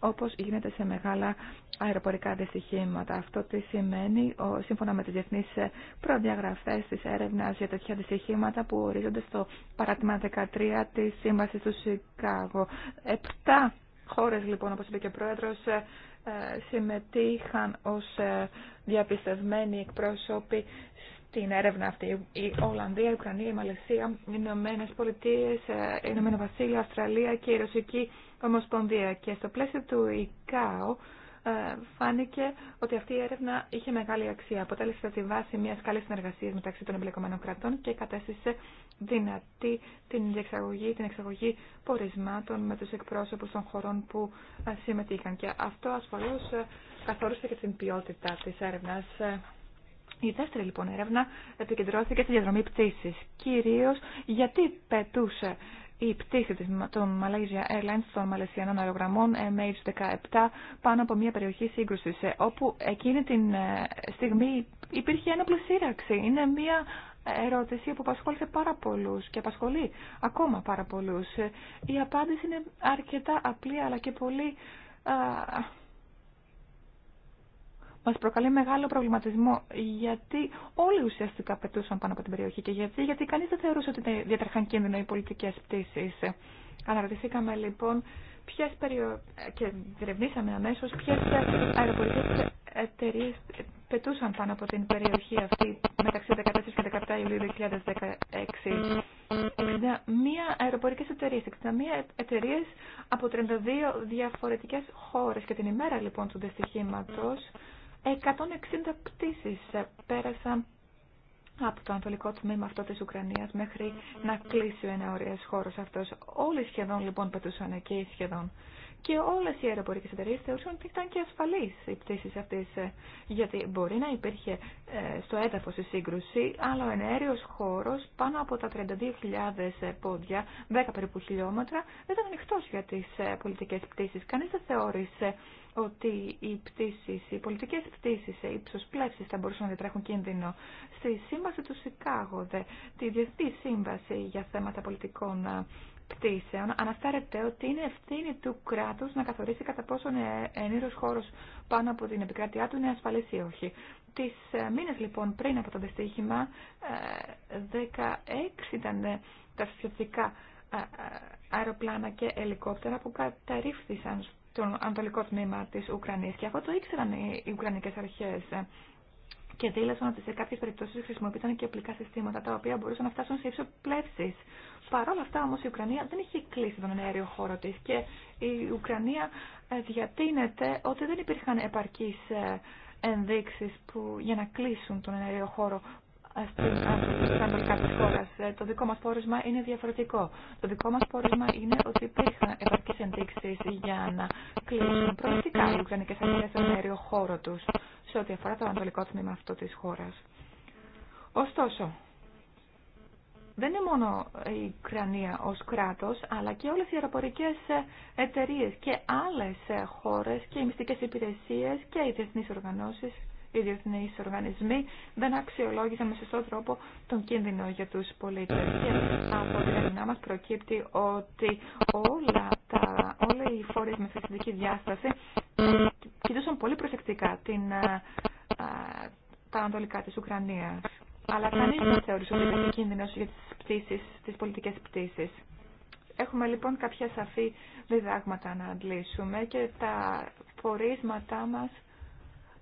όπως γίνεται σε μεγάλα αεροπορικά δυστυχήματα. Αυτό τι σημαίνει, σύμφωνα με τις διεθνείς προδιαγραφές της έρευνας για τέτοια δυστυχήματα που ορίζονται στο παράδειγμα 13 της Σύμβασης του Σικάγο. Επτά χώρες λοιπόν, όπως είπε και ο Πρόεδρος, ε, συμμετείχαν ως ε, διαπιστευμένοι εκπρόσωποι στην έρευνα αυτή. Η Ολλανδία, η Ουκρανία, η Μαλαισία, οι Ηνωμένε Πολιτείε, ε, η Ηνωμένο Βασίλεια, η Αυστραλία και η Ρωσική Ομοσπονδία. Και στο πλαίσιο του ΙΚΑΟ ε, φάνηκε ότι αυτή η έρευνα είχε μεγάλη αξία. Αποτέλεσε τη βάση μια καλή συνεργασία μεταξύ των εμπλεκομένων κρατών και κατέστησε δυνατή την διεξαγωγή, την εξαγωγή πορισμάτων με του εκπρόσωπους των χωρών που ε, συμμετείχαν. Και αυτό ασφαλώς ε, καθόρισε και την ποιότητα της έρευνας. Η δεύτερη λοιπόν έρευνα επικεντρώθηκε στη διαδρομή πτήση. Κυρίω γιατί πετούσε η πτήση των Malaysia Airlines των Μαλαισιανών αερογραμμών MH17 πάνω από μια περιοχή σύγκρουση, ε, όπου εκείνη την ε, στιγμή υπήρχε ένοπλη σύραξη. Είναι μια ερώτηση που απασχόλησε πάρα πολλού και απασχολεί ακόμα πάρα πολλού. Ε, η απάντηση είναι αρκετά απλή αλλά και πολύ Μα προκαλεί μεγάλο προβληματισμό γιατί όλοι ουσιαστικά πετούσαν πάνω από την περιοχή και γιατί, γιατί κανείς δεν θεωρούσε ότι διατρέχαν κίνδυνο οι πολιτικέ πτήσει. Αναρωτηθήκαμε λοιπόν ποιε περιο... και διερευνήσαμε αμέσω ποιε αεροπορικέ εταιρείε πετούσαν πάνω από την περιοχή αυτή μεταξύ 14 και 17 Ιουλίου 2016. Μία αεροπορικές εταιρείε, 61 εταιρείε από 32 διαφορετικές χώρες και την ημέρα λοιπόν του δυστυχήματο. 160 πτήσεις πέρασαν από το ανατολικό τμήμα αυτό της Ουκρανίας μέχρι να κλείσει ο εναωρίας χώρος αυτός. Όλοι σχεδόν λοιπόν πετούσαν εκεί σχεδόν. Και όλες οι αεροπορικές εταιρείες θεωρούσαν ότι ήταν και ασφαλείς οι πτήσεις αυτές. Ε, γιατί μπορεί να υπήρχε ε, στο έδαφος η σύγκρουση, αλλά ο εναέριος χώρος πάνω από τα 32.000 ε, πόδια, 10 περίπου χιλιόμετρα, δεν ήταν ανοιχτός για τις πολιτικές πτήσεις. Κανείς δεν θεώρησε ότι οι πτήσεις, οι πολιτικές πτήσεις σε ύψος πλεύσης θα μπορούσαν να διατρέχουν κίνδυνο. Στη σύμβαση του Σικάγο, τη Διεθνή Σύμβαση για θέματα πολιτικών ε, πτήσεων, αναφέρεται ότι είναι ευθύνη του κράτους να καθορίσει κατά πόσον ε, ενήρος χώρος πάνω από την επικράτειά του είναι ασφαλής ή όχι. Τις ε, μήνες λοιπόν πριν από το δυστύχημα, 16 ήταν τα στρατιωτικά αεροπλάνα και ελικόπτερα που καταρρίφθησαν τον ανατολικό τμήμα τη Ουκρανία. Και αυτό το ήξεραν οι ουκρανικέ αρχέ και δήλωσαν ότι σε κάποιε περιπτώσει χρησιμοποιήθηκαν και οπλικά συστήματα τα οποία μπορούσαν να φτάσουν σε ύψο πλεύση. Παρ' όλα αυτά όμω η Ουκρανία δεν είχε κλείσει τον αέριο χώρο τη. και η Ουκρανία ε, διατείνεται ότι δεν υπήρχαν επαρκεί ε, ενδείξει για να κλείσουν τον αέριο χώρο στην ανατολικά τη χώρα. Ε, το δικό μα πόρισμα είναι διαφορετικό. Το δικό μα πόρισμα είναι ότι υπήρχαν επαρκεί ενδείξει για να κλείσουν προοπτικά οι Ουκρανικέ αρχέ στον αέριο χώρο του σε ό,τι αφορά το ανατολικό τμήμα αυτό τη χώρα. Ωστόσο, δεν είναι μόνο η Ουκρανία ω κράτο, αλλά και όλε οι αεροπορικέ εταιρείε και άλλε χώρε και οι μυστικέ υπηρεσίε και οι διεθνεί οργανώσει οι διεθνεί οργανισμοί δεν αξιολόγησαν με σωστό τρόπο τον κίνδυνο για του πολίτε. Και από την έρευνά μα προκύπτει ότι όλα τα, όλοι οι φορείς με φυσική διάσταση κοιτούσαν πολύ προσεκτικά την, ε, ε, τα ανατολικά τη Ουκρανία. Αλλά κανείς δεν θεωρούσε ότι ήταν κίνδυνο για τι πτήσεις, τις πολιτικές πτήσεις. Έχουμε λοιπόν κάποια σαφή διδάγματα να αντλήσουμε και τα πορίσματά μας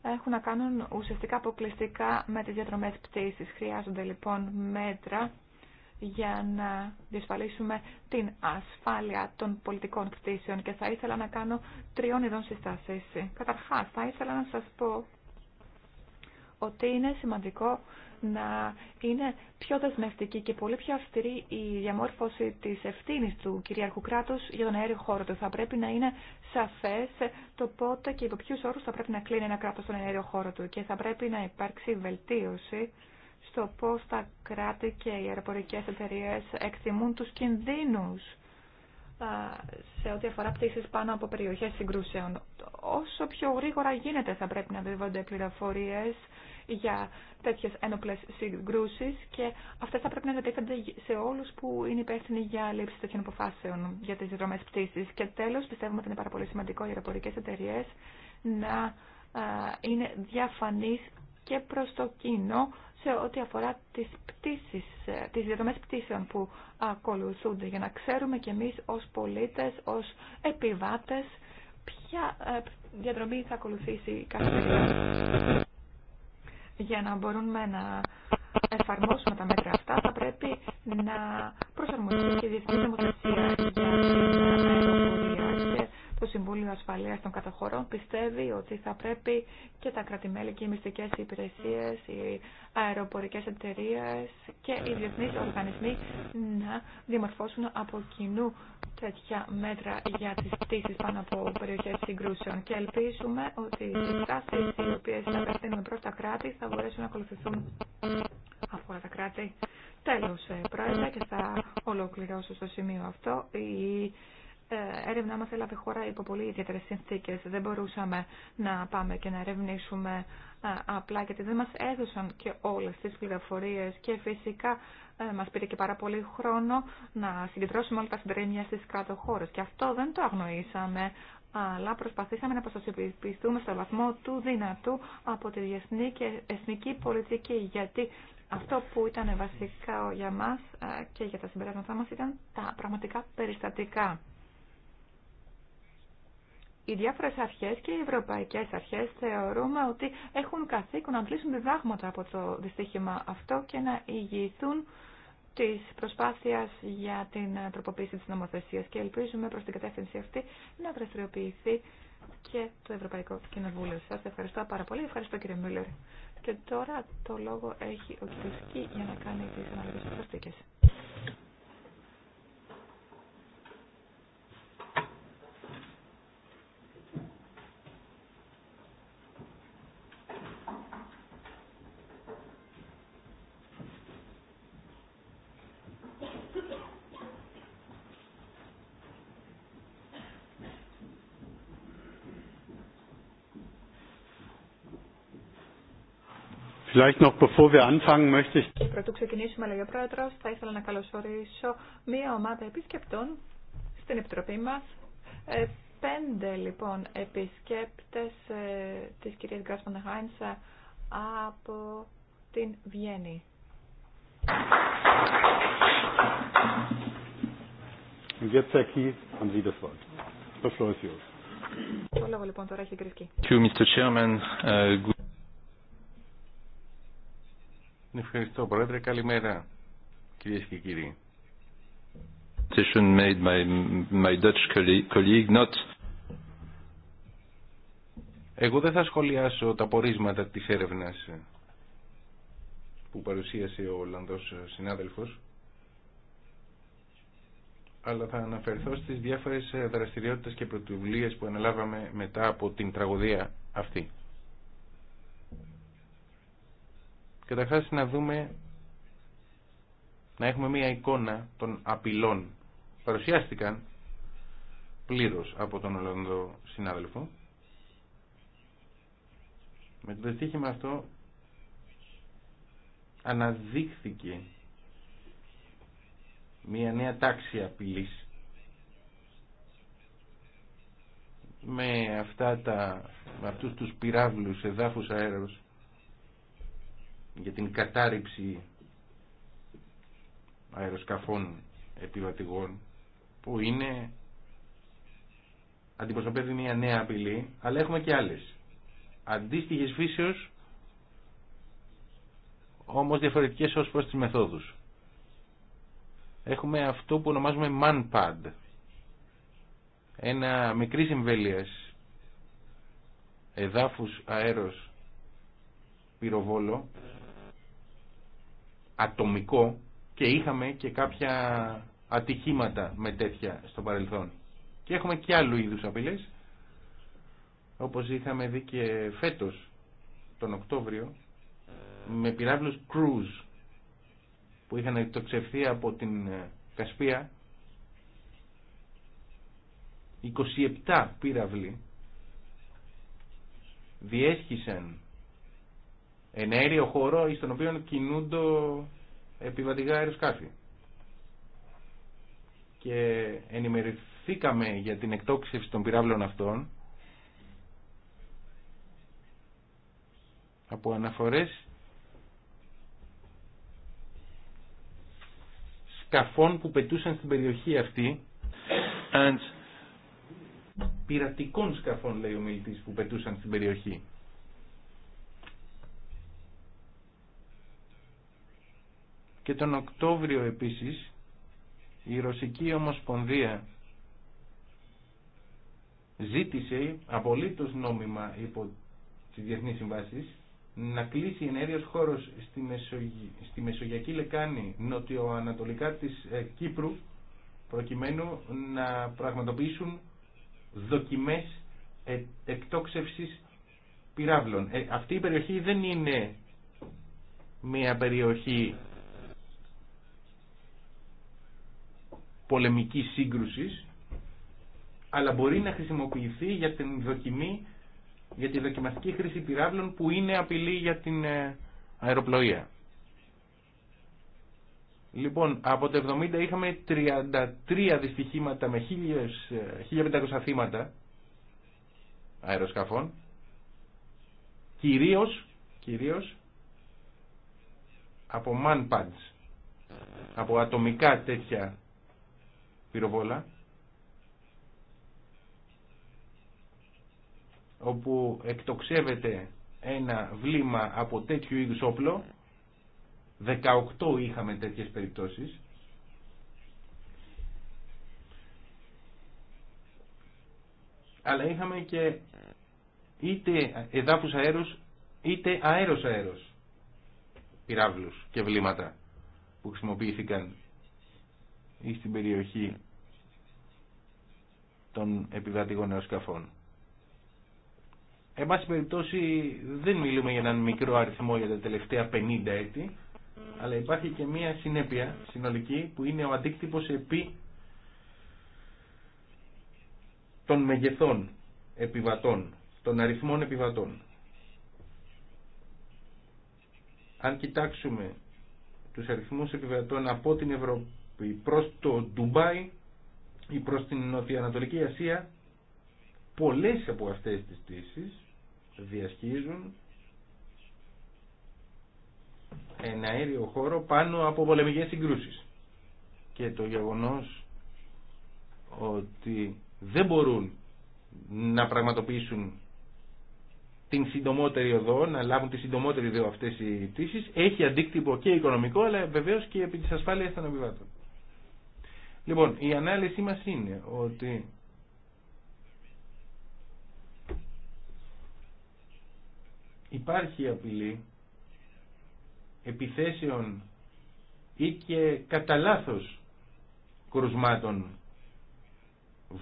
έχουν να κάνουν ουσιαστικά αποκλειστικά με τις διαδρομές πτήσης. Χρειάζονται λοιπόν μέτρα για να διασφαλίσουμε την ασφάλεια των πολιτικών πτήσεων και θα ήθελα να κάνω τριών ειδών συστάσεις. Καταρχάς, θα ήθελα να σας πω ότι είναι σημαντικό να είναι πιο δεσμευτική και πολύ πιο αυστηρή η διαμόρφωση της ευθύνη του κυριαρχού κράτου για τον αέριο χώρο του. Θα πρέπει να είναι σαφές το πότε και υπό ποιου όρου θα πρέπει να κλείνει ένα κράτος στον αέριο χώρο του και θα πρέπει να υπάρξει βελτίωση στο πώς τα κράτη και οι αεροπορικές εταιρείες εκτιμούν τους κινδύνους σε ό,τι αφορά πτήσει πάνω από περιοχές συγκρούσεων. Όσο πιο γρήγορα γίνεται θα πρέπει να δίδονται πληροφορίε για τέτοιε ένοπλε συγκρούσει και αυτέ θα πρέπει να ανατίθενται σε όλου που είναι υπεύθυνοι για λήψη τέτοιων αποφάσεων για τι δρομέ πτήση. Και τέλο, πιστεύουμε ότι είναι πάρα πολύ σημαντικό οι αεροπορικέ εταιρείε να είναι διαφανεί και προ το κοινό σε ό,τι αφορά τις πτήσεις, ε, τις διαδρομές πτήσεων που ακολουθούνται για να ξέρουμε κι εμεί ω πολίτε, ω επιβάτε ποια ε, διαδρομή θα ακολουθήσει κάθε για να μπορούμε να εφαρμόσουμε τα μέτρα αυτά θα πρέπει να προσαρμοστεί και η διεθνή νομοθεσία για να αεροπορία το Συμβούλιο Ασφαλείας των Καταχωρών πιστεύει ότι θα πρέπει και τα κρατημέλη και οι μυστικές υπηρεσίες, οι αεροπορικές εταιρείε και οι διεθνείς οργανισμοί να διαμορφώσουν από κοινού τέτοια μέτρα για τις πτήσεις πάνω από περιοχές συγκρούσεων. Και ελπίζουμε ότι οι συστάσεις οι οποίες θα απευθύνουμε προς τα κράτη θα μπορέσουν να ακολουθηθούν από όλα τα κράτη. Τέλος, ε, πρόεδρε, και θα ολοκληρώσω στο σημείο αυτό. Η ε, έρευνά μας έλαβε χώρα υπό πολύ ιδιαίτερε συνθήκε. Δεν μπορούσαμε να πάμε και να ερευνήσουμε ε, απλά γιατί δεν μας έδωσαν και όλες τις πληροφορίες και φυσικά ε, μας πήρε και πάρα πολύ χρόνο να συγκεντρώσουμε όλα τα συντρέμια στις κάτω χώρες και αυτό δεν το αγνοήσαμε αλλά προσπαθήσαμε να προστασιοποιηθούμε στο βαθμό του δυνατού από τη διεθνή και εθνική πολιτική γιατί αυτό που ήταν βασικά για μας και για τα συμπεράσματά μας ήταν τα πραγματικά περιστατικά οι διάφορες αρχές και οι ευρωπαϊκές αρχές θεωρούμε ότι έχουν καθήκον να αντλήσουν διδάγματα από το δυστύχημα αυτό και να ηγηθούν της προσπάθειας για την τροποποίηση της νομοθεσίας και ελπίζουμε προς την κατεύθυνση αυτή να δραστηριοποιηθεί και το Ευρωπαϊκό Κοινοβούλιο. Σας ευχαριστώ πάρα πολύ. Ευχαριστώ κύριε Μούλερ. Και τώρα το λόγο έχει ο κ. Κι για να κάνει τις προσθήκε. Vielleicht noch bevor wir anfangen möchte ich. ξεκινήσουμε, λέει ο Πρόεδρο, θα ήθελα να καλωσορίσω μία ομάδα επισκεπτών στην Επιτροπή μα. Ε, πέντε λοιπόν επισκέπτε ε, τη κυρία Γκράσμαν ε, από την Βιέννη. Und jetzt, Herr Ευχαριστώ Πρόεδρε. Καλημέρα κυρίες και κύριοι. my Εγώ δεν θα σχολιάσω τα πορίσματα της έρευνας που παρουσίασε ο Ολλανδός συνάδελφος αλλά θα αναφερθώ στις διάφορες δραστηριότητες και πρωτοβουλίες που αναλάβαμε μετά από την τραγωδία αυτή. Καταρχά να δούμε, να έχουμε μία εικόνα των απειλών. Παρουσιάστηκαν πλήρως από τον Ολλανδό συνάδελφο. Με το δυστύχημα αυτό αναδείχθηκε μία νέα τάξη απειλής με αυτά τα με αυτούς τους πυράβλους εδάφους αέρας για την κατάρριψη αεροσκαφών επιβατηγών που είναι αντιπροσωπεύει μια νέα απειλή αλλά έχουμε και άλλες αντίστοιχες φύσεως όμως διαφορετικές ως προς τις μεθόδους έχουμε αυτό που ονομάζουμε manpad ένα μικρή εμβέλειας εδάφους αέρος πυροβόλο ατομικό και είχαμε και κάποια ατυχήματα με τέτοια στο παρελθόν. Και έχουμε και άλλου είδους απειλές, όπως είχαμε δει και φέτος τον Οκτώβριο, με πυράβλους cruise που είχαν εκτοξευθεί από την ε, Κασπία 27 πύραυλοι διέσχισαν ενέριο χώρο χώρο στον οποίο κινούνται επιβατικά αεροσκάφη. Και ενημερωθήκαμε για την εκτόξευση των πυράβλων αυτών από αναφορές σκαφών που πετούσαν στην περιοχή αυτή and πειρατικών σκαφών λέει ο μιλητής που πετούσαν στην περιοχή και τον Οκτώβριο επίσης η Ρωσική Ομοσπονδία ζήτησε απολύτως νόμιμα υπό τις διεθνείς συμβάσεις να κλείσει ενέργειος χώρος στη, Μεσογειακή Λεκάνη νοτιοανατολικά της ε, Κύπρου προκειμένου να πραγματοποιήσουν δοκιμές ε, εκτόξευσης πυράβλων. Ε, αυτή η περιοχή δεν είναι μια περιοχή πολεμικής σύγκρουσης, αλλά μπορεί να χρησιμοποιηθεί για την δοκιμή, για τη δοκιμαστική χρήση πυράβλων που είναι απειλή για την ε, αεροπλοεία. Λοιπόν, από το 70 είχαμε 33 δυστυχήματα με 1500 ε, θύματα αεροσκαφών. Κυρίως, κυρίως από manpads, από ατομικά τέτοια πυροβόλα όπου εκτοξεύεται ένα βλήμα από τέτοιου είδους όπλο 18 είχαμε τέτοιες περιπτώσεις αλλά είχαμε και είτε εδάφους αέρος είτε αέρος αέρος πυράβλους και βλήματα που χρησιμοποιήθηκαν ή στην περιοχή των επιβατικών αεροσκαφών. Εν πάση περιπτώσει δεν μιλούμε για έναν μικρό αριθμό για τα τελευταία 50 έτη, αλλά υπάρχει και μία συνέπεια συνολική που είναι ο αντίκτυπος επί των μεγεθών επιβατών, των αριθμών επιβατών. Αν κοιτάξουμε τους αριθμούς επιβατών από την Ευρωπαϊκή προς το Ντουμπάι ή προς την Νοτιοανατολική Ασία πολλές από αυτές τις πτήσεις διασχίζουν ένα αέριο χώρο πάνω από πολεμικές συγκρούσεις και το γεγονός ότι δεν μπορούν να πραγματοποιήσουν την συντομότερη οδό, να λάβουν τη συντομότερη οδό αυτές οι πτήσεις έχει αντίκτυπο και οικονομικό αλλά βεβαίως και επί της ασφάλειας των επιβάτων. Λοιπόν, η ανάλυση μας είναι ότι υπάρχει απειλή επιθέσεων ή και κατά λάθο κρουσμάτων,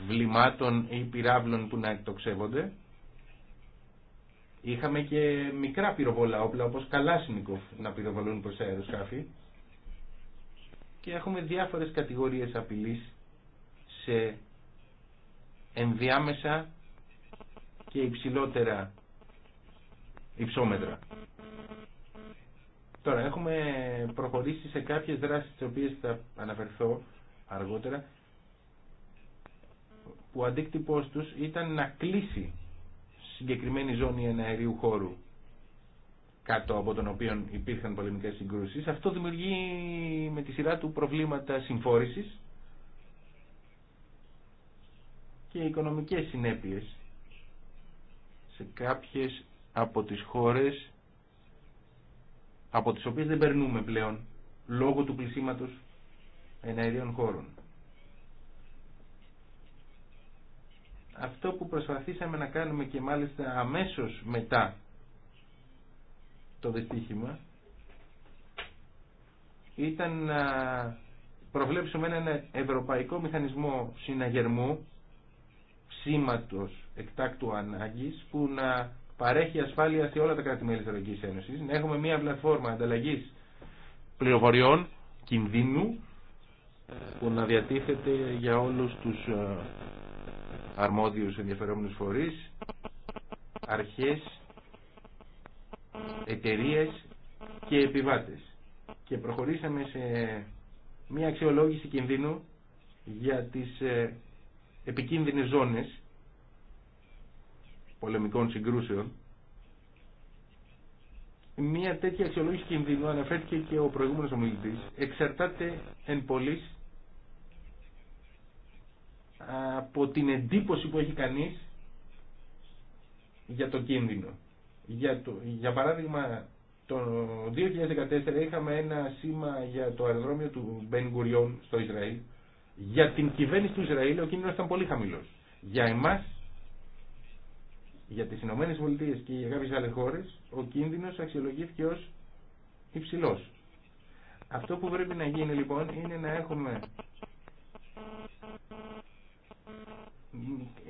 βλημάτων ή πυράβλων που να εκτοξεύονται. Είχαμε και μικρά πυροβολά όπλα όπως καλάσινικοφ να πυροβολούν προς αεροσκάφη και έχουμε διάφορες κατηγορίες απειλής σε ενδιάμεσα και υψηλότερα υψόμετρα. Τώρα έχουμε προχωρήσει σε κάποιες δράσεις τις οποίες θα αναφερθώ αργότερα που ο αντίκτυπός τους ήταν να κλείσει συγκεκριμένη ζώνη εναερίου χώρου κάτω από τον οποίο υπήρχαν πολεμικές συγκρούσεις. Αυτό δημιουργεί με τη σειρά του προβλήματα συμφόρησης και οικονομικές συνέπειες σε κάποιες από τις χώρες από τις οποίες δεν περνούμε πλέον λόγω του πλησίματος εναερίων χώρων. Αυτό που προσπαθήσαμε να κάνουμε και μάλιστα αμέσως μετά το δυστύχημα ήταν να προβλέψουμε έναν ευρωπαϊκό μηχανισμό συναγερμού ψήματος εκτάκτου ανάγκης που να παρέχει ασφάλεια σε όλα τα κράτη-μέλη της Ευρωπαϊκής να έχουμε μια πλατφόρμα ανταλλαγής πληροφοριών κινδύνου που να διατίθεται για όλους τους ε, αρμόδιους ενδιαφερόμενους φορείς, αρχές εταιρείε και επιβάτες. Και προχωρήσαμε σε μια αξιολόγηση κινδύνου για τις ε, επικίνδυνες ζώνες πολεμικών συγκρούσεων. Μια τέτοια αξιολόγηση κινδύνου αναφέρθηκε και ο προηγούμενο ομιλητή Εξαρτάται εν πολλή από την εντύπωση που έχει κανείς για το κίνδυνο. Για, το, για παράδειγμα, το 2014 είχαμε ένα σήμα για το αεροδρόμιο του Μπεν στο Ισραήλ. Για την κυβέρνηση του Ισραήλ ο κίνδυνος ήταν πολύ χαμηλός. Για εμάς, για τις Ηνωμένες Πολιτείες και για κάποιες άλλες χώρες, ο κίνδυνος αξιολογήθηκε ως υψηλός. Αυτό που πρέπει να γίνει λοιπόν είναι να έχουμε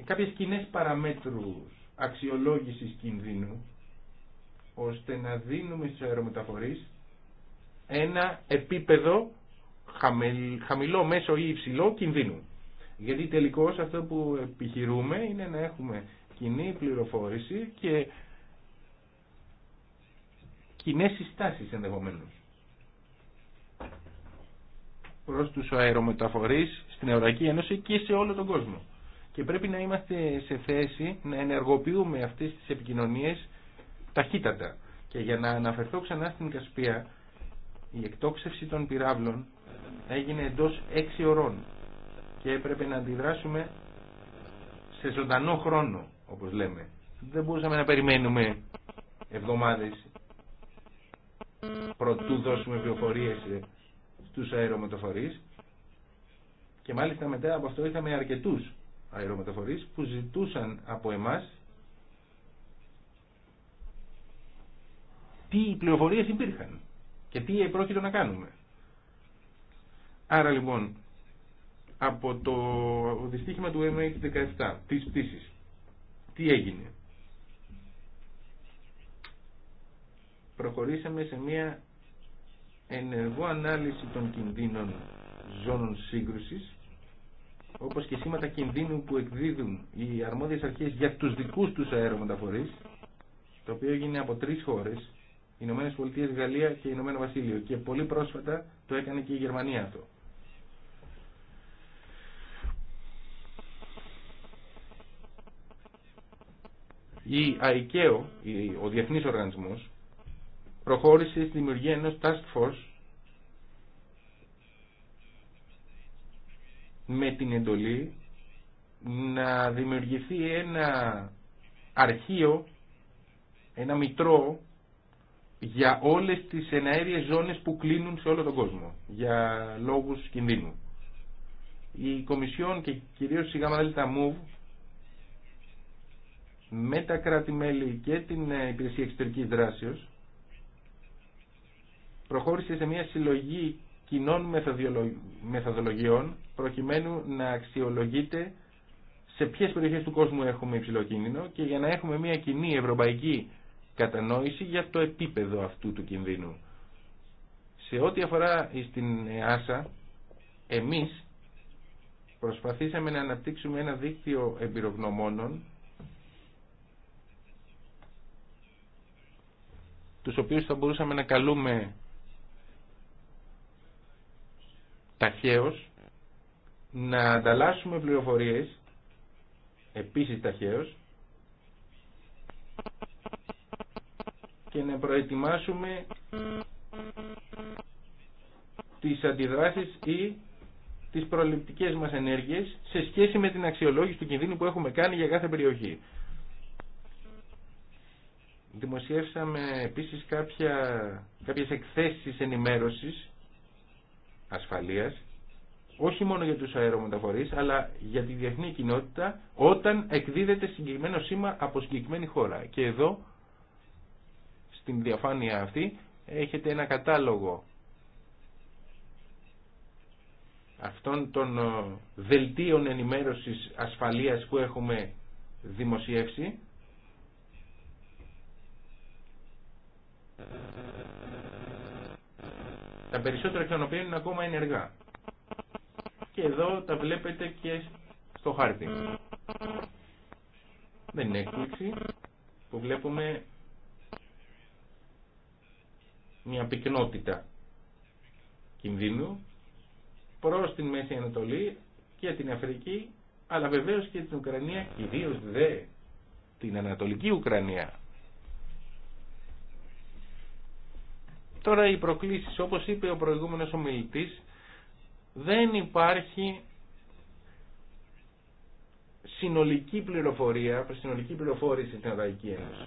κάποιες κοινέ παραμέτρους αξιολόγησης κινδύνου ώστε να δίνουμε στους αερομεταφορείς ένα επίπεδο χαμηλό, μέσο ή υψηλό κινδύνου. Γιατί τελικώς αυτό που επιχειρούμε είναι να έχουμε κοινή πληροφόρηση και κοινέ συστάσεις ενδεχομένω. προς τους αερομεταφορείς στην Ευρωπαϊκή Ένωση και σε όλο τον κόσμο. Και πρέπει να είμαστε σε θέση να ενεργοποιούμε αυτές τις επικοινωνίες ταχύτατα. Και για να αναφερθώ ξανά στην Κασπία, η εκτόξευση των πυράβλων έγινε εντός 6 ωρών και έπρεπε να αντιδράσουμε σε ζωντανό χρόνο, όπως λέμε. Δεν μπορούσαμε να περιμένουμε εβδομάδες προτού δώσουμε πληροφορίε στους αερομεταφορείς και μάλιστα μετά από αυτό είχαμε αρκετούς αερομεταφορείς που ζητούσαν από εμάς τι πληροφορίες υπήρχαν και τι επρόκειτο να κάνουμε. Άρα λοιπόν, από το δυστύχημα του MH17, της πτήσης, τι έγινε. Προχωρήσαμε σε μια ενεργό ανάλυση των κινδύνων ζώνων σύγκρουσης όπως και σήματα κινδύνου που εκδίδουν οι αρμόδιες αρχές για τους δικούς τους αερομεταφορείς το οποίο έγινε από τρεις χώρες Ηνωμένε Πολιτείε Γαλλία και Ηνωμένο Βασίλειο. Και πολύ πρόσφατα το έκανε και η Γερμανία αυτό. Η ΑΙΚΕΟ, ο Διεθνής Οργανισμός, προχώρησε στη δημιουργία ενός task force με την εντολή να δημιουργηθεί ένα αρχείο, ένα μητρό για όλες τις εναέριες ζώνες που κλείνουν σε όλο τον κόσμο για λόγους κινδύνου. Η Κομισιόν και κυρίως η ΓΔ ΜΟΥΒ με τα κράτη-μέλη και την ε, Υπηρεσία Εξωτερικής Δράσεως προχώρησε σε μια συλλογή κοινών μεθοδολογιών προκειμένου να αξιολογείται σε ποιες περιοχές του κόσμου έχουμε υψηλό κίνδυνο και για να έχουμε μια κοινή ευρωπαϊκή κατανόηση για το επίπεδο αυτού του κινδύνου. Σε ό,τι αφορά στην ΕΑΣΑ, εμείς προσπαθήσαμε να αναπτύξουμε ένα δίκτυο εμπειρογνωμόνων τους οποίους θα μπορούσαμε να καλούμε ταχαίως να ανταλλάσσουμε πληροφορίες επίσης ταχαίως και να προετοιμάσουμε τις αντιδράσεις ή τις προληπτικές μας ενέργειες σε σχέση με την αξιολόγηση του κινδύνου που έχουμε κάνει για κάθε περιοχή. Δημοσιεύσαμε επίσης κάποια, κάποιες εκθέσεις ενημέρωσης ασφαλείας όχι μόνο για τους αερομεταφορείς αλλά για τη διεθνή κοινότητα όταν εκδίδεται συγκεκριμένο σήμα από συγκεκριμένη χώρα. Και εδώ στην διαφάνεια αυτή έχετε ένα κατάλογο αυτών των ε, δελτίων ενημέρωσης ασφαλείας που έχουμε δημοσιεύσει τα περισσότερα εκ των οποίων είναι ακόμα ενεργά και εδώ τα βλέπετε και στο χάρτη δεν είναι έκπληξη που βλέπουμε μια πυκνότητα κινδύνου προς την Μέση Ανατολή και την Αφρική αλλά βεβαίως και την Ουκρανία ιδίως δε την Ανατολική Ουκρανία Τώρα οι προκλήσεις όπως είπε ο προηγούμενος ομιλητής δεν υπάρχει συνολική πληροφορία, συνολική πληροφόρηση στην Ευρωπαϊκή Ένωση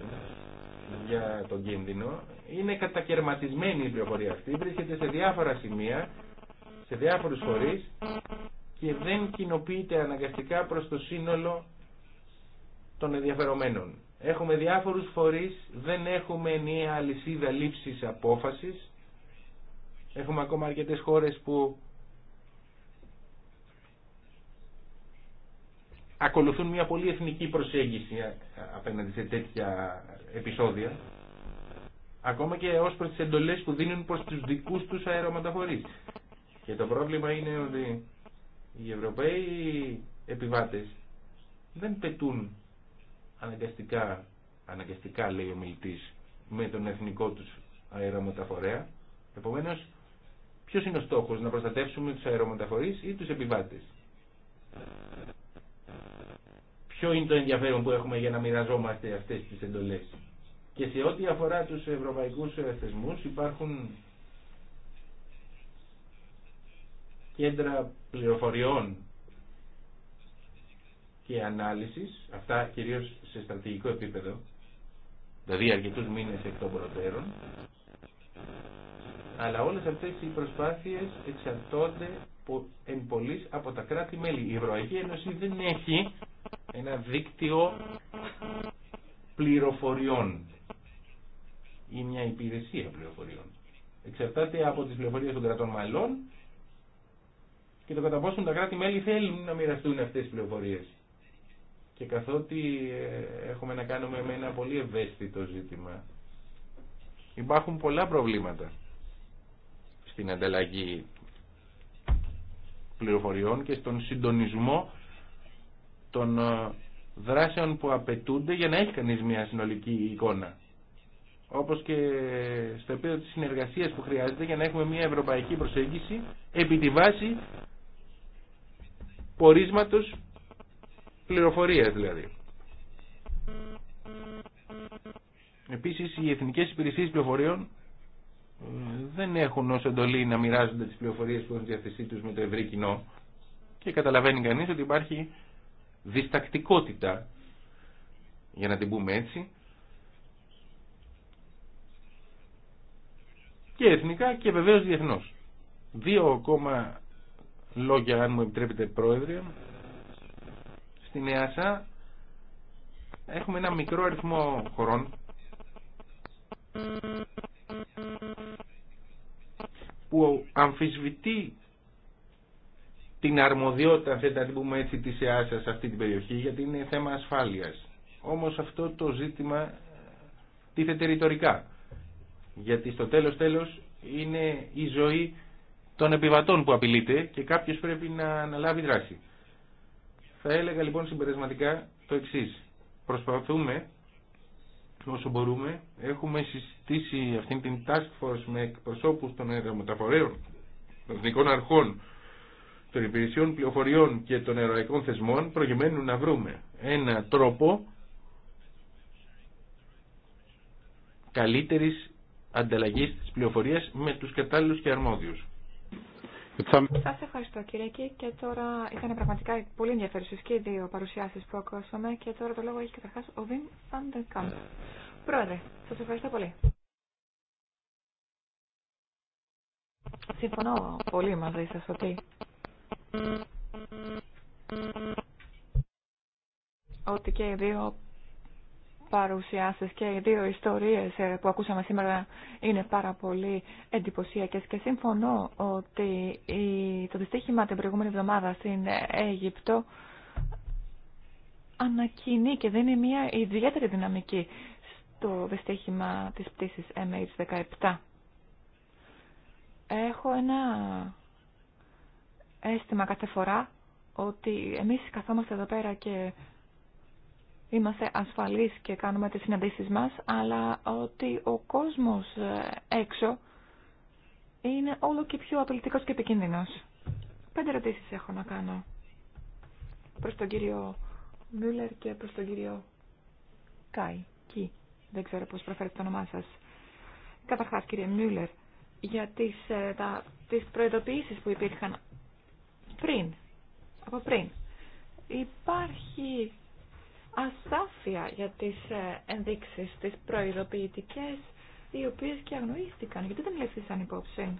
για τον κίνδυνο είναι κατακαιρματισμένη η πληροφορία αυτή, βρίσκεται σε διάφορα σημεία, σε διάφορους φορείς και δεν κοινοποιείται αναγκαστικά προς το σύνολο των ενδιαφερομένων. Έχουμε διάφορους φορείς, δεν έχουμε ενιαία αλυσίδα λήψης απόφασης, έχουμε ακόμα αρκετές χώρες που ακολουθούν μια πολύ εθνική προσέγγιση απέναντι σε τέτοια επεισόδια ακόμα και ως προς τις εντολές που δίνουν προς τους δικούς τους αερομεταφορείς. Και το πρόβλημα είναι ότι οι Ευρωπαίοι επιβάτες δεν πετούν αναγκαστικά, αναγκαστικά λέει ο μιλητής, με τον εθνικό τους αερομεταφορέα. Επομένως, ποιος είναι ο στόχος, να προστατεύσουμε τους αερομεταφορείς ή τους επιβάτες ποιο είναι το ενδιαφέρον που έχουμε για να μοιραζόμαστε αυτές τις εντολές. Και σε ό,τι αφορά τους ευρωπαϊκούς ε, θεσμούς υπάρχουν κέντρα πληροφοριών και ανάλυσης, αυτά κυρίως σε στρατηγικό επίπεδο, δηλαδή αρκετούς μήνες εκ των προτέρων, αλλά όλες αυτές οι προσπάθειες εξαρτώνται εν πολλής από τα κράτη-μέλη. Η Ευρωπαϊκή Ένωση δεν έχει ένα δίκτυο πληροφοριών ή μια υπηρεσία πληροφοριών. Εξαρτάται από τις πληροφορίες των κρατών μαλλών και το κατά πόσο τα κράτη-μέλη θέλουν να μοιραστούν αυτές τις πληροφορίες. Και καθότι ε, έχουμε να κάνουμε με ένα πολύ ευαίσθητο ζήτημα, υπάρχουν πολλά προβλήματα στην ανταλλαγή πληροφοριών και στον συντονισμό των ε, δράσεων που απαιτούνται για να έχει κανείς μια συνολική εικόνα. Όπως και στο επίπεδο της συνεργασίας που χρειάζεται για να έχουμε μια ευρωπαϊκή προσέγγιση επί τη βάση πορίσματος πληροφορίας δηλαδή. Επίσης οι εθνικές υπηρεσίες πληροφοριών ε, δεν έχουν ως εντολή να μοιράζονται τις πληροφορίες που έχουν διαθεσί τους με το ευρύ κοινό και καταλαβαίνει κανείς ότι υπάρχει διστακτικότητα, για να την πούμε έτσι, και εθνικά και βεβαίως διεθνώς. Δύο ακόμα λόγια, αν μου επιτρέπετε πρόεδρε, στην ΕΑΣΑ έχουμε ένα μικρό αριθμό χωρών που αμφισβητεί την αρμοδιότητα, να την πούμε έτσι, της ΕΑΣΑ σε αυτή την περιοχή, γιατί είναι θέμα ασφάλειας. Όμως αυτό το ζήτημα ε, τίθεται ρητορικά, γιατί στο τέλος τέλος είναι η ζωή των επιβατών που απειλείται και κάποιος πρέπει να αναλάβει δράση. Θα έλεγα λοιπόν συμπερισματικά το εξή. Προσπαθούμε όσο μπορούμε, έχουμε συστήσει αυτήν την task force με εκπροσώπους των αερομεταφορέων, των εθνικών αρχών, των υπηρεσιών πληροφοριών και των ερωαϊκών θεσμών προκειμένου να βρούμε ένα τρόπο καλύτερης ανταλλαγής της πληροφορίας με τους κατάλληλους και αρμόδιους. Σα ευχαριστώ κύριε και τώρα ήταν πραγματικά πολύ ενδιαφέρουσε και οι δύο παρουσιάσει που ακούσαμε και τώρα το λόγο έχει καταρχά ο Βιν Φαντεκάμπ. Πρόεδρε, σα ευχαριστώ πολύ. Συμφωνώ πολύ μαζί σα ότι ότι και οι δύο παρουσιάσεις και οι δύο ιστορίες ε, που ακούσαμε σήμερα είναι πάρα πολύ εντυπωσιακές και συμφωνώ ότι το δυστύχημα την προηγούμενη εβδομάδα στην Αίγυπτο ανακοινεί και δίνει μια ιδιαίτερη δυναμική στο δυστύχημα της πτήσης MH17. Έχω ένα αίσθημα κάθε φορά ότι εμείς καθόμαστε εδώ πέρα και είμαστε ασφαλείς και κάνουμε τις συναντήσεις μας, αλλά ότι ο κόσμος ε, έξω είναι όλο και πιο απολυτικός και επικίνδυνος. Πέντε ερωτήσεις έχω να κάνω προς τον κύριο Μιούλερ και προς τον κύριο Κάι. Κι. Δεν ξέρω πώς προφέρετε το όνομά σας. Καταρχάς κύριε Μιούλερ, για τις, ε, τα, τις προειδοποιήσεις που υπήρχαν πριν, από πριν. Υπάρχει αστάθεια για τις ε, ενδείξεις, τις προειδοποιητικές, οι οποίες και αγνοήθηκαν, γιατί δεν λεφθήσαν υπόψη.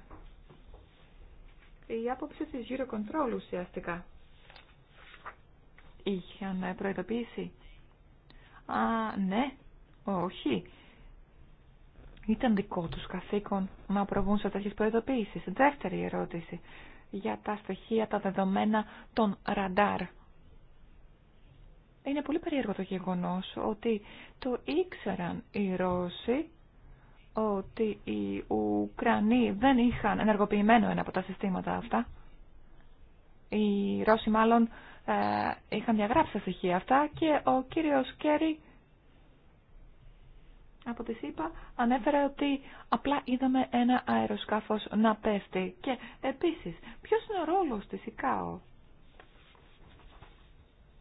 Η άποψη της Eurocontrol ουσιαστικά είχαν προειδοποιήσει. Α, ναι, όχι. Ήταν δικό τους καθήκον να προβούν σε τέτοιες προειδοποίησεις. Δεύτερη ερώτηση για τα στοιχεία, τα δεδομένα των ραντάρ. Είναι πολύ περίεργο το γεγονός ότι το ήξεραν οι Ρώσοι ότι οι Ουκρανοί δεν είχαν ενεργοποιημένο ένα από τα συστήματα αυτά. Οι Ρώσοι μάλλον ε, είχαν διαγράψει τα στοιχεία αυτά και ο κύριος Κέρι από τη ΣΥΠΑ ανέφερε ότι απλά είδαμε ένα αεροσκάφος να πέφτει. Και επίσης, ποιος είναι ο ρόλος της ΙΚΑΟ,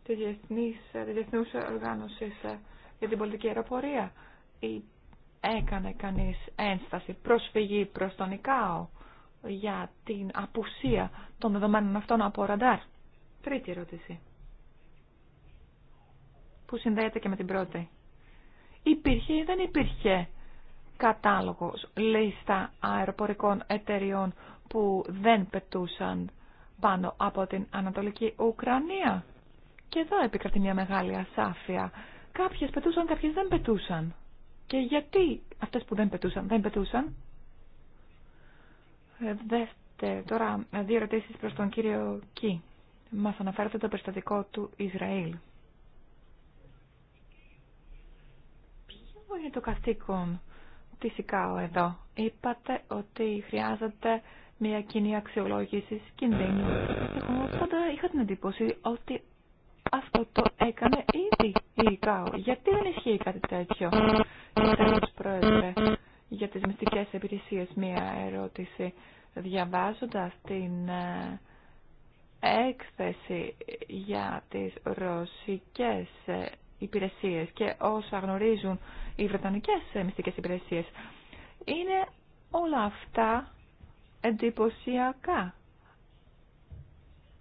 της Διεθνής, της Οργάνωσης ε, για την Πολιτική Αεροπορία. Ή έκανε κανείς ένσταση, προσφυγή προς τον ΙΚΑΟ για την απουσία των δεδομένων αυτών από ραντάρ. Τρίτη ερώτηση. Που συνδέεται και με την πρώτη υπήρχε ή δεν υπήρχε κατάλογος, λίστα αεροπορικών εταιριών που δεν πετούσαν πάνω από την Ανατολική Ουκρανία. Και εδώ επικρατεί μια μεγάλη ασάφεια. Κάποιες πετούσαν, κάποιες δεν πετούσαν. Και γιατί αυτές που δεν πετούσαν, δεν πετούσαν. Ε, δέστε τώρα δύο ερωτήσεις προς τον κύριο Κι. Μας αναφέρεται το περιστατικό του Ισραήλ. πού είναι το καθήκον τη ΙΚΑΟ εδώ. Είπατε ότι χρειάζεται μια κοινή αξιολόγηση κινδύνου. Εγώ πάντα είχα την εντύπωση ότι αυτό το έκανε ήδη η ΙΚΑΟ. Γιατί δεν ισχύει κάτι τέτοιο. Τέλο Πρόεδρε, για τις μυστικές υπηρεσίε μία ερώτηση. Διαβάζοντας την ε, έκθεση για τις ρωσικές ε, υπηρεσίες και όσα γνωρίζουν οι Βρετανικές ε, μυστικές υπηρεσίες. Είναι όλα αυτά εντυπωσιακά.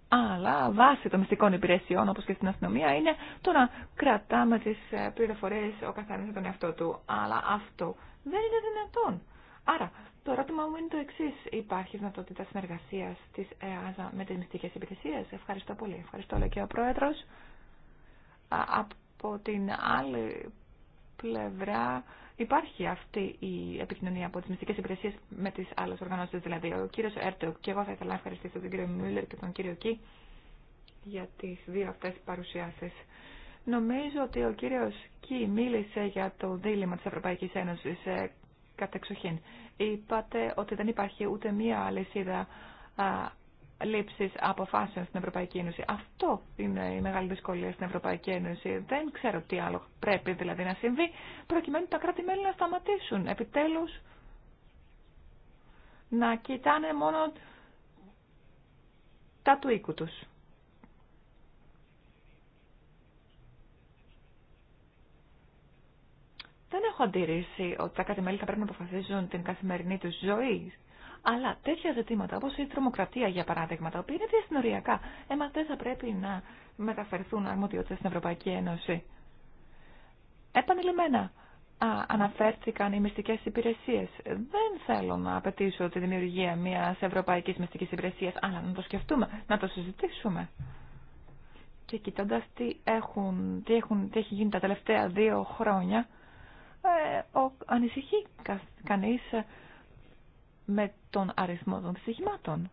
Αλλά βάση των μυστικών υπηρεσιών, όπως και στην αστυνομία, είναι το να κρατάμε τις ε, πληροφορίες ο καθένας για τον εαυτό του. Αλλά αυτό δεν είναι δυνατόν. Άρα, το ερώτημα μου είναι το εξή. Υπάρχει δυνατότητα συνεργασία τη ΕΑΖΑ με τι μυστικέ υπηρεσίε. Ευχαριστώ πολύ. Ευχαριστώ, λέει και ο Πρόεδρο. Από την άλλη πλευρά υπάρχει αυτή η επικοινωνία από τις μυστικέ υπηρεσίε με τις άλλες οργανώσεις. Δηλαδή, ο κύριος Έρτοκ και εγώ θα ήθελα να ευχαριστήσω τον κύριο Μιούλερ και τον κύριο Κι για τις δύο αυτές παρουσιάσεις. Νομίζω ότι ο κύριος Κι μίλησε για το δίλημα της Ευρωπαϊκής Ένωσης ε, κατεξοχήν. Είπατε ότι δεν υπάρχει ούτε μία αλυσίδα λήψη αποφάσεων στην Ευρωπαϊκή Ένωση. Αυτό είναι η μεγάλη δυσκολία στην Ευρωπαϊκή Ένωση. Δεν ξέρω τι άλλο πρέπει δηλαδή να συμβεί προκειμένου τα κράτη-μέλη να σταματήσουν επιτέλου να κοιτάνε μόνο τα του οίκου τους. Δεν έχω αντιρρήσει ότι τα κρατη μέλη θα πρέπει να αποφασίζουν την καθημερινή τους ζωή αλλά τέτοια ζητήματα όπω η τρομοκρατία για παράδειγμα, τα οποία είναι διασυνοριακά, έμα δεν θα πρέπει να μεταφερθούν αρμοδιότητες στην Ευρωπαϊκή Ένωση. Επανειλημμένα αναφέρθηκαν οι μυστικέ υπηρεσίε. Δεν θέλω να απαιτήσω τη δημιουργία μια Ευρωπαϊκή Μυστική Υπηρεσία, αλλά να το σκεφτούμε, να το συζητήσουμε. Και κοιτώντα τι, τι έχει γίνει τα τελευταία δύο χρόνια, ε, ο, ανησυχεί κανεί. κανείς ε, με τον αριθμό των στοιχημάτων.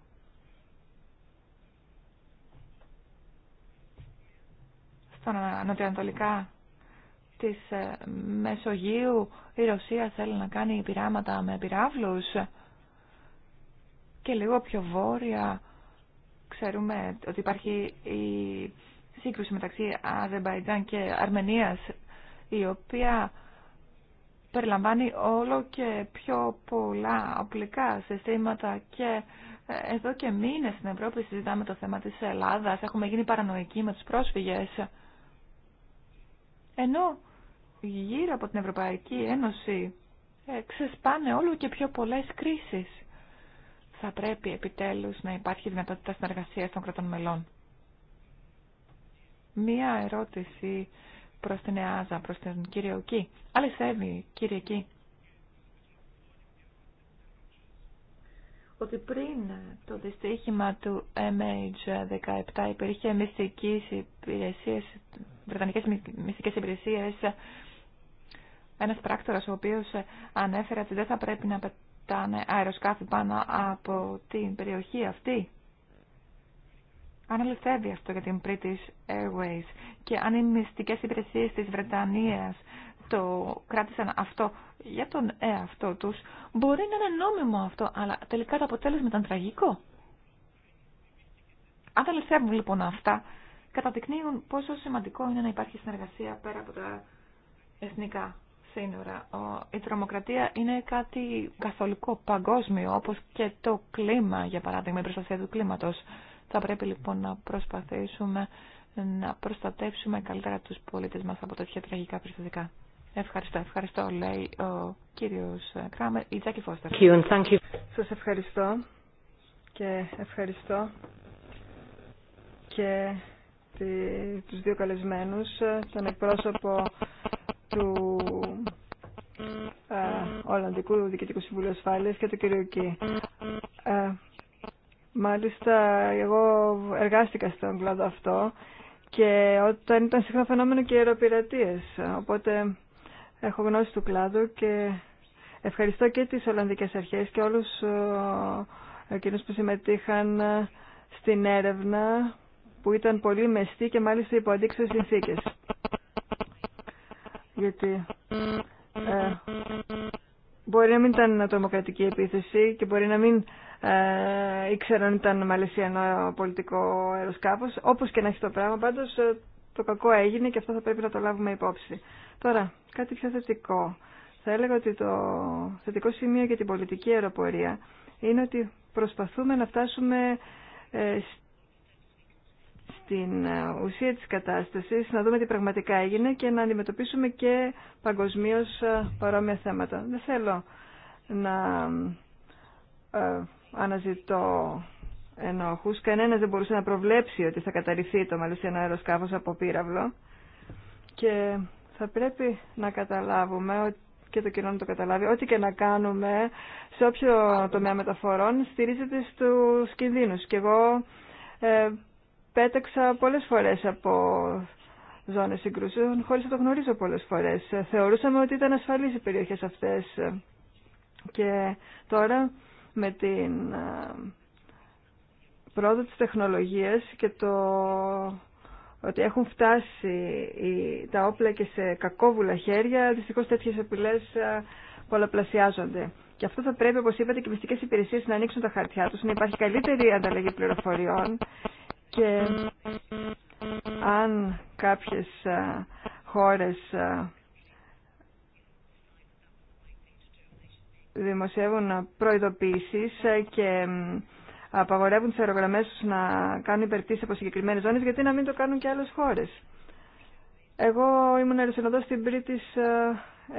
Στον νοτιοανατολικά της ε, Μεσογείου η Ρωσία θέλει να κάνει πειράματα με πυράβλους και λίγο πιο βόρεια ξέρουμε ότι υπάρχει η σύγκρουση μεταξύ Αζερμπαϊτζάν και Αρμενίας η οποία περιλαμβάνει όλο και πιο πολλά οπλικά συστήματα και ε, εδώ και μήνες στην Ευρώπη συζητάμε το θέμα της Ελλάδας, έχουμε γίνει παρανοϊκοί με τους πρόσφυγες. Ενώ γύρω από την Ευρωπαϊκή Ένωση ε, ξεσπάνε όλο και πιο πολλές κρίσεις. Θα πρέπει επιτέλους να υπάρχει δυνατότητα συνεργασίας των κρατών μελών. Μία ερώτηση προς την ΕΑΖΑ, προς την κύριο Κι. Αληθεύει, κύριε Κι. ότι πριν το δυστύχημα του MH17 υπήρχε μυστικές υπηρεσίες, βρετανικές μυστικές υπηρεσίες, ένας πράκτορας ο οποίος ανέφερε ότι δεν θα πρέπει να πετάνε αεροσκάφη πάνω από την περιοχή αυτή. Αν αληθεύει αυτό για την British Airways και αν οι μυστικέ υπηρεσίε τη Βρετανία το κράτησαν αυτό για τον εαυτό του, μπορεί να είναι νόμιμο αυτό, αλλά τελικά το αποτέλεσμα ήταν τραγικό. Αν αληθεύουν λοιπόν αυτά, καταδεικνύουν πόσο σημαντικό είναι να υπάρχει συνεργασία πέρα από τα εθνικά σύνορα. Η τρομοκρατία είναι κάτι καθολικό, παγκόσμιο, όπως και το κλίμα, για παράδειγμα, η προστασία του κλίματος. Θα πρέπει λοιπόν να προσπαθήσουμε να προστατεύσουμε καλύτερα τους πολίτες μας από τέτοια τραγικά περιστατικά. Ευχαριστώ, ευχαριστώ, λέει ο κύριος Κράμερ, η Τζάκη Φώστερ. Σας ευχαριστώ και ευχαριστώ και τους δύο καλεσμένους, τον εκπρόσωπο του ε, Ολλανδικού Διοικητικού Συμβουλίου Ασφάλειας και τον κυρίο Κι. Ε, Μάλιστα, εγώ εργάστηκα στον κλάδο αυτό και όταν ήταν συχνά φαινόμενο και αεροπειρατείες. Οπότε έχω γνώση του κλάδου και ευχαριστώ και τις Ολλανδικές Αρχές και όλους ε, εκείνους που συμμετείχαν ε, στην έρευνα που ήταν πολύ μεστή και μάλιστα υπό αντίξωες συνθήκες. Γιατί ε, μπορεί να μην ήταν τρομοκρατική επίθεση και μπορεί να μην ε, ήξερα αν ήταν μαλαισιανό πολιτικό αεροσκάφο Όπως και να έχει το πράγμα, πάντως ε, το κακό έγινε και αυτό θα πρέπει να το λάβουμε υπόψη. Τώρα, κάτι πιο θετικό. Θα έλεγα ότι το θετικό σημείο για την πολιτική αεροπορία είναι ότι προσπαθούμε να φτάσουμε ε, στην ε, ουσία της κατάστασης, να δούμε τι πραγματικά έγινε και να αντιμετωπίσουμε και παγκοσμίω παρόμοια θέματα. Δεν θέλω να αναζητώ ενόχου. κανένα δεν μπορούσε να προβλέψει ότι θα καταρριφθεί το μαλαισιανό αεροσκάφο από πύραυλο. Και θα πρέπει να καταλάβουμε και το κοινό να το καταλάβει, ό,τι και να κάνουμε σε όποιο τομέα μεταφορών στηρίζεται στους κινδύνους. Και εγώ ε, πέταξα πολλές φορές από ζώνες συγκρούσεων, χωρίς να το γνωρίζω πολλές φορές. Θεωρούσαμε ότι ήταν ασφαλείς οι περιοχές αυτές και τώρα με την ε, πρόοδο της τεχνολογίας και το ότι έχουν φτάσει τα όπλα και σε κακόβουλα χέρια, δυστυχώς τέτοιες απειλές ε, πολλαπλασιάζονται. Και αυτό θα πρέπει, όπως είπατε, και οι μυστικές υπηρεσίες να ανοίξουν τα χαρτιά τους, να υπάρχει καλύτερη ανταλλαγή πληροφοριών και αν κάποιες ε, χώρες δημοσιεύουν προειδοποιήσει ε, και απαγορεύουν τι αερογραμμές του να κάνουν υπερτήσει από συγκεκριμένες ζώνες, γιατί να μην το κάνουν και άλλες χώρε. Εγώ ήμουν αεροσυνοδό στην British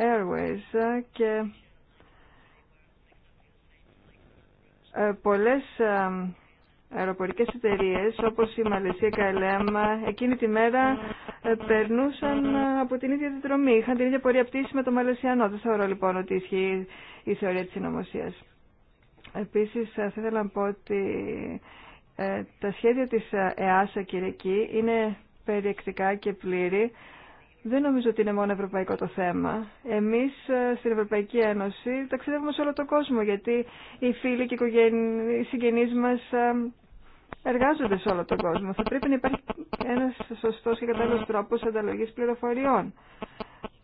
ε, Airways ε, και πολλές Αεροπορικέ εταιρείε, όπως η Μαλαισία και εκείνη τη μέρα ε, περνούσαν ε, από την ίδια διδρομή. Είχαν την ίδια πορεία πτήση με το Μαλαισιανό. Δεν θεωρώ λοιπόν ότι ισχύει η θεωρία της συνωμοσία. Επίσης ε, θα ήθελα να πω ότι τα σχέδια της ΕΑΣΑ Κυριακή είναι περιεκτικά και πλήρη. Δεν νομίζω ότι είναι μόνο ευρωπαϊκό το θέμα. Εμείς στην Ευρωπαϊκή Ένωση ταξιδεύουμε σε όλο τον κόσμο γιατί οι φίλοι και οι, οι συγγενείς εργάζονται σε όλο τον κόσμο. Θα πρέπει να υπάρχει ένας σωστός και κατάλληλος τρόπος ανταλλαγή πληροφοριών.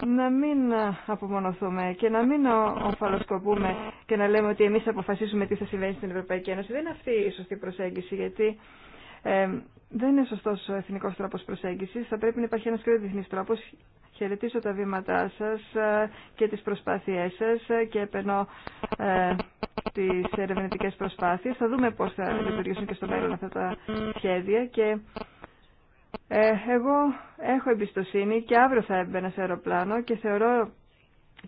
Να μην απομονωθούμε και να μην οφαλοσκοπούμε και να λέμε ότι εμείς αποφασίσουμε τι θα συμβαίνει στην Ευρωπαϊκή Ένωση. Δεν είναι αυτή η σωστή προσέγγιση, γιατί ε, δεν είναι σωστός ο εθνικός τρόπος προσέγγιση, Θα πρέπει να υπάρχει ένα και ο διεθνής τρόπος χαιρετήσω τα βήματά σας ε, και τις προσπάθειές σας ε, και επενώ ε, τις ερευνητικές προσπάθειες. Θα δούμε πώς θα λειτουργήσουν και στο μέλλον αυτά τα σχέδια και ε, εγώ έχω εμπιστοσύνη και αύριο θα έμπαινα σε αεροπλάνο και θεωρώ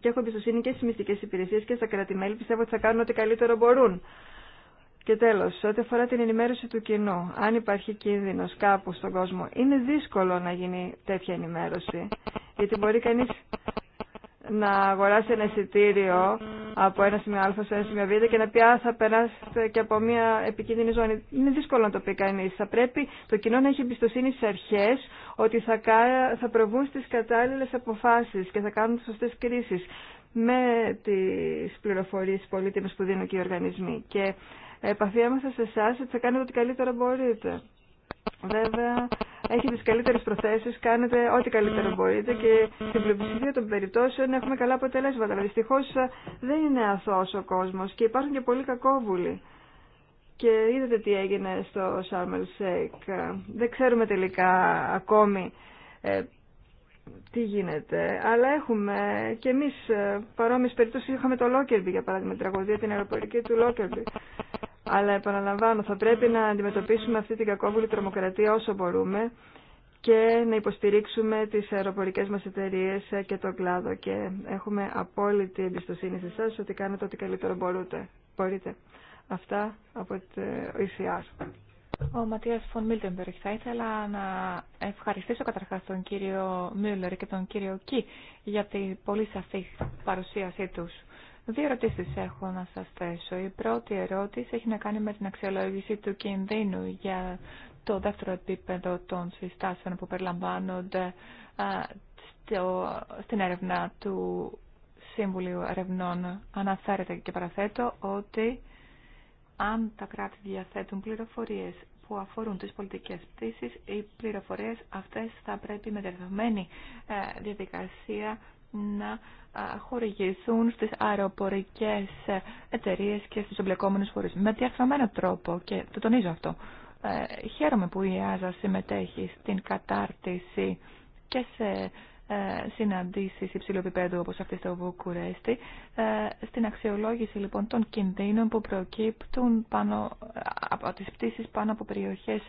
και έχω εμπιστοσύνη και στις μυστικέ υπηρεσίες και στα κρατη Πιστεύω ότι θα κάνουν ό,τι καλύτερο μπορούν. Και τέλος, ό,τι αφορά την ενημέρωση του κοινού, αν υπάρχει κίνδυνο κάπου στον κόσμο, είναι δύσκολο να γίνει τέτοια ενημέρωση, γιατί μπορεί κανεί να αγοράσει ένα εισιτήριο από ένα σημείο Α σε ένα σημείο Β και να πει Α, θα περάσετε και από μια επικίνδυνη ζώνη. Είναι δύσκολο να το πει κανεί. Θα πρέπει το κοινό να έχει εμπιστοσύνη στι αρχέ ότι θα, θα προβούν στι κατάλληλε αποφάσει και θα κάνουν τι σωστέ κρίσει με τι πληροφορίε πολύτιμε που δίνουν και οι οργανισμοί επαφή άμεσα σε εσά ότι θα κάνετε ό,τι καλύτερο μπορείτε. Βέβαια, έχει τι καλύτερε προθέσει, κάνετε ό,τι καλύτερο μπορείτε και στην πλειοψηφία των περιπτώσεων έχουμε καλά αποτελέσματα. Δυστυχώ ε, δεν είναι αθώο ο κόσμο και υπάρχουν και πολλοί κακόβουλοι. Και είδατε τι έγινε στο Σάρμελ Σέικ. Δεν ξέρουμε τελικά ακόμη ε, τι γίνεται. Αλλά έχουμε και εμεί ε, παρόμοιε περιπτώσει. Είχαμε το Λόκερμπι, για παράδειγμα, την τραγωδία την αεροπορική του Λόκερμπι. Αλλά επαναλαμβάνω, θα πρέπει να αντιμετωπίσουμε αυτή την κακόβουλη τρομοκρατία όσο μπορούμε και να υποστηρίξουμε τις αεροπορικές μας εταιρείε και τον κλάδο. Και έχουμε απόλυτη εμπιστοσύνη σε εσάς ότι κάνετε ό,τι καλύτερο μπορείτε. μπορείτε. Αυτά από το ECR. Ο Ματίας Φων Μίλτεμπεργκ. Θα ήθελα να ευχαριστήσω καταρχάς τον κύριο Μιούλερ και τον κύριο Κι για την πολύ σαφή παρουσίασή τους. Δύο ερωτήσει έχω να σα θέσω. Η πρώτη ερώτηση έχει να κάνει με την αξιολόγηση του κινδύνου για το δεύτερο επίπεδο των συστάσεων που περιλαμβάνονται στο, στην έρευνα του Σύμβουλου Ερευνών. Αναφέρεται και παραθέτω ότι αν τα κράτη διαθέτουν πληροφορίες που αφορούν τις πολιτικές πτήσεις, οι πληροφορίες αυτές θα πρέπει με δεδομένη ε, διαδικασία να χορηγηθούν στις αεροπορικές εταιρείες και στους εμπλεκόμενους φορείς. Με διαφθαμένο τρόπο και το τονίζω αυτό. Ε, χαίρομαι που η Άζα συμμετέχει στην κατάρτιση και σε ε, συναντήσεις υψηλού επίπεδου όπως αυτή στο Βουκουρέστη, ε, στην αξιολόγηση λοιπόν των κινδύνων που προκύπτουν πάνω, ε, από τις πτήσεις πάνω από περιοχές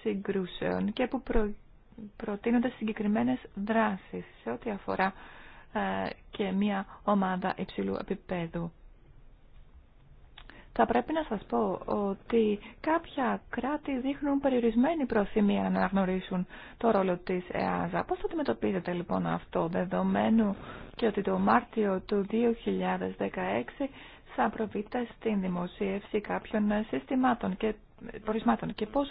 συγκρούσεων και που προ, προτείνονται συγκεκριμένες δράσεις σε ό,τι αφορά ε, και μια ομάδα υψηλού επίπεδου. Θα πρέπει να σας πω ότι κάποια κράτη δείχνουν περιορισμένη προθυμία να αναγνωρίσουν το ρόλο της ΕΑΖΑ. Πώς το αντιμετωπίζετε λοιπόν αυτό, δεδομένου και ότι το Μάρτιο του 2016 θα προβείτε στην δημοσίευση κάποιων συστημάτων και πορισμάτων και πώς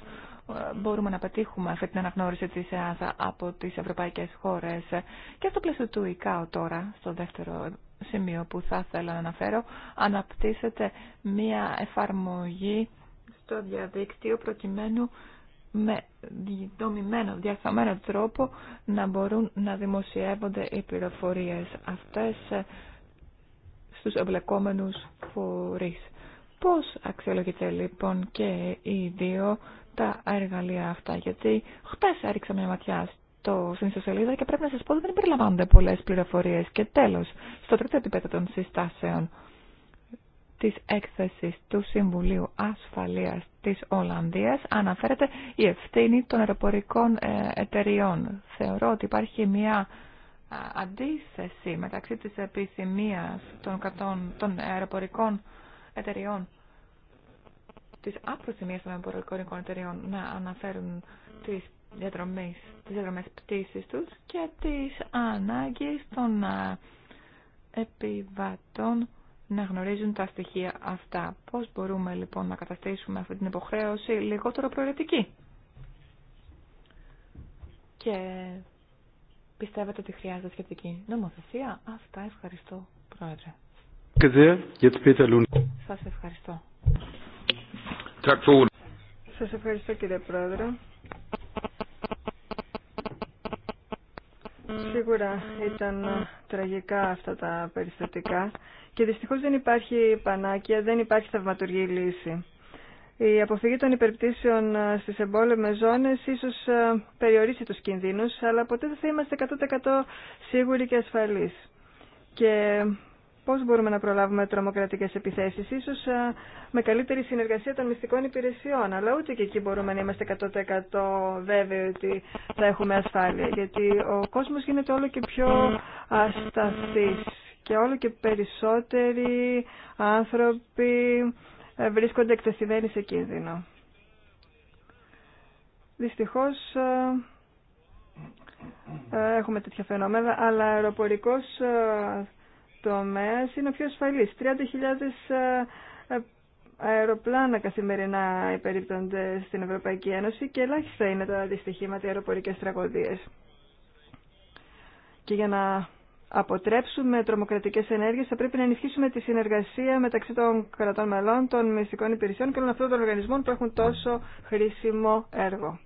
μπορούμε να πετύχουμε αυτή την αναγνώριση της ΕΑΘΑ από τις ευρωπαϊκές χώρες. Και στο πλαίσιο του ΙΚΑΟ τώρα, στο δεύτερο σημείο που θα ήθελα να αναφέρω, αναπτύσσεται μία εφαρμογή στο διαδίκτυο προκειμένου με δομημένο, διαρθωμένο τρόπο να μπορούν να δημοσιεύονται οι πληροφορίες αυτές στους εμπλεκόμενους φορείς. Πώς αξιολογείται λοιπόν και οι δύο τα εργαλεία αυτά, γιατί χτες έριξα μια ματιά στο, στην ιστοσελίδα και πρέπει να σας πω ότι δεν περιλαμβάνονται πολλές πληροφορίες. Και τέλος, στο τρίτο επίπεδο των συστάσεων τη έκθεση του Συμβουλίου Ασφαλείας της Ολλανδίας αναφέρεται η ευθύνη των αεροπορικών ε, εταιριών. Θεωρώ ότι υπάρχει μια αντίθεση μεταξύ της επιθυμίας των, των αεροπορικών εταιριών Τη απροθυμίας των εμπορικών εταιριών να αναφέρουν τις διαδρομέ τις διαδρομές πτήσης τους και τις ανάγκες των ε, επιβατών να γνωρίζουν τα στοιχεία αυτά. Πώς μπορούμε λοιπόν να καταστήσουμε αυτή την υποχρέωση λιγότερο προαιρετική. Και πιστεύετε ότι χρειάζεται σχετική νομοθεσία. Αυτά ευχαριστώ Πρόεδρε. Σας ευχαριστώ. Σας ευχαριστώ κύριε Πρόεδρε. Σίγουρα ήταν τραγικά αυτά τα περιστατικά και δυστυχώς δεν υπάρχει πανάκια, δεν υπάρχει θαυματουργή λύση. Η αποφυγή των υπερπτήσεων ε, στις εμπόλεμες ζώνες ίσως ε, περιορίσει τους κινδύνους, αλλά ποτέ δεν θα είμαστε 100% σίγουροι και ασφαλείς. Και πώς μπορούμε να προλάβουμε τρομοκρατικές επιθέσεις. Ίσως ε, με καλύτερη συνεργασία των μυστικών υπηρεσιών, αλλά ούτε και εκεί μπορούμε να είμαστε 100% βέβαιοι ότι θα έχουμε ασφάλεια, γιατί ο κόσμος γίνεται όλο και πιο ασταθής και όλο και περισσότεροι άνθρωποι ε, βρίσκονται εκτεθειμένοι σε κίνδυνο. Δυστυχώς ε, έχουμε τέτοια φαινόμενα, αλλά αεροπορικός τομέα είναι ο πιο ασφαλή. 30.000 ε, ε, αεροπλάνα καθημερινά υπερίπτονται στην Ευρωπαϊκή Ένωση και ελάχιστα είναι τα δυστυχήματα αεροπορικέ αεροπορικές Και για να αποτρέψουμε τρομοκρατικέ ενέργειε, θα πρέπει να ενισχύσουμε τη συνεργασία μεταξύ των κρατών μελών, των μυστικών υπηρεσιών και όλων αυτών των οργανισμών που έχουν τόσο χρήσιμο έργο.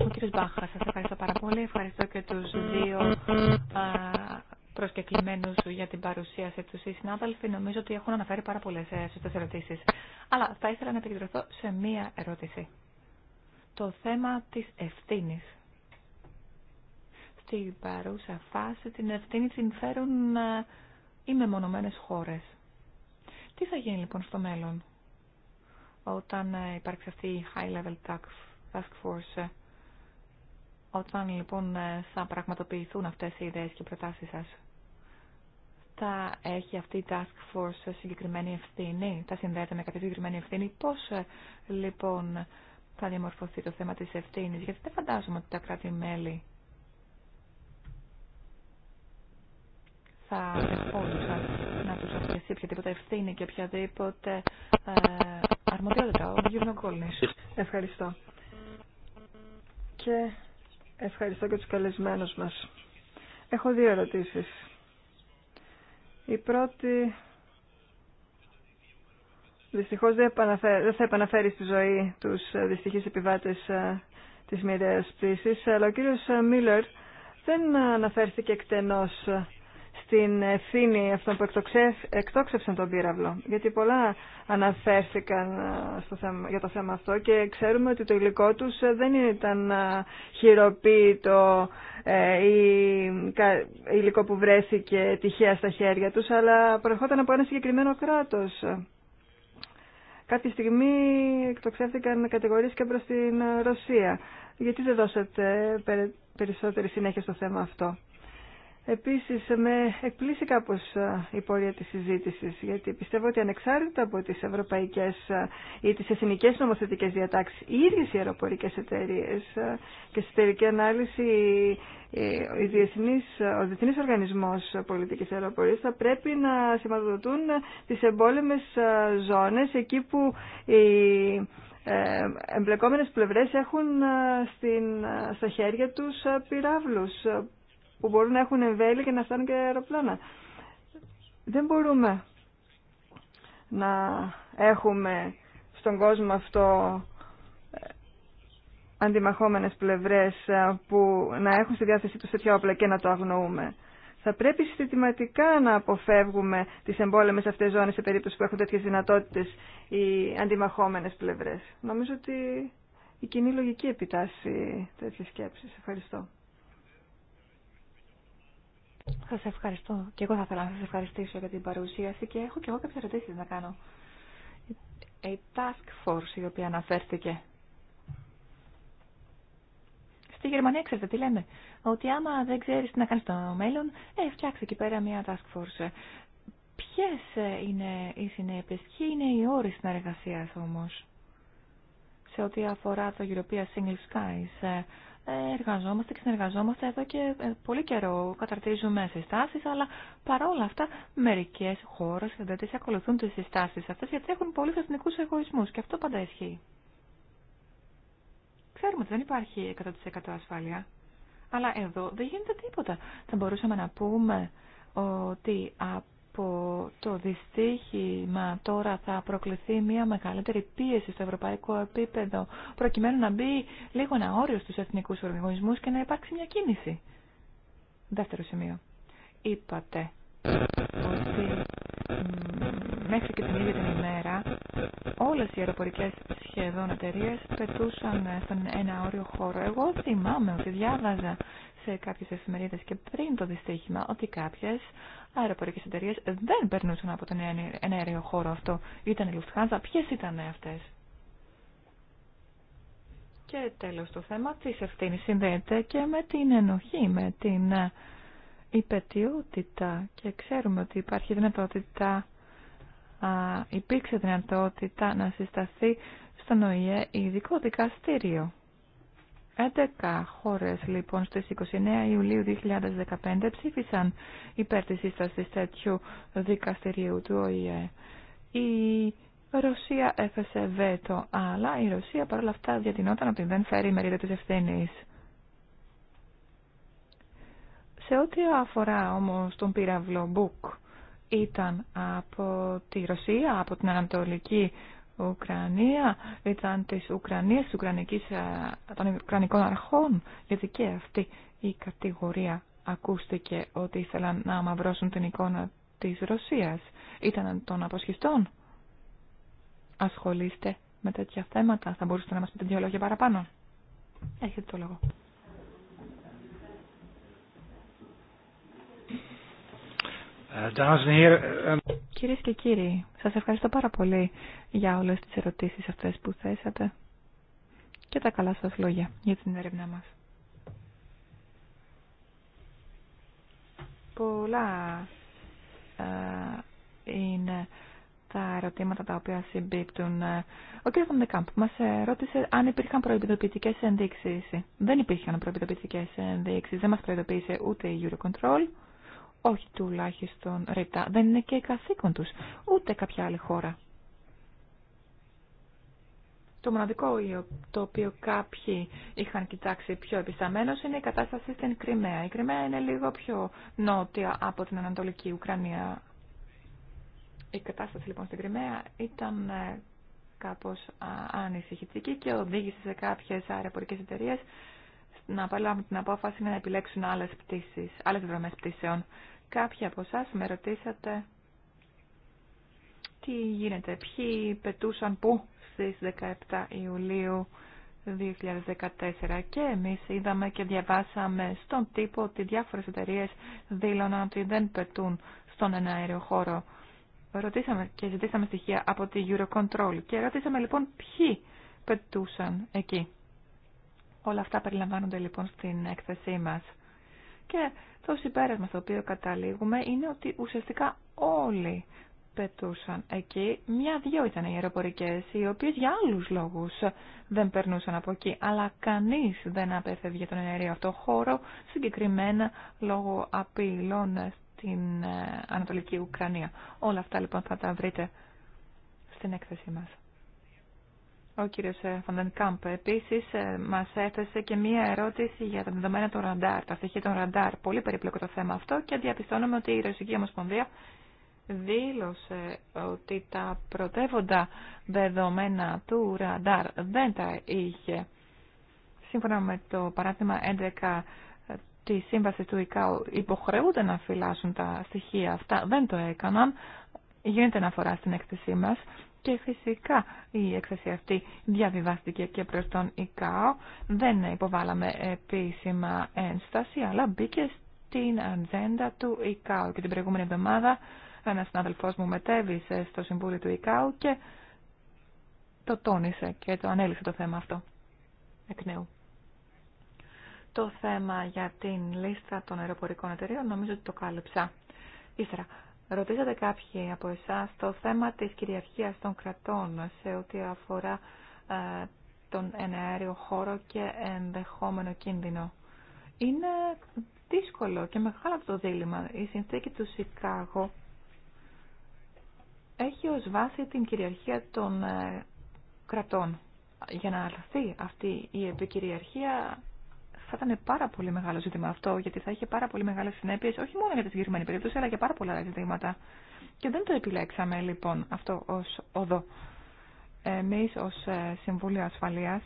Ο ευχαριστώ πάρα πολύ. Ευχαριστώ και του δύο σου για την παρουσίαση του Οι συνάδελφοι νομίζω ότι έχουν αναφέρει πάρα πολλέ ε, σωστέ ερωτήσει. Αλλά θα ήθελα να επικεντρωθώ σε μία ερώτηση. Το θέμα τη ευθύνη. Στην παρούσα φάση την ευθύνη την φέρουν ε, οι μεμονωμένε χώρε. Τι θα γίνει λοιπόν στο μέλλον όταν ε, υπάρξει αυτή η High Level Task Force όταν λοιπόν θα πραγματοποιηθούν αυτές οι ιδέες και οι προτάσεις σας θα έχει αυτή η task force συγκεκριμένη ευθύνη, θα συνδέεται με κάποια συγκεκριμένη ευθύνη. Πώς ε, λοιπόν θα διαμορφωθεί το θέμα της ευθύνης, γιατί δεν φαντάζομαι ότι τα κράτη-μέλη θα δεχόντουσαν να τους αφαιθεί οποιαδήποτε ευθύνη και οποιαδήποτε ε, αρμοδιότητα. Ο Γιουρνοκόλνης. Ευχαριστώ. Και ευχαριστώ και τους καλεσμένους μας. Έχω δύο ερωτήσεις. Η πρώτη δυστυχώς δεν, θα επαναφέρει στη ζωή τους δυστυχείς επιβάτες ε, της μοιραίας πτήσης, αλλά ο κύριος Μίλλερ δεν αναφέρθηκε εκτενώς ε, στην ευθύνη αυτών που εκτόξευσαν τον πύραυλο. Γιατί πολλά αναφέρθηκαν ε, στο θέμα, για το θέμα αυτό και ξέρουμε ότι το υλικό τους ε, δεν ήταν ε, χειροποίητο ή υλικό που βρέθηκε τυχαία στα χέρια τους, αλλά προερχόταν από ένα συγκεκριμένο κράτος. Κάποια στιγμή εκτοξεύτηκαν κατηγορίες και προς την Ρωσία. Γιατί δεν δώσατε περισσότερη συνέχεια στο θέμα αυτό. Επίσης, με εκπλήσει κάπως η πορεία της συζήτησης, γιατί πιστεύω ότι ανεξάρτητα από τις ευρωπαϊκές ή τις εθνικές νομοθετικές διατάξεις, οι ίδιες οι αεροπορικές εταιρείες και στη τελική ανάλυση ο διεθνής, ο διεθνής Οργανισμός Πολιτικής Αεροπορίας θα πρέπει να σηματοδοτούν τις εμπόλεμες ζώνες εκεί που οι ε, εμπλεκόμενες πλευρές έχουν στην, στα χέρια τους πυράβλους που μπορούν να έχουν βέλη και να φτάνουν και αεροπλάνα. Δεν μπορούμε να έχουμε στον κόσμο αυτό ε, αντιμαχόμενες πλευρές ε, που να έχουν στη διάθεσή τους τέτοια όπλα και να το αγνοούμε. Θα πρέπει συστηματικά να αποφεύγουμε τις εμπόλεμες αυτές ζώνες σε περίπτωση που έχουν τέτοιες δυνατότητες οι αντιμαχόμενες πλευρές. Νομίζω ότι η κοινή λογική επιτάσσει τέτοιες σκέψεις. Ευχαριστώ. Σας ευχαριστώ. Και εγώ θα ήθελα να σας ευχαριστήσω για την παρουσίαση και έχω και εγώ κάποιε ερωτήσει να κάνω. Η Task Force η οποία αναφέρθηκε. Στη Γερμανία ξέρετε τι λέμε. Ότι άμα δεν ξέρει τι να κάνει στο μέλλον, ε, φτιάξε εκεί πέρα μια Task Force. Ποιε ε, είναι οι συνέπειε, ποιοι είναι οι όροι συνεργασία όμω, σε ό,τι αφορά το European Single Skies ε, εργαζόμαστε και συνεργαζόμαστε εδώ και ε, πολύ καιρό. Καταρτίζουμε συστάσεις, αλλά παρόλα αυτά μερικέ χώρε δεν τις ακολουθούν τι συστάσεις αυτέ γιατί έχουν πολλού εθνικού εγωισμού και αυτό πάντα ισχύει. Ξέρουμε ότι δεν υπάρχει 100% ασφάλεια, αλλά εδώ δεν γίνεται τίποτα. Θα μπορούσαμε να πούμε ότι από από το δυστύχημα τώρα θα προκληθεί μια μεγαλύτερη πίεση στο ευρωπαϊκό επίπεδο προκειμένου να μπει λίγο ένα όριο στους εθνικούς οργανισμούς και να υπάρξει μια κίνηση. Δεύτερο σημείο. Είπατε ότι μέχρι και την ίδια την ημέρα όλες οι αεροπορικές σχεδόν εταιρείε πετούσαν στον ένα όριο χώρο. Εγώ θυμάμαι ότι διάβαζα σε κάποιες εφημερίδες και πριν το δυστύχημα ότι κάποιες αεροπορικές εταιρείε δεν περνούσαν από τον ενέργειο χώρο αυτό. Ήταν η Λουφτχάνζα. Ποιε ήταν αυτές. Και τέλος το θέμα τη ευθύνη συνδέεται και με την ενοχή, με την ε, υπετιότητα και ξέρουμε ότι υπάρχει δυνατότητα, α, υπήρξε δυνατότητα να συσταθεί στον ΟΗΕ ειδικό δικαστήριο 11 χώρες λοιπόν στις 29 Ιουλίου 2015 ψήφισαν υπέρ της σύστασης τέτοιου δικαστηρίου του ΟΗΕ. Η Ρωσία έφεσε βέτο, αλλά η Ρωσία παρόλα αυτά διατηνόταν ότι δεν φέρει μερίδα της ευθύνης. Σε ό,τι αφορά όμως τον πύραυλο Μπουκ, ήταν από τη Ρωσία, από την Ανατολική Ουκρανία ήταν της Ουκρανίας, Ουκρανικής, ε, των Ουκρανικών αρχών, γιατί και αυτή η κατηγορία ακούστηκε ότι ήθελαν να αμαυρώσουν την εικόνα της Ρωσίας. Ήταν των αποσχιστών. Ασχολείστε με τέτοια θέματα. Θα μπορούσατε να μας πείτε δύο λόγια παραπάνω. Έχετε το λόγο. Ε, ehm, Κυρίες και κύριοι, σας ευχαριστώ πάρα πολύ για όλες τις ερωτήσεις αυτές που θέσατε και τα καλά σας λόγια για την έρευνά μας. Πολλά ε, είναι τα ερωτήματα τα οποία συμπίπτουν. Ε, ο κ. Βαντεκάμπ μας ρώτησε αν υπήρχαν προειδοποιητικέ ενδείξεις. Δεν υπήρχαν προειδοποιητικές ενδείξεις, δεν μας προειδοποίησε ούτε η Eurocontrol όχι τουλάχιστον ρητά. Δεν είναι και καθήκον τους, ούτε κάποια άλλη χώρα. Το μοναδικό το οποίο κάποιοι είχαν κοιτάξει πιο επισταμένως είναι η κατάσταση στην Κρυμαία. Η Κρυμαία είναι λίγο πιο νότια από την Ανατολική Ουκρανία. Η κατάσταση λοιπόν στην Κρυμαία ήταν ε, κάπως ανησυχητική και οδήγησε σε κάποιες αεροπορικές εταιρείες να πάρουμε την απόφαση να επιλέξουν άλλες πτήσεις, άλλες δρομές πτήσεων. Κάποιοι από εσά με ρωτήσατε τι γίνεται, ποιοι πετούσαν πού στις 17 Ιουλίου 2014 και εμείς είδαμε και διαβάσαμε στον τύπο ότι διάφορες εταιρείε δήλωναν ότι δεν πετούν στον αέριο χώρο. Ρωτήσαμε και ζητήσαμε στοιχεία από τη Eurocontrol και ρωτήσαμε λοιπόν ποιοι πετούσαν εκεί. Όλα αυτά περιλαμβάνονται λοιπόν στην έκθεσή μας. Και το συμπέρασμα στο οποίο καταλήγουμε είναι ότι ουσιαστικά όλοι πετούσαν εκεί. Μια-δυο ήταν οι αεροπορικές, οι οποίες για άλλους λόγους δεν περνούσαν από εκεί. Αλλά κανείς δεν απέφευγε τον αερίο αυτό χώρο, συγκεκριμένα λόγω απειλών στην ε, Ανατολική Ουκρανία. Όλα αυτά λοιπόν θα τα βρείτε στην έκθεσή μας. Ο κύριος Φαντεν Κάμπ επίσης ε, μας έθεσε και μία ερώτηση για τα δεδομένα των ραντάρ, τα στοιχεία των ραντάρ. Πολύ περίπλοκο το θέμα αυτό και διαπιστώνουμε ότι η Ρωσική Ομοσπονδία δήλωσε ότι τα πρωτεύοντα δεδομένα του ραντάρ δεν τα είχε. Σύμφωνα με το παράδειγμα 11 τη σύμβαση του ΙΚΑΟ υποχρεούνται να φυλάσσουν τα στοιχεία αυτά, δεν το έκαναν. Γίνεται αναφορά στην έκθεσή μας και φυσικά η έκθεση αυτή διαβιβάστηκε και προς τον ΙΚΑΟ. Δεν υποβάλαμε επίσημα ένσταση, αλλά μπήκε στην ατζέντα του ΙΚΑΟ. Και την προηγούμενη εβδομάδα ένας συνάδελφός μου μετέβησε στο Συμβούλιο του ΙΚΑΟ και το τόνισε και το ανέλησε το θέμα αυτό εκ νέου. Το θέμα για την λίστα των αεροπορικών εταιρείων νομίζω ότι το κάλυψα. Ύστερα, Ρωτήσατε κάποιοι από εσάς το θέμα της κυριαρχίας των κρατών σε ό,τι αφορά ε, τον εναέριο χώρο και ενδεχόμενο κίνδυνο. Είναι δύσκολο και μεγάλο αυτό το δίλημα. Η συνθήκη του Σικάγο έχει ως βάση την κυριαρχία των ε, κρατών. Για να αρθεί αυτή η επικυριαρχία θα ήταν πάρα πολύ μεγάλο ζήτημα αυτό, γιατί θα είχε πάρα πολύ μεγάλε συνέπειε, όχι μόνο για τη συγκεκριμένη περίπτωση, αλλά για πάρα πολλά ζητήματα. Και δεν το επιλέξαμε λοιπόν αυτό ω οδό. Εμεί ω ε, Συμβούλιο Ασφαλεία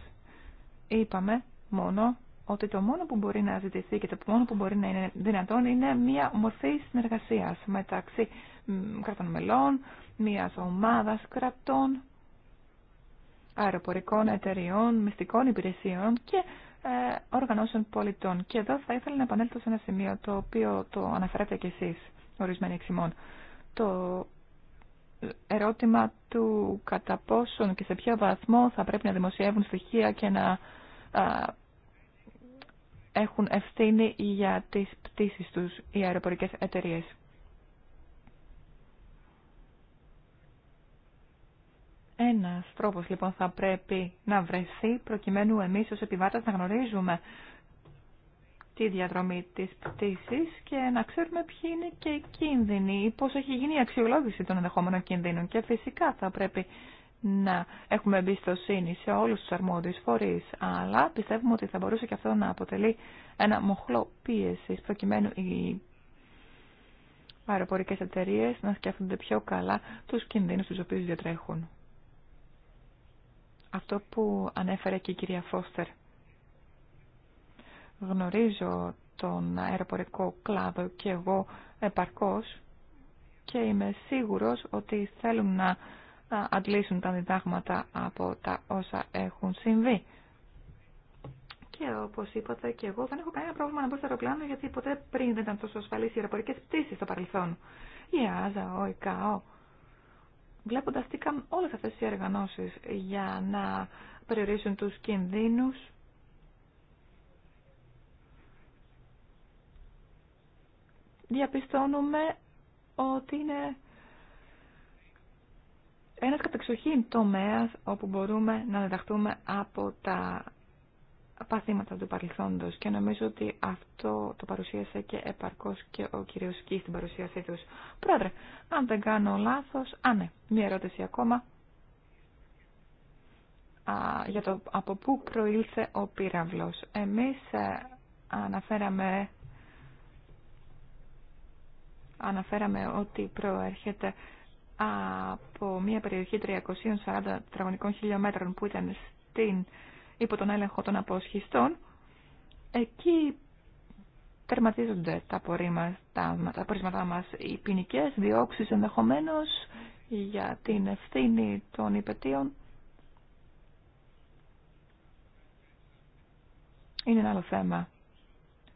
είπαμε μόνο ότι το μόνο που μπορεί να ζητηθεί και το μόνο που μπορεί να είναι δυνατόν είναι μια μορφή συνεργασία μεταξύ κρατών μελών, μια ομάδα κρατών αεροπορικών εταιριών, μυστικών υπηρεσιών και ε, οργανώσεων πολιτών. Και εδώ θα ήθελα να επανέλθω σε ένα σημείο το οποίο το αναφέρατε κι εσείς, ορισμένοι εξημών. Το ερώτημα του κατά πόσον και σε ποιο βαθμό θα πρέπει να δημοσιεύουν στοιχεία και να έχουν ευθύνη για τις πτήσεις τους οι αεροπορικές εταιρείες. Ένας τρόπος λοιπόν θα πρέπει να βρεθεί προκειμένου εμείς ως επιβάτες να γνωρίζουμε τη διαδρομή της πτήσης και να ξέρουμε ποιοι είναι και οι κίνδυνοι ή πώς έχει γίνει η αξιολόγηση των ενδεχόμενων κινδύνων και φυσικά θα πρέπει να έχουμε εμπιστοσύνη σε όλους τους αρμόδιους φορείς, αλλά πιστεύουμε ότι θα μπορούσε και αυτό να αποτελεί ένα μοχλό πίεσης προκειμένου οι αεροπορικές εταιρείες να σκέφτονται πιο καλά τους κινδύνους τους οποίους διατρέχουν αυτό που ανέφερε και η κυρία Φώστερ. Γνωρίζω τον αεροπορικό κλάδο και εγώ επαρκώς και είμαι σίγουρος ότι θέλουν να αντλήσουν τα διδάγματα από τα όσα έχουν συμβεί. Και όπως είπατε και εγώ, δεν έχω κανένα πρόβλημα να μπω στο αεροπλάνο γιατί ποτέ πριν δεν ήταν τόσο ασφαλεί οι αεροπορικέ πτήσει στο παρελθόν. Η ΑΖΑ, ο ΙΚΑΟ βλέποντας τι κάνουν όλες αυτές οι εργανώσεις για να περιορίσουν τους κινδύνους διαπιστώνουμε ότι είναι ένας κατεξοχήν τομέας όπου μπορούμε να διδαχτούμε από τα παθήματα του παρελθόντος και νομίζω ότι αυτό το παρουσίασε και επαρκώς και ο κύριος Κι στην παρουσίασή του. Πρόεδρε, αν δεν κάνω λάθος, α ναι, μία ερώτηση ακόμα για το από πού προήλθε ο πύραυλος. Εμείς ε, αναφέραμε αναφέραμε ότι προέρχεται από μια περιοχή 340 τετραγωνικών χιλιόμετρων που ήταν στην υπό τον έλεγχο των αποσχιστών, εκεί τερματίζονται τα, τα, μας οι ποινικέ διώξεις ενδεχομένω για την ευθύνη των υπετίων. Είναι ένα άλλο θέμα.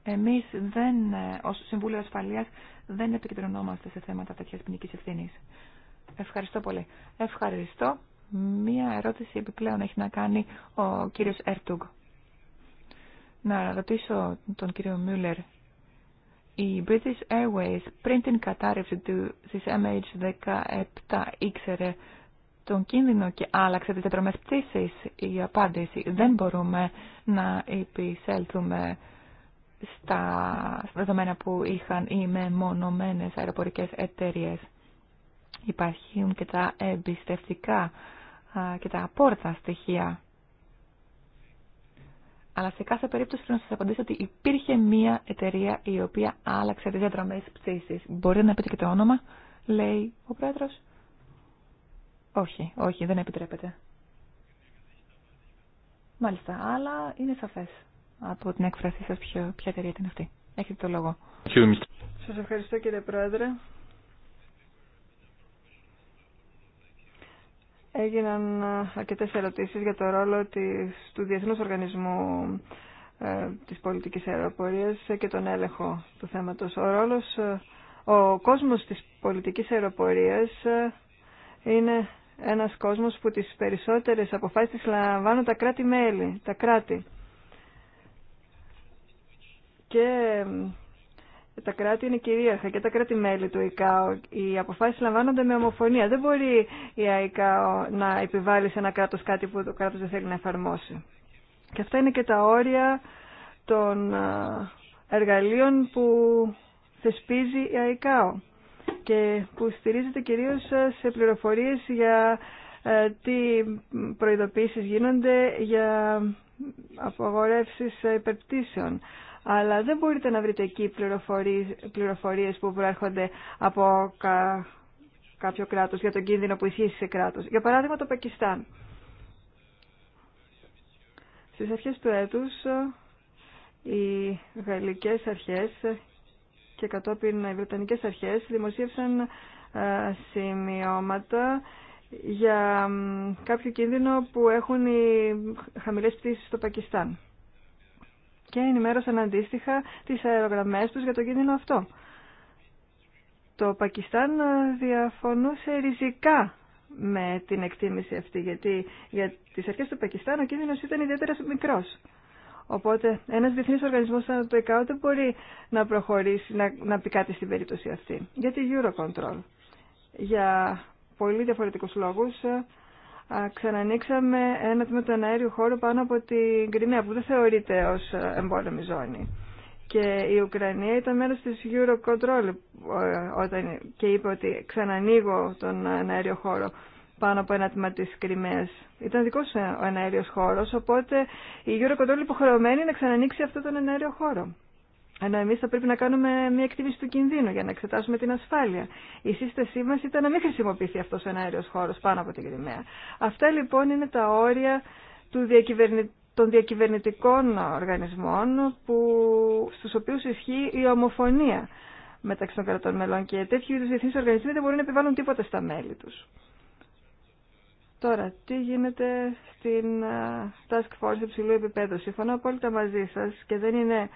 Εμείς δεν, ως Συμβούλιο Ασφαλείας δεν επικεντρωνόμαστε σε θέματα τέτοια ποινική ευθύνη. Ευχαριστώ πολύ. Ευχαριστώ. Μία ερώτηση επιπλέον έχει να κάνει ο κύριος Ερτούγκ. Να ρωτήσω τον κύριο Μιούλερ. Η British Airways πριν την κατάρρευση του, της MH17 ήξερε τον κίνδυνο και άλλαξε τις διαδρομές Η απάντηση δεν μπορούμε να επισέλθουμε στα δεδομένα που είχαν οι μεμονωμένες αεροπορικές εταιρείες. Υπάρχουν και τα εμπιστευτικά και τα απόρριτα στοιχεία. Αλλά σε κάθε περίπτωση θέλω να σας απαντήσω ότι υπήρχε μία εταιρεία η οποία άλλαξε τι διαδρομέ πτήση. Μπορείτε να πείτε και το όνομα, λέει ο πρόεδρος. Όχι, όχι, δεν επιτρέπεται. Μάλιστα, αλλά είναι σαφές από την έκφρασή σα ποια εταιρεία είναι αυτή. Έχετε το λόγο. Σα ευχαριστώ κύριε Πρόεδρε. έγιναν ε, αρκετές ερωτήσεις για το ρόλο της, του Διεθνούς Οργανισμού ε, της Πολιτικής Αεροπορίας και τον έλεγχο του θέματος. Ο ρόλος, ε, ο κόσμος της πολιτικής αεροπορίας ε, είναι ένας κόσμος που τις περισσότερες αποφάσεις λαμβάνουν τα κράτη-μέλη, τα κράτη. Και τα κράτη είναι κυρίαρχα και τα κράτη-μέλη του ΙΚΑΟ. Οι αποφάσει λαμβάνονται με ομοφωνία. Δεν μπορεί η ΙΚΑΟ να επιβάλλει σε ένα κράτο κάτι που το κράτο δεν θέλει να εφαρμόσει. Και αυτά είναι και τα όρια των εργαλείων που θεσπίζει η ΙΚΑΟ και που στηρίζεται κυρίως σε πληροφορίες για τι προειδοποίησεις γίνονται για απογορεύσεις υπερπτήσεων αλλά δεν μπορείτε να βρείτε εκεί πληροφορίες που προέρχονται από κάποιο κράτος για τον κίνδυνο που ισχύει σε κράτος. Για παράδειγμα το Πακιστάν. Στις αρχές του έτους οι γαλλικές αρχές και κατόπιν οι βρετανικές αρχές δημοσίευσαν ε, σημειώματα για κάποιο κίνδυνο που έχουν οι χαμηλές πτήσεις στο Πακιστάν και ενημέρωσαν αντίστοιχα τις αερογραμμές τους για το κίνδυνο αυτό. Το Πακιστάν ε, διαφωνούσε ριζικά με την εκτίμηση αυτή, γιατί για τις αρχές του Πακιστάν ο κίνδυνος ήταν ιδιαίτερα μικρός. Οπότε ένας διεθνής οργανισμός σαν το ΕΚΑΟ δεν μπορεί να προχωρήσει, να, να πει κάτι στην περίπτωση αυτή. Γιατί Eurocontrol, για πολύ διαφορετικούς λόγους, ε, ξανανοίξαμε ένα τμήμα του αέριου χώρου πάνω από την Κρυμαία που δεν θεωρείται ως ε, εμπόλεμη ζώνη. Και η Ουκρανία ήταν μέρος της Eurocontrol ε, όταν και είπε ότι ξανανοίγω τον αέριο χώρο πάνω από ένα τμήμα της Κρυμαίας. Ήταν δικός ο αέριος χώρος, οπότε η Eurocontrol υποχρεωμένη να ξανανοίξει αυτόν τον αέριο χώρο. Ενώ ναι, εμεί θα πρέπει να κάνουμε μια εκτίμηση του κινδύνου για να εξετάσουμε την ασφάλεια. Η σύστασή μα ήταν να μην χρησιμοποιηθεί αυτό ο αέριο χώρο πάνω από την Κρυμαία. Αυτά λοιπόν είναι τα όρια του διακυβερνη... των διακυβερνητικών οργανισμών που... στου οποίου ισχύει η ομοφωνία μεταξύ των κρατών μελών και τέτοιου είδου διεθνεί οργανισμοί δεν μπορούν να επιβάλλουν τίποτα στα μέλη του. Τώρα, τι γίνεται στην ε, Task Force υψηλού επίπεδου. Συμφωνώ απόλυτα μαζί σα και δεν είναι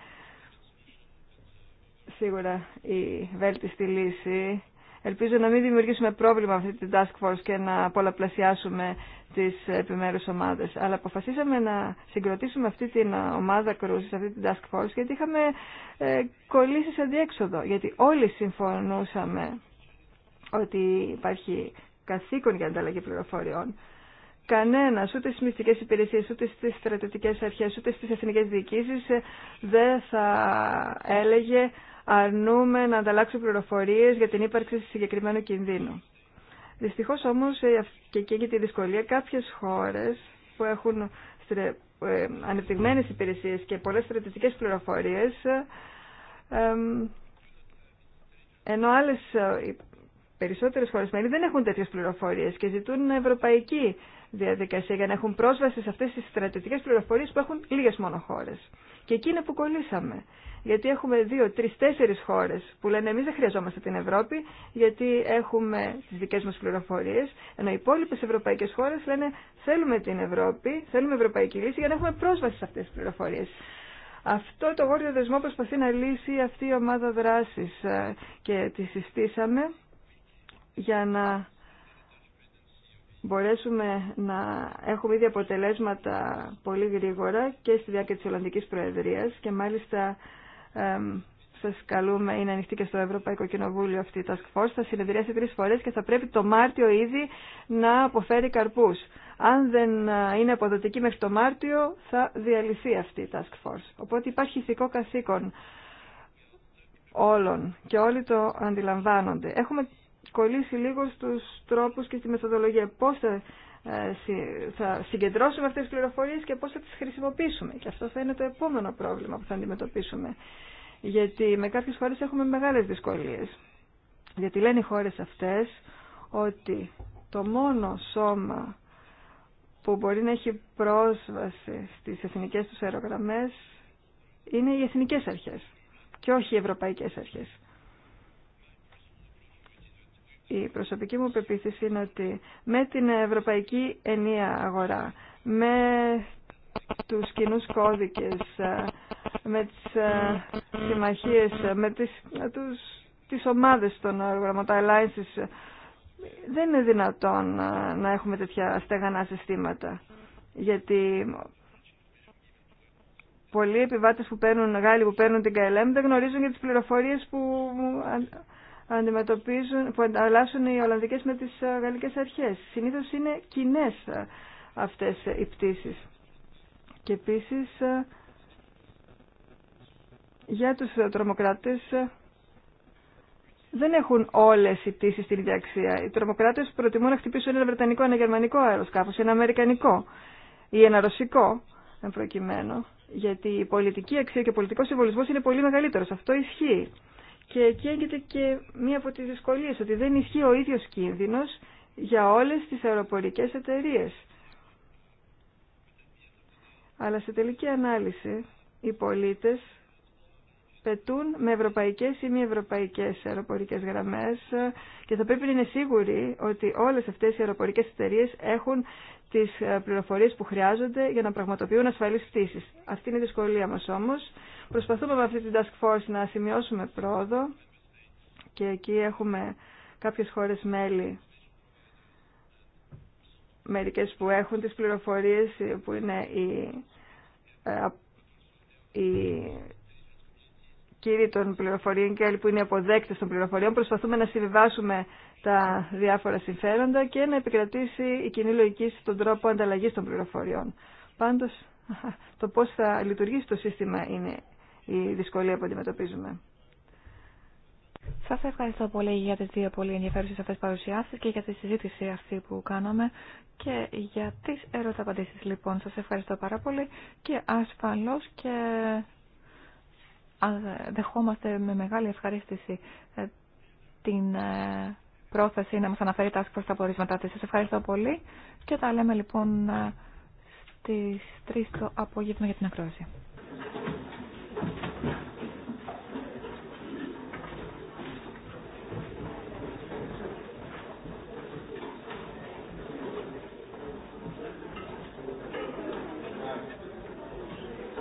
σίγουρα η βέλτιστη λύση. Ελπίζω να μην δημιουργήσουμε πρόβλημα αυτή την task force και να πολλαπλασιάσουμε τις επιμέρους ομάδες. Αλλά αποφασίσαμε να συγκροτήσουμε αυτή την ομάδα κρούση, αυτή την task force, γιατί είχαμε ε, κολλήσει σε διέξοδο. Γιατί όλοι συμφωνούσαμε ότι υπάρχει καθήκον για ανταλλαγή πληροφοριών. Κανένα, ούτε στι μυστικέ υπηρεσίε, ούτε στι στρατιωτικέ αρχέ, ούτε στι εθνικέ διοικήσει ε, δεν θα έλεγε αρνούμε να ανταλλάξουμε πληροφορίε για την ύπαρξη συγκεκριμένου κινδύνου. Δυστυχώ όμως ε, και εκεί και τη δυσκολία κάποιες χώρες που έχουν στρε... Ε, ανεπτυγμένες υπηρεσίες και πολλές πληροφορίε, πληροφορίες ενώ άλλε ε, περισσότερες χώρες μέλη δεν έχουν τέτοιες πληροφορίε και ζητούν ευρωπαϊκή διαδικασία για να έχουν πρόσβαση σε αυτές τις στρατιωτικές πληροφορίες που έχουν λίγες μόνο χώρε. Και εκεί είναι που κολλήσαμε. Γιατί έχουμε δύο, τρει, τέσσερι χώρε που λένε εμεί δεν χρειαζόμαστε την Ευρώπη, γιατί έχουμε τι δικέ μα πληροφορίε, ενώ οι υπόλοιπε ευρωπαϊκέ χώρε λένε θέλουμε την Ευρώπη, θέλουμε ευρωπαϊκή λύση για να έχουμε πρόσβαση σε αυτέ τι πληροφορίε. Αυτό το γόρδιο δεσμό προσπαθεί να λύσει αυτή η ομάδα δράση ε, και τη συστήσαμε για να μπορέσουμε να έχουμε ήδη αποτελέσματα πολύ γρήγορα και στη διάρκεια της Ολλανδικής Προεδρίας και μάλιστα ε, σας καλούμε, είναι ανοιχτή και στο Ευρωπαϊκό Κοινοβούλιο αυτή η Task Force, θα συνεδριάσει τρεις φορές και θα πρέπει το Μάρτιο ήδη να αποφέρει καρπούς. Αν δεν ε, είναι αποδοτική μέχρι το Μάρτιο θα διαλυθεί αυτή η Task Force. Οπότε υπάρχει ηθικό καθήκον όλων και όλοι το αντιλαμβάνονται. Έχουμε κολλήσει λίγο στους τρόπους και στη μεθοδολογία. Πώς θα, ε, θα συγκεντρώσουμε αυτές τις πληροφορίες και πώς θα τις χρησιμοποιήσουμε. Και αυτό θα είναι το επόμενο πρόβλημα που θα αντιμετωπίσουμε. Γιατί με κάποιες χώρε έχουμε μεγάλες δυσκολίες. Γιατί λένε οι χώρες αυτές ότι το μόνο σώμα που μπορεί να έχει πρόσβαση στις εθνικές τους αερογραμμές είναι οι εθνικές αρχές και όχι οι ευρωπαϊκές αρχές η προσωπική μου πεποίθηση είναι ότι με την ευρωπαϊκή ενία αγορά, με τους κοινούς κώδικες, με τις ε, συμμαχίες, με τις, τους, τις ομάδες των οργανωτών, δεν είναι δυνατόν ε, να έχουμε τέτοια στεγανά συστήματα. Γιατί πολλοί επιβάτες που παίρνουν, Γάλλοι που παίρνουν την KLM δεν γνωρίζουν για τις πληροφορίες που ε, αντιμετωπίζουν, που ανταλλάσσουν οι Ολλανδικές με τις ε, Γαλλικές αρχές. Συνήθως είναι κοινέ ε, αυτές οι πτήσεις. Και επίσης ε, για τους τρομοκράτες δεν έχουν όλε οι πτήσει την ίδια αξία. Οι τρομοκράτε προτιμούν να χτυπήσουν ένα βρετανικό, ένα γερμανικό αεροσκάφο, ένα αμερικανικό ή ένα ρωσικό, εν προκειμένου. Γιατί η πολιτική αξία και ο πολιτικό συμβολισμό είναι πολύ μεγαλύτερο. Αυτό ισχύει. Και εκεί έγκυται και μία από τις δυσκολίες, ότι δεν ισχύει ο ίδιος κίνδυνος για όλες τις αεροπορικές εταιρείες. Αλλά σε τελική ανάλυση, οι πολίτες πετούν με ευρωπαϊκές ή μη ευρωπαϊκές αεροπορικές γραμμές ε, και θα πρέπει να είναι σίγουροι ότι όλες αυτές οι αεροπορικές εταιρείε έχουν τις ε, πληροφορίες που χρειάζονται για να πραγματοποιούν ασφαλείς πτήσεις. Αυτή είναι η δυσκολία μας όμως. Προσπαθούμε με αυτή την Task Force να σημειώσουμε πρόοδο και εκεί έχουμε κάποιες χώρες μέλη μερικές που έχουν τις πληροφορίες που είναι οι ε, κύριοι των πληροφοριών και άλλοι που είναι αποδέκτες των πληροφοριών προσπαθούμε να συμβιβάσουμε τα διάφορα συμφέροντα και να επικρατήσει η κοινή λογική στον τρόπο ανταλλαγής των πληροφοριών. Πάντως, *laughs* το πώς θα λειτουργήσει το σύστημα είναι η δυσκολία που αντιμετωπίζουμε. Σας ευχαριστώ πολύ για τις δύο πολύ ενδιαφέρουσες αυτές παρουσιάσεις και για τη συζήτηση αυτή που κάναμε και για τις ερωταπαντήσεις λοιπόν. Σας ευχαριστώ πάρα πολύ και ασφαλώς και δεχόμαστε με μεγάλη ευχαρίστηση ε, την ε, πρόθεση να μας αναφέρει τα προς τα απορίσματά της. Σας ευχαριστώ πολύ και τα λέμε λοιπόν ε, στις 3 το απόγευμα για την ακρόαση.